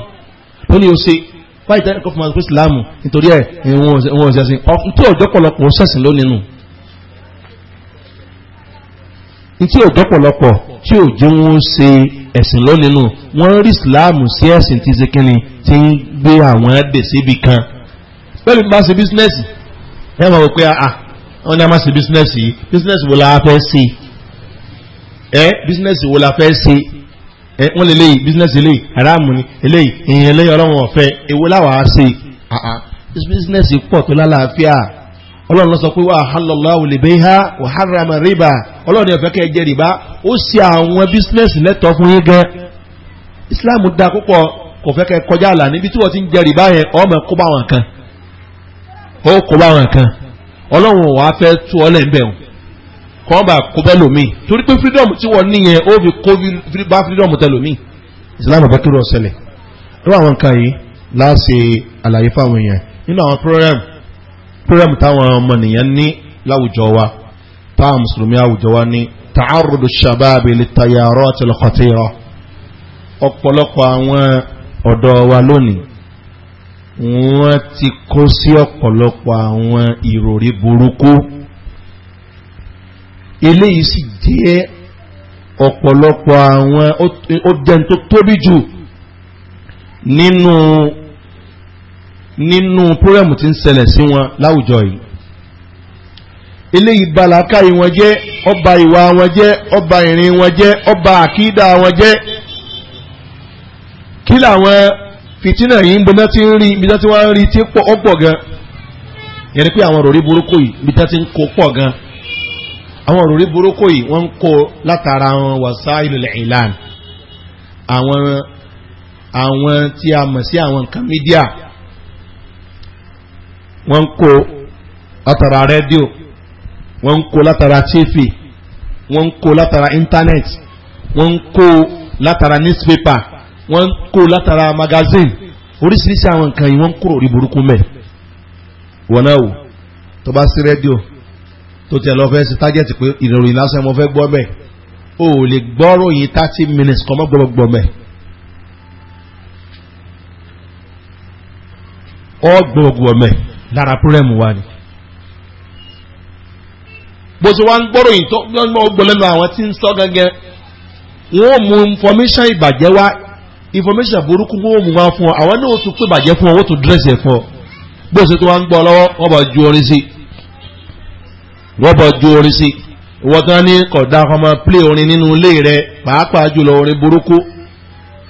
S1: ló ní wáyé tẹ́lẹ̀ kọ́ fún ọmọ ìsìláàmù nítorí ẹ̀ ìwọ̀n òṣèṣin tí ọ̀dọ́pọ̀lọpọ̀ ṣẹ̀sìn ló nínú tí ọ̀dọ́pọ̀lọpọ̀ tí ò jẹ́ wọ́n ṣe ẹ̀sìn ló nínú wọ́n rí ìsìláàmù sí ẹ̀sìn tí síkíní tí ń gbé àwọn ẹ̀dẹ̀ síbi kan pẹ̀lú ah, ah, a máa ṣe bísínẹ́sì yìí la fẹ́ ṣe ẹ la fẹ́ wọ́n lè léyìí business eléyìí haramu ni eléyìí ìyìn eléyìí ọlọ́run ọ̀fẹ́ èwo láwàá ṣe business pọ̀ tó lálàáfíà ọlọ́run lọ sọ pé wà hálọ́lọ́ olèbé ha wà hárama rìbá ọlọ́run ọ̀fẹ́ kẹ́ jẹ́ rìbá ó sì àwọn business lẹ́tọ̀ọ́ fún yín gan islam da púpọ̀ kò fẹ́ kẹ́ kọjá àlà níbi tí wọ́n ti ń jẹ rìbá yẹn ọmọ kó bá wọn kan ó kó bá wọn kan ọlọ́run wàá fẹ́ tú ọlẹ́ kàn bá kó bẹ́ lómi torí pé freedom tí wọ́n níyẹn ó fi kó bá freedom tẹ lómi islam ọba kí ló ṣẹlẹ̀ ló àwọn nǹkan yìí láṣẹ àlàyé fáwọn èèyàn nínú àwọn program program táwọn ọmọnìyàn ní láwùjọ wa táwọn mùsùlùmí àwùjọ wa ní ta'arrudu shababi littayarati alkhatira ọ̀pọ̀lọpọ̀ àwọn ọ̀dọ́ wa lónìí wọ́n ti kó sí ọ̀pọ̀lọpọ̀ àwọn ìròrí burúkú eléyìí sì jẹ́ ọ̀pọ̀lọpọ̀ àwọn ọdẹn tó tóbi jù nínú nínú púrẹ́mù tí ń wọn láwùjọ yìí eléyìí balaka wọn jẹ́ ọba ìwà wọn jẹ́ ọba ìrìn wọn jẹ́ ọba àkídà wọn jẹ́ kí làwọn fìtínà yìí ń bọ́ná tí ń rí ibi tí wọ́n ń rí tí pọ̀ gan pé àwọn àwọn òrùrí burúkú yìí wọ́n ń kó látara àwọn wasailul ilan àwọn àwọn tí a mọ̀ sí àwọn nǹkan mídíà wọ́n ń kó látara rédíò wọ́n ń kó látara tífì wọ́n kó látara íńtánẹ́ẹ̀tì wọ́n kó látara níṣpépà wọ́n kó látara magazine oríṣiríṣi àwọn nǹkan yìí wọ́n ń kúrò rí burúkú mẹ́ wọ́n náà wò tó bá sí rédíò tó tẹ̀ lọ fẹ́ sí tágẹ́tì pé ìròyìn lásán mo fẹ́ gbọ́ mẹ́ o ò lè gbọ́rò yìí thirty minutes kan mọ́ gbọ́gbọ́ mẹ́. ọ gbọ́gbọ́ mẹ́ lára pírẹ́mù wa ni. bó ṣe wá ń gbọ́rò yìí tó gbọ́n gbọ́ lẹ́nu àwọn tí ń sọ gẹ́gẹ́ wọ́n mú information ìbàjẹ́ wá information burúkú wọ́n mú wá fún ọ àwọn náà ó tún pé ìbàjẹ́ fún ọ wọ́n tún dírẹ́sì ẹ̀ fún ọ bó tó wá ń gbọ́ lọ́wọ́ wọ́n bá ju orin sí i wọ́n bọ̀ ju orin sí ìwọ́n tán ní kọ̀dá ọmọ plé orin nínú ilé rẹ pàápàá jùlọ orin burúkú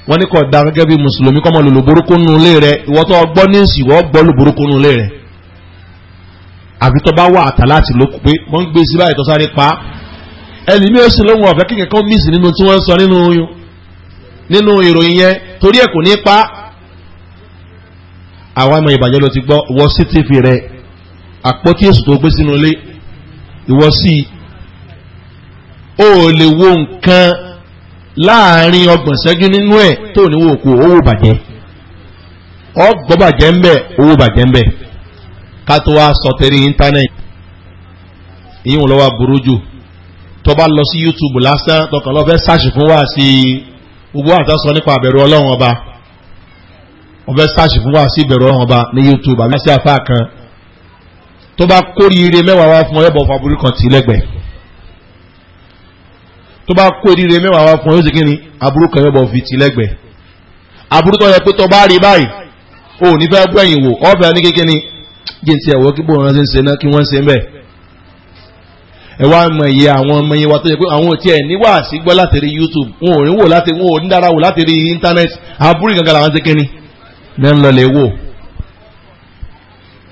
S1: wọ́n ní kọ̀dá gẹ́gẹ́ bí mùsùlùmí kọ́mọ lòlò burúkú nínú ilé rẹ ìwọ́n tó gbọ́ ní ìsì wọ́n gbọ́ lò burúkú nínú ilé rẹ àfi bá wà àtà láti lókù pé wọ́n ń gbé sí báyìí tó sáré pa ẹni mi ò sì lóhun ọ̀fẹ́ kíkẹ́ kan mísì nínú tí wọ́n ń sọ nínú nínú ìròyìn yẹn torí ẹ̀ kò ní pa àwọn ọmọ ìbàjẹ́ ló ti gbọ́ wọ́n sí tv rẹ àpótí èsù tó gbé sínú ilé ìwọ sí o ò lè wo nǹkan láàrin ọgbọ̀n ṣẹ́jú nínú ẹ̀ tó ní wò kó owó bàjẹ́ ọgbọ́ bàjẹ́ ń bẹ̀ owó bàjẹ́ ń bẹ̀ ká tó wá burú jù tó bá lọ sí youtube lásán tọkàn sáàṣì fún sí àtàsọ nípa àbẹ̀rù ọlọ́run ọba ọfẹ́ sáàṣì fún sí ìbẹ̀rù ọba ní youtube afá kan tó bá kóríire mẹ́wàá wá fún ọ yọ̀bọ̀ fàbúrú kan tì lẹ́gbẹ̀ẹ́ tó bá kóríire mẹ́wàá wá fún ọ yóò sì kíni aburú kan yọ̀bọ̀ fi tì lẹ́gbẹ̀ẹ́ aburú tó yẹ pé tó bá rí báyìí o ò ní fẹ́ gbẹ̀yìn wò ọ̀fẹ́ ní kékeré jíǹtì ẹ̀wọ́ kí bóun ránṣẹ́ ń ṣe náà kí wọ́n ń ṣe bẹ́ẹ̀ ẹ wá mọ iye àwọn ọmọ yẹn wa tó yẹ pé àwọn òtí ẹ ní wàásí gbọ́ láti rí youtube wọn ò ní wò láti wọn ò ní dára wò láti rí internet àbúrò gangan làwọn ti kíni ní ń wò.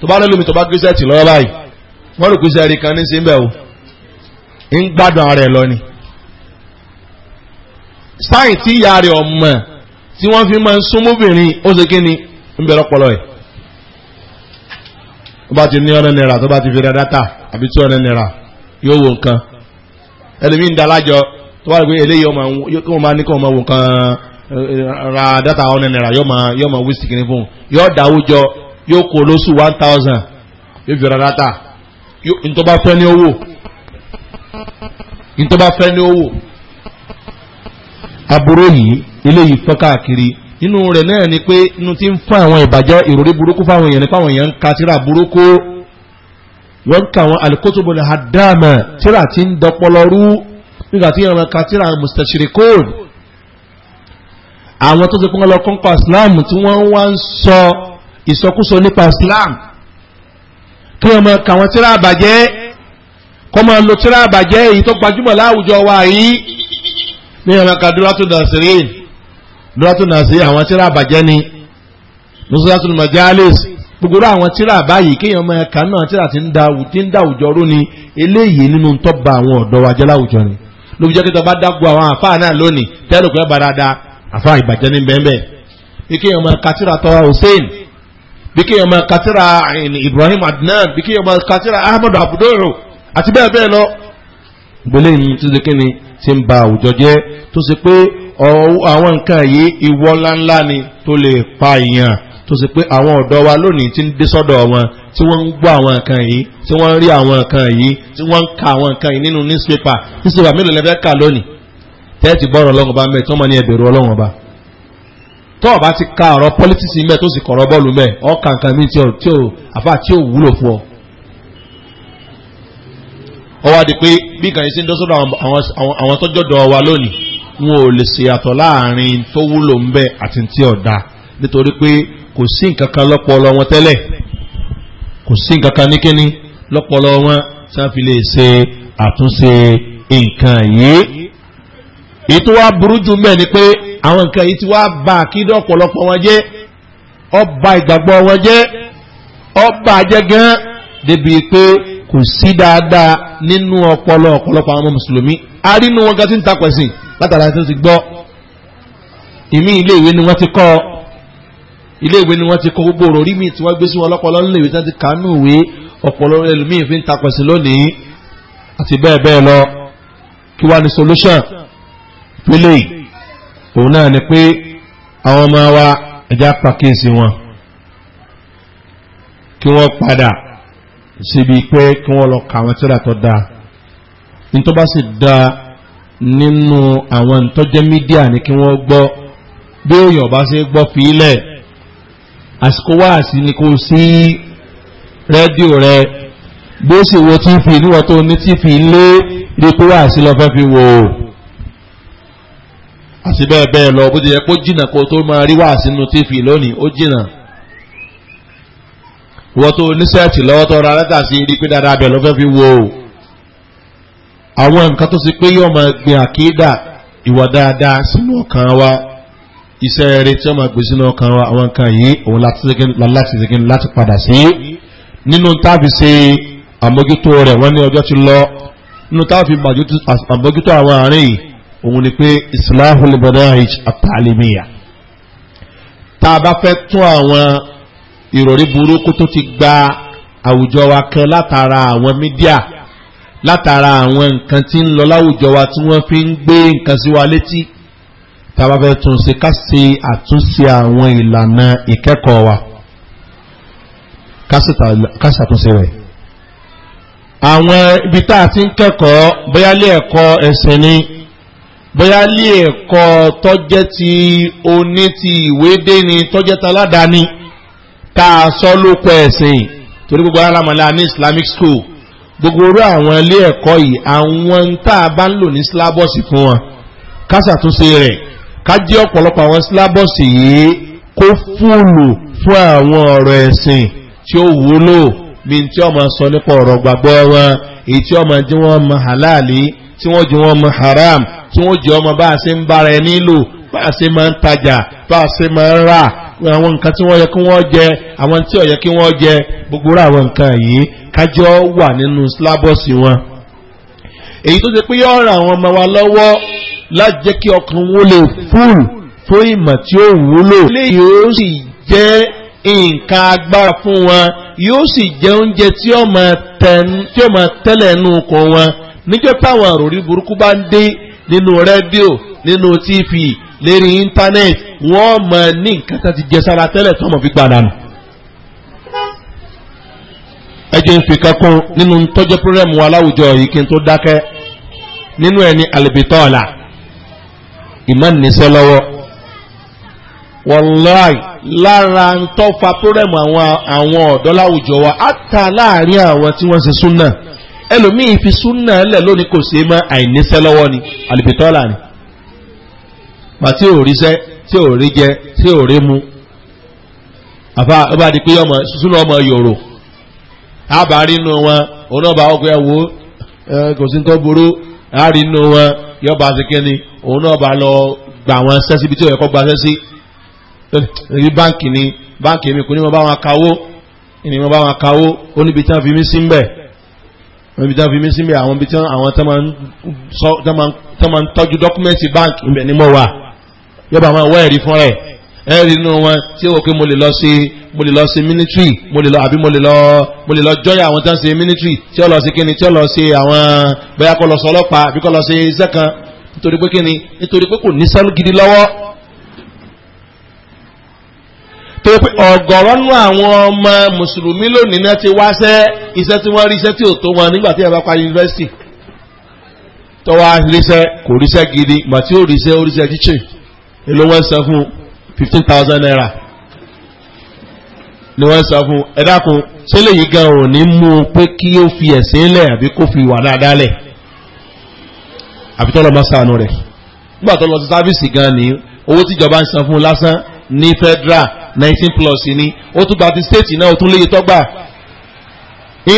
S1: tó bá lẹ́lómi tó bá kírísẹ́tì lọ́wọ́ báyìí wọ́n rò kírísẹ́ rí kan ní sí bẹ́ẹ̀ o ń gbádùn ara ẹ̀ ni. tí ìyá rẹ̀ ọ̀mọ̀ tí wọ́n fi máa ń sún ó ni ń bẹ̀rẹ̀ ọpọlọ ẹ̀. tó bá ti ní ọ̀nà náírà tó bá ti fi àbí ọ̀nà yóò nǹkan dalájọ tó bá pé eléyìí ọmọ ní eh, eh, ra ọ̀nà yóò kó lóṣù one thousand yóò fi rárá ta ntọ́ bá fẹ́ ní owó ntọ́ bá fẹ́ ní owó aburú yìí eléyìí fọ́ káàkiri nínú rẹ̀ náà ni pé inú ti ń fún àwọn ìbàjẹ́ ìròrí burúkú fáwọn èèyàn nípa àwọn èèyàn ń ka síra burúkú wọ́n ka àwọn alikotobo ní hadama tíra ti ń dọpọlọrú nígbà tí àwọn ka tíra mustachirikon àwọn tó ti pọ́n lọ kọ́ńkọ́ islam tí wọ́n wá ń sọ ìsọkúsọ nípa islam kí ọmọ kàwọn tíra àbàjẹ́ kọmọ lo tíra àbàjẹ́ èyí tó gbajúmọ̀ láwùjọ wa yìí ní ọmọ kan dúrátù nàìjíríà dúrátù nàìjíríà àwọn tíra àbàjẹ́ ni nusratul majalis gbogbo àwọn tíra àbáyìí kí ọmọ ẹ̀ka náà tíra ti ń da àwùjọ rú ni eléyìí nínú tọ́ba àwọn ọ̀dọ́ wa jẹ́ láwùjọ ni lóbi jẹ́ kí tọba dágbó àwọn àfáà náà lónìí tẹ́lùkù ẹ̀ bá àfáà ìbàjẹ́ ní bẹ́ẹ̀ bẹ́ẹ̀ kí ọmọ ẹ̀ka tíra tọ́wa hussein bí kéèyàn máa katira Ibrahim Adnan bí kéèyàn máa katira Ahmed abudulayi àti bẹ́ẹ̀ bẹ́ẹ̀ lọ. gbélé yìí tó ṣe kíni ti ń ba àwùjọ jẹ́ tó ṣe pé àwọn nǹkan yìí ìwọ ńláńlá ni tó lè pa èèyàn tó ṣe pé àwọn ọ̀dọ́ wa lónìí ti ń dé sọ́dọ̀ wọn tí wọ́n ń gbọ́ àwọn nǹkan yìí tí wọ́n ń rí àwọn nǹkan yìí tí wọ́n ń ka àwọn nǹkan yìí nínú newspaper newspaper mélòó lẹ́fẹ́ kà lónìí tẹ́ẹ̀tì bọ́ọ̀rọ̀ ọlọ́run ọba mẹ́ẹ̀ tí wọ́n mọ̀ ní ẹ̀bẹ̀rù ọlọ́run ọba tó o bá ti ka ọ̀rọ̀ politics mẹ́ tó sì kọ̀rọ̀ bọ́ọ̀lù mẹ́ ọ̀ka nǹkan mi tí o tí o àfa tí o wúlò fún ọ. ọ wá di pé bí gàyìn sí ń dọ́sọ́dọ̀ àwọn tọ́jọ́dọ̀ wa lónìí wọn ò lè ṣèyàtọ̀ láàrin tó wúlò ń bẹ àti tí ò da nítorí pé kò sí nǹkan kan lọ́pọ̀lọ́ wọn tẹ́lẹ̀ kò sí nǹkan kan ní kíní lọ́pọ̀lọ́ wọn tí wọ́n fi lè ṣe àtúnṣe nǹkan yìí. èyí tó burú jù mẹ́ ni pé àwọn nǹkan yìí ti wá ba àkídọ̀ ọ̀pọ̀lọpọ̀ wọn jẹ́ ọba ìgbàgbọ́ wọn jẹ́ ọba jẹ́ gan débi pé kò sí dáadáa nínú ọpọlọ ọ̀pọ̀lọpọ̀ àwọn mùsùlùmí arínú wọn gan ti ń takwẹ̀sìn látara tó ti gbọ́ ìmí ilé ìwé ni wọ́n ti kọ́ ilé ni wọ́n ti kọ́ gbogbo òròrí mi tí wọ́n gbé sí wọn lọ́pọ̀lọ́ nílé tí wọ́n ti kà nù ìwé ọ̀pọ̀lọ́ solution pélé òun náà ni pé àwọn ọmọ wa ẹja pàkíyèsí wọn kí wọ́n padà síbi pé kí wọ́n lọ kà tíra tó dáa ní tó bá sì dáa nínú àwọn ìtọ́jẹ́ mídíà ni kí wọ́n gbọ́ bí èèyàn bá ṣe gbọ́ fi ilẹ̀ àsìkò wáàsí ni kò sí rédíò rẹ bí ó sì wo tífì níwọ̀n tó ní tífì lé rí pé wáàsí lọ fẹ́ fi wò ó àti bẹ́ẹ̀ bẹ́ẹ̀ lọ bó ti yẹ kó jìnnà kó tó máa rí wá sínú tífì lónìí ó jìnnà wọ́n tó oníṣẹ́ẹ̀tì lọ́wọ́ tó ra lẹ́tà sí rí pé dáadáa bẹ̀ ló fẹ́ fi wo àwọn nǹkan tó ṣe pé yóò máa gbin àkídà ìwà dáadáa sínú ọkàn wa iṣẹ́ eré tí wọ́n máa gbé sínú ọkàn wa àwọn nǹkan yìí òun láti ṣègùn láti padà sí nínú táàbì ṣe àmójútó rẹ̀ wọ́n ní ọjọ́ ti lọ nínú táàbì àmójútó àwọn àárín yìí òun ni pé islahul madarij at-ta'limiyya tá a bá fẹ́ tún àwọn ìròrí burúkú tó ti gba àwùjọ wa kan látara àwọn mídíà látara àwọn nǹkan tí ń lọ láwùjọ wa tí wọ́n fi ń gbé nǹkan sí wa létí tá bá fẹ́ tún ṣe ká ṣe àtúnṣe àwọn ìlànà ìkẹ́kọ̀ọ́ wa ká ṣàtúnṣe rẹ̀ àwọn ibi tá a ti ń kẹ́kọ̀ọ́ bóyá lé ẹ̀kọ́ ẹ̀sìn ni bóyá lé ẹ̀kọ́ tọ́jẹ́ ti oní ti ìwédé ni tọ́jẹ́ ta aládàáni tá a ẹ̀sìn torí gbogbo alámọ̀lá ní islamic school gbogbo orú àwọn ilé ẹ̀kọ́ yìí àwọn ń tá a bá ń lò ní sílábọ̀sì fún wọn ká ṣàtúnṣe rẹ̀ ká jẹ́ ọ̀pọ̀lọpọ̀ àwọn sílábọ̀sì yìí kó fúlù fún àwọn ọ̀rọ̀ ẹ̀sìn tí ó wúlò bí tí ọmọ sọ nípa ọ̀rọ̀ gbàgbọ́ wọn èyí tí ọmọ jí wọn mọ halali tí wọ́n jí wọn mọ haram tí wọ́n jẹ́ ọmọ bá a ṣe ń bára ẹ nílò bá a ṣe máa ń tajà bá a ṣe máa ń rà àwọn nǹkan tí wọ́n yẹ kí wọ́n jẹ àwọn tí ò yẹ kí wọ́n jẹ gbogbo rà àwọn nǹkan yìí kájọ́ wà nínú sílábọ̀sì wọn. èyí tó ṣe pé yọ ọ̀ràn àwọn ọmọ wa lọ́wọ́ láti jẹ́ kí ọkàn wọn lè fúùl fún ìmọ̀ tí ó wúlò. eléyìí ó sì jẹ́ nǹkan agbára fún wọn yóò sì jẹ́ oúnjẹ tí ó máa tẹ́lẹ̀ nù kọ́ wọn níjọ́ táwọn àròrí burúkú bá ń dé nínú rẹ́díò nínú tv lérí íńtánẹ́ẹ̀tì wọ́n mọ̀ ní nǹkan tó ti jẹ sára tẹ́lẹ̀ tó mọ̀ fi gbà dànù. ẹ jẹ́ ń fi kankan nínú tọ́jú pírẹ́mù aláwùjọ yìí kí n tó dákẹ́ nínú ẹni àlèbìtọ́ ọ̀la ìmọ̀ nìṣẹ́ lọ́wọ́ wọ́láì lára ń tọ́fà pírẹ́mù àwọn ọ̀dọ́ láwùjọ wa á ta láàrin àwọn tí wọ́n ṣe súnà ẹlòmíì fi súnà lẹ̀ lónìí kò sí mọ́ àìníṣẹ́ lọ́wọ́ ni àlùbìtọ́là ni gbà tí ò ríṣẹ́ tí ò rí jẹ tí ò rí mu àfa ó bá di pé ọmọ súnà ọmọ yòrò àbárí inú wọn òun náà bá ọkọ̀ ẹ̀ wò kò sí tó burú àárí inú wọn yọba àtikẹ́ni òun náà bá lọ gbà wọn sẹ́sí ibi tí ò yẹ kó gbaṣẹ́ sí rí báǹkì ni báǹkì mi kò ní mo bá wọn kawó ní mo bá wọn kawó ó níbi tí wọn fi mí sí ń wọ́n bí tán fi mí sí mi àwọn bí tán àwọn tán máa ń tọ́jú dọ́kúmẹ́ǹtì báńkì ń bẹ̀ ní mọ́ wa yọba àwọn ọwọ́ ẹ̀rí fún rẹ̀ ẹ̀rí inú wọn tí ó wò pé mo lè lọ sí mo lè lọ sí military mo lè lọ àbí mo lè lọ mo lè lọ jọ́yà àwọn tán ṣe military tí ó lọ sí kíni tí ó lọ sí àwọn bóyá kó lọ sí ọlọ́pàá àbí kó lọ sí iṣẹ́ kan nítorí pé kíni nítorí pé kò ní sẹ́lú gidi lọ́wọ́ tó pé ọ̀gọ̀rọ̀ nú àwọn ọmọ mùsùlùmí lónìí náà ti wáṣẹ́ iṣẹ́ tí wọ́n rí iṣẹ́ tí ò tó wọn nígbà tí ẹ pa yunifásitì tó ríṣẹ́ kò ríṣẹ́ gidi ìgbà tí ó ríṣẹ́ ó ríṣẹ́ teaching èló wọ́n san fún fifteen thousand naira ni wọ́n san fún ẹ dákun ṣé lè yí gan ò ní mú un pé kí ó fi ẹ̀sìn lẹ̀ àbí kó fi wà dáadáa lẹ̀ àbí tọ́lọ́ máa sànù rẹ̀ nígbà tó lọ sáfíìsì gan ni owó tíjọba ń san fún lásán ní federal nineteen plus ni ó tún gba ti state náà ó tún léye tọ́gbà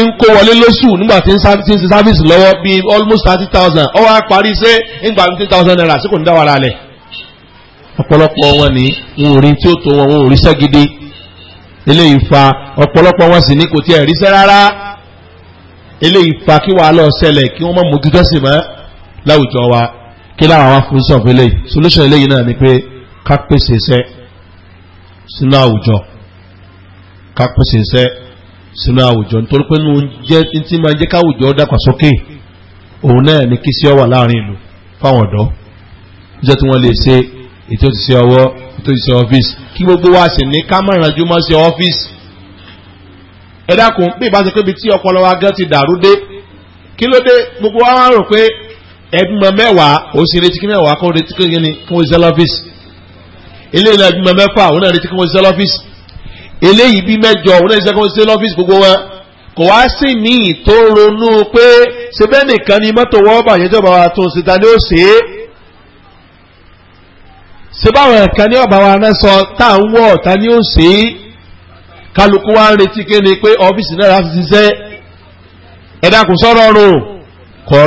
S1: ń kó wọlé lóṣù nígbà tí ń ṣe service lọ́wọ́ bíi almost thirty thousand ó wá parí ṣé ń gba twenty thousand naira sí kò ní dáwọ́ ara rẹ̀ ọ̀pọ̀lọpọ̀ wọn ni wọn ò rí tí ó tó wọn wọn ò ríṣẹ́ gidi eléyìí fa ọ̀pọ̀lọpọ̀ wọn sì ní kò tiẹ̀ ríṣẹ́ rárá eléyìí fa kí wàá lọ ṣẹlẹ̀ kí wọ́n má mójútó sí mọ́ láwùjọ wa kí láwọn afúnṣọ́ fún eléyìí solution eléyìí náà ni pé ká pèsè iṣẹ́ sínú àwùjọ ká pèsè iṣẹ́ sínú àwùjọ nítorí pé nínú jẹ́ tí máa jẹ́ káwùjọ dàgbà sókè òun náà ní kí sí ọwà láàrin ìlú fáwọn ọ̀dọ́ iṣẹ́ tí wọ́n lè ṣe ètò ìṣiṣẹ́ ọwọ́ ètò ìṣiṣẹ́ ọ́fíìsì kí gbogbo wa sì ní ká má rànjú ọ́fíìsì ẹ dákun bí ìbá pé ibi tí ọpọlọ wa gan ti dàrú dé kí ló dé gbogbo wa wá rò pé ẹgbẹ̀rún mẹ́wàá òsì retí kí mẹ́wàá kó retí kí ni kí wọ́n ṣiṣẹ́ lọ́fíìsì eléyìí náà bí mẹ́fà òun náà retí kí wọ́n ṣiṣẹ́ lọ́fíìsì eléyìí bí mẹ́jọ òun náà retí kí wọ́n ṣiṣẹ́ lọ́fíìsì gbogbo wọn kò wá sí ní ìtò ronú pé ṣe bẹ́ẹ̀ nìkan ni mọ́tò wọ́n bàjẹ́ jọba wa tún ṣe ta ni ó ṣe é ṣe báwọn ẹ̀ka ní ọ̀bà wa náà sọ tá à ń wọ̀ ta ni ó ṣe é kálukú wa ń retí kí ni pé ọ́fíìsì náà láti ṣiṣẹ́ ẹ̀dá kò sọ̀rọ̀ ọ̀run kò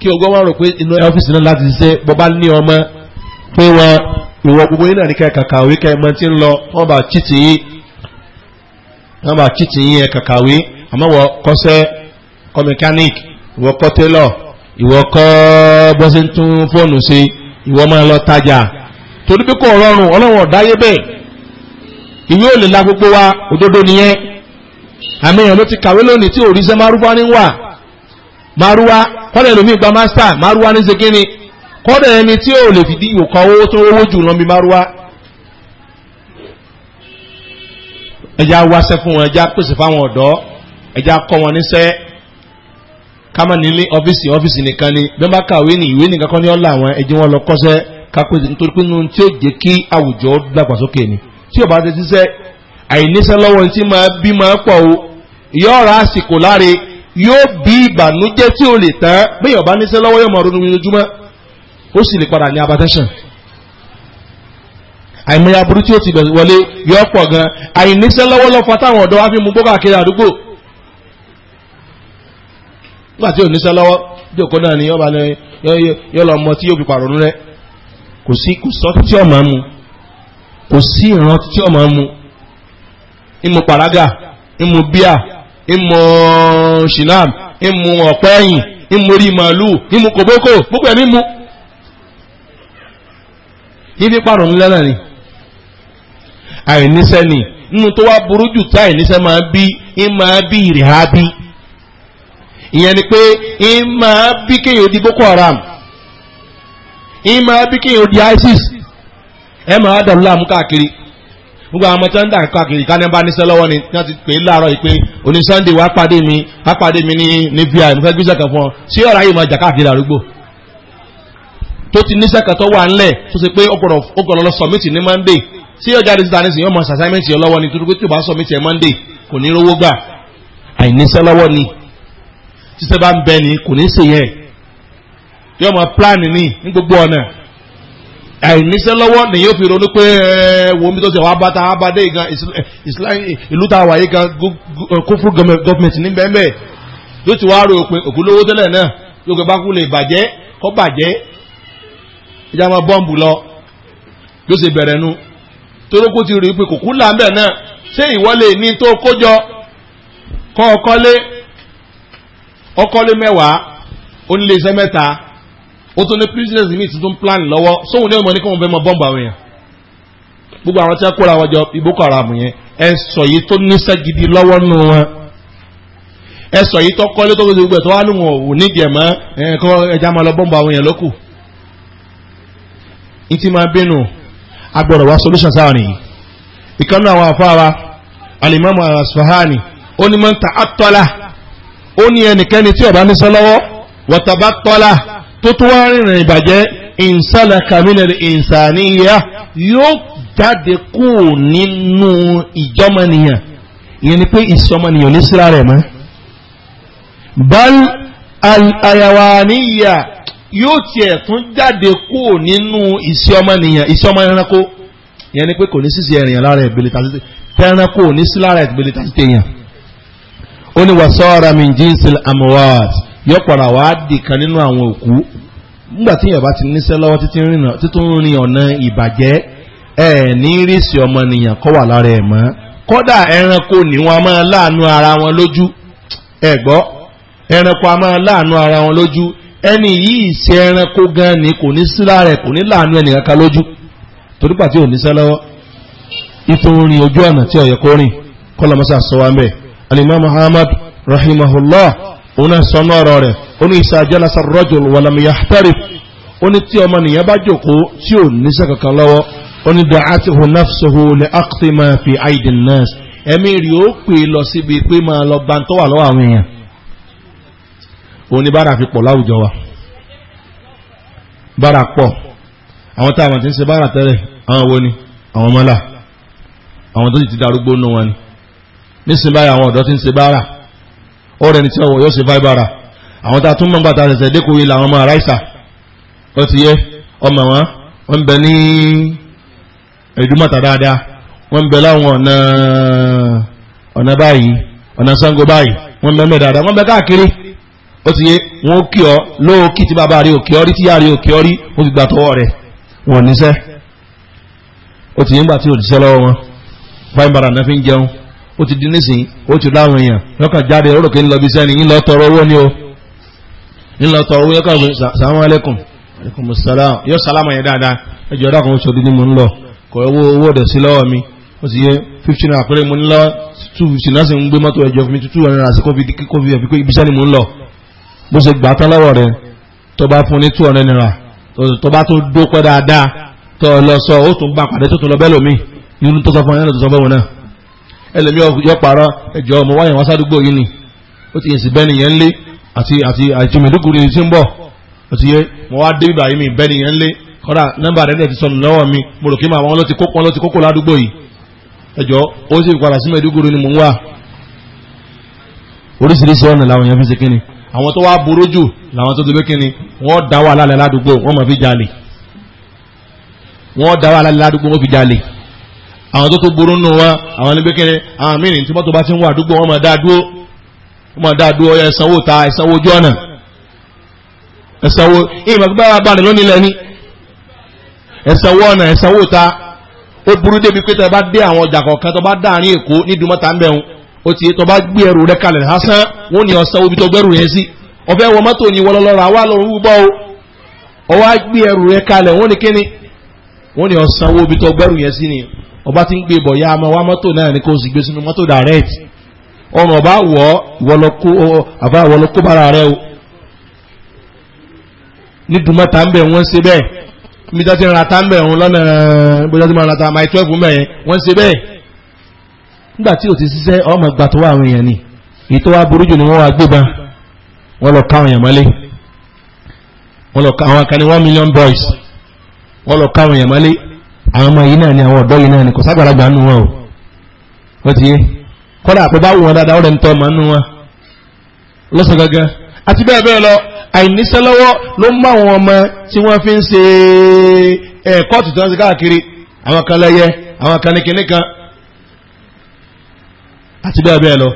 S1: kí ọgbọ́n wa rò pé inú ọ́fíìsì náà láti ṣiṣẹ́ bọ́bá ní ọmọ pé wọn ìwọ gbogbo yín náà ní kẹ́ẹ̀ka nlọ tí ń lọ wọ́n bá chìtì yín wọ́n bá chìtì yín ẹ̀ka kàwé ìwọ kọ́ ìwọ kọ́ bọ́sẹ̀ tún fóònù sí ìwọ máa lọ tajà torí kò rọrùn ọlọ́wọ̀n ọ̀dáyé ìwé wa òdodo nìyẹn àmì ló ti kàwé lónìí tí òrìṣẹ́ márúwá ní wà márúwá kọ́lẹ̀ lómi gba kọ́dọ̀ ẹni tí ole lè fìdí ìyòkan owó tó owó jù lọ bí márúwá ẹja wáṣẹ́ fún wọn ẹja pèsè fáwọn ọ̀dọ́ ẹja kọ́ wọn níṣẹ́ kámà nílé ọ́fíìsì ọ́fíìsì nìkan ni bẹ́ẹ̀ bá kàwé ní ìwé nìkan kọ́ ní àwọn ẹjẹ́ wọn lọ kọ́ṣẹ́ kápẹ́sì nítorí pé nínú tí ó jẹ́ kí àwùjọ dàgbàsókè ni tí ti ṣiṣẹ́ àìníṣẹ́ lọ́wọ́ tí máa o yóò ra ó sì lè padà ní hypertension àìmọye aburú tí ó ti bẹ̀rẹ̀ wọlé yọ pọ̀ gan àìníṣẹ́ lọ́wọ́lọ́fọ́ táwọn ọ̀dọ́ wa fi mú bókà kiri àdúgbò nígbà tí ò níṣẹ́ lọ́wọ́ jòkó náà ni yọba ni yọ lọ mọ tí yóò fi pàrọ̀nù rẹ kò sí kò tí ọ̀ máa mu kò sí ìran tí ọ̀ máa mu ìmú pàrágà ìmú bíà ìmú ṣìnàm ìmú ọ̀pẹ́ ẹ̀yìn ìmú orí màálù ìmú kòbókò gbogbo ẹ̀mí mu ibi parun lẹ́nà ni àìníṣẹ́ ni nínú tó wá burú jù tá àìníṣẹ́ máa bí ń máa bí ìrìhá bí ìyẹn ni pé ń máa bí kéèyàn di Boko Haram ń máa bí kéèyàn di ISIS ẹ máa dàrú láàmú káàkiri gbogbo àwọn ọmọ tí wọ́n ń dà káàkiri ká ní bá níṣẹ́ lọ́wọ́ ni wọ́n ti pè é láàárọ̀ yìí pé oní Sunday wàá pàdé mi ní vi mo fẹ́ gbéṣẹ́ kan fún ọ sí ọ̀rọ̀ ayé máa jà káàkiri àdúgbò. tó ti níṣẹ́ kan tó wà ńlẹ̀ tó ṣe pé ọgbọ̀nà lọ sọ̀mìtì ní monday tí ọjà àdìsí ta nísìnyí ọmọ ọlọ́wọ́ ni tó pé o bá sọ̀mìtì ẹ̀ monday kò ní rówó gbà àìníṣẹ́ lọ́wọ́ ni títẹ́ bá ń bẹ ni kò ní ṣe yẹn yóò mọ plan ni ní gbogbo ọ̀nà àìníṣẹ́ lọ́wọ́ ni yóò fi ronú pé ẹ wo mi tó ṣe wàá gan ìlú tá a ìjà máa bọ́ǹbù lọ ló ṣe bẹ̀rẹ̀ nu torókó ti rí i pé kòkú là ń bẹ̀ náà ṣé ìwọlé ní tó kójọ kọ́ ọkọ́lé ọkọ́lé mẹ́wàá oníléeṣẹ́ mẹ́ta ó tún ní business mi tuntun plan lọ́wọ́ sóhun ní ọmọ ní kí wọ́n fẹ́ mọ bọ́ǹbù àwọn èèyàn gbogbo àwọn tí wọ́n kóra wọn jọ ìbókọ̀ ara mu yẹn ẹ sọ yìí tó níṣẹ́ gidi lọ́wọ́ nù wọn ẹ sọ yìí tó kọ́lé tó gbèsè gbogbo ẹ̀ tó wà nù wọn ò nídìí ẹ̀ mọ́ ẹ̀ kọ́ ẹja máa lọ bọ́ǹbù àwọn èèyàn lókù ìtì máa bínú agbọ̀rọ̀ wá solution sáwọn nìyí ìkànnì àwọn afáwa alimami asfahani ó ní máa ń ta atọ́lá ó ní ẹnikẹ́ni tí ọba ní sọ lọ́wọ́ wọ́tàbá tọ́lá tó tún wá rìnrìn ìbàjẹ́ ìnsálà kàmínà ìnsàníyà yóò jáde kúrò nínú ìjọmọnìyàn ìyẹn ni pé ìsọmọnìyàn ní síra rẹ̀ mọ́ bal al ayawaniya yóò tiẹ̀ tún jáde kúrò nínú ìṣe ọmọnìyàn ìṣe ọmọ ẹranko yẹn ni pé kò ní sísè ẹ̀rìyàn lára ìbílẹ̀ tàbí tẹranko ò ní sí lára ìbílẹ̀ tàbí tẹ̀yàn. ó ní wàsọ́ọ̀rọ̀ mi jíǹsì amuwaad yóò padà wá dì kan nínú àwọn òkú nígbà tí yorùbá ti níṣẹ́ lọ́wọ́ títún rin ọ̀nà ìbàjẹ́ ẹ̀ ní rísì ọmọnìyàn kọ́ wà lára ẹ̀ mọ́ kódà ẹranko ni wọn máa láàánú ara wọn lójú ẹ̀gbọ́ ẹranko máa láàánú ara wọn lójú ẹni yìí ṣe ẹranko gan ni kò ní sílá rẹ̀ kò ní láàánú ẹnì kankan lójú torí pàtí ò ní sẹ́ lọ́wọ́ ìtòrin ojú ọ̀nà tí ọ̀yẹ̀ kó rìn kọ́lọ̀mọ́sà sọ wá mẹ́ alimam muhammad rahimahullah òun náà sọ náà rẹ̀ ó ní isa jalasa rajul walam yahtarif ó ní tí ẹ̀mí rí ó pè lọ síbi pé máa lọ gbantọ́wà lọ́wọ́ àwọn èèyàn oníbàárà fi pọ̀ láwùjọ wa bàárà pọ̀ àwọn tá a mọ̀ ń ṣe bàárà tẹ́lẹ̀ àwọn wo ni àwọn mọ́là àwọn tó ti darúgbó nù wọn ni nísìnyí báyìí àwọn ọ̀dọ́ tí ń ṣe bàárà ọ̀rẹ́ ni tí wọ́n yóò ṣe fáì bàárà àwọn tá a tún gbàtà ṣẹ̀ṣẹ̀ làwọn ọmọ ó ti yẹ ọmọ wọn ń bẹ ní ìdúmọ̀tà dáadáa wọn ń bẹ láwọn ọ̀nà ọ̀nà báyìí ọ̀nà báyìí ń bẹ mẹ́ dáadáa ń ó ti yé wọn ó kí ọ lóò kí ti bàbá rí òkè ọrí tíyà rí òkè ọrí ó ti gbà tọwọ́ rẹ̀ wọn níṣẹ́ ó ti yé ńgbà tí òjíṣẹ́ lọ́wọ́ wọn fáyín náà fi ń jẹun ó ti di nísìnyí ó ti láwọn èèyàn lọ́kàn jáde ó rò pé ńlọbi sẹ́ni ńlọ tọrọ owó ni o ńlọ tọrọ owó yọkàn fún sàmú alẹ́kùn alẹ́kùn sàlám yọ sàlámà yẹn dáadáa ẹ jọ dákun ó sọdún ní mo ń lọ kọ owó owó ọ̀dẹ̀ sí lọ́wọ́ mi ó ti yé fifteen àpẹẹrẹ mo ń lọ two fifteen náà sì ń gbé mọ́tò ẹ̀jọ̀ fún mi two hundred àti kófì kófì ẹ̀ pé ibiṣẹ́ ni mo ń lọ bó ṣe gbà tán lọ́wọ́ rẹ̀ tó bá fún ní 200 naira tó bá tún dópẹ́ dáadáa tó lọ sọ ó tún gbà pàdé tó tún lọ bẹ́ẹ̀ lómi nínú tó sọ fún ẹ̀rọ tó sọ bẹ́ẹ̀ náà ẹlẹ́mi yọ pààrọ̀ ẹjọ́ ọmọ wáyà ni ó ti yẹ sí bẹ́ẹ̀ nìyẹn ni ti ń bọ̀ ó ti yẹ mo wá dé ibà yìí mi bẹ́ẹ̀ nìyẹn lé kọ́dà nọ́mbà rẹ̀ ti sọnù lọ́wọ́ mi mo rò ó sì padà sí mẹ̀dúkùrú ni mò ń wà oríṣiríṣi ọ̀nà làwọn èèyàn fi ṣe kíni àwọn tó wá burú jù làwọn tó ti lé kíni wọ́n dá wà lálẹ́ ládùúgbò wọ́n mọ̀ fi jalè wọ́n dá wà lálẹ́ ládùúgbò wọ́n fi jalè àwọn tó tó burú nù wọn àwọn ní pékèrè àwọn mìíràn tí mọ́tò bá ti ń wà àdúgbò wọ́n mọ̀ dá dúró wọ́n mọ̀ dá dúró ọyọ ẹ̀sánwó ta ẹ̀sánwó ojú ọ̀nà ẹ̀sánwó ìmọ̀ pípẹ́ wa balẹ̀ lónìí lẹ́ni ẹ̀sánwó ọ̀nà ẹ̀sánwó ta ó burú débi pé tẹ bá dé àwọn ọjà kọ̀ọ̀kan tó bá dáàrin èkó nídùúmọ́ta ń bẹ̀rùn ó ti tó bá gbé ẹrù rẹ kalẹ̀ lásán wọn ni ọ̀sán obi tó gbẹ́rù yẹn sí ọbẹ̀ wọ mọ́tò ní wọlọ́lọ́ra wà lọ́wọ́ wúbọ́ o ọwọ́ gbé ẹrù rẹ kalẹ̀ wọn ni kíni wọn ni ọba ti ń ya ama mọ́tò náà ni kò sì gbé sínú mọ́tò direct ọmọ ọba wọ bára rẹ o ti ra ń nígbà tí ò ti ṣiṣẹ́ ọmọ ìgbà tó wà àwọn èèyàn ni ìtọ́ wa burú ni wọ́n wá wọ́n lọ káwọn èèyàn mọ́lé wọ́n lọ káwọn one million boys wọ́n lọ káwọn èèyàn mọ́lé àwọn ọmọ yìí náà ni àwọn ọ̀dọ́ yìí náà ni kò nù wọn o wọ́n ti yé kọ́dà àpò bá wù wọn dáadáa ọ̀rẹ́ ń tọ́ ọmọ wọn lọ́sàn àti bẹ́ẹ̀ lọ àìníṣẹ́ lọ́wọ́ ló àwọn ọmọ tí wọ́n fi ń ṣe káàkiri àwọn kan lẹ́yẹ àti bẹ́ẹ̀ bẹ́ẹ̀ lọ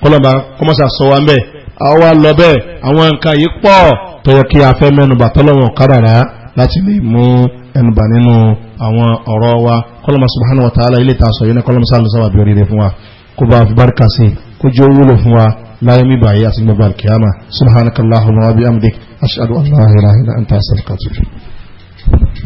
S1: kọlọ́ba kọmọ́sà sọ wa mẹ́ àwa lọ bẹ́ẹ̀ àwọn nǹkan yìí pọ̀ tó yẹ kí a fẹ́ mẹ́nubà tọ́lọ́wọ̀n kárara láti lè mú ẹnubà nínú àwọn ọ̀rọ̀ wa kọlọ́mà subhanahu wa ta'ala ilé ta sọ yìí ní kọlọ́mà sáà lọ́sọ́ àbí oríire fún wa kó bá fi bárkà sí kó jẹ́ wúlò fún wa láyé mi báyìí àti gbogbo alkiyama subhanakallahumma wa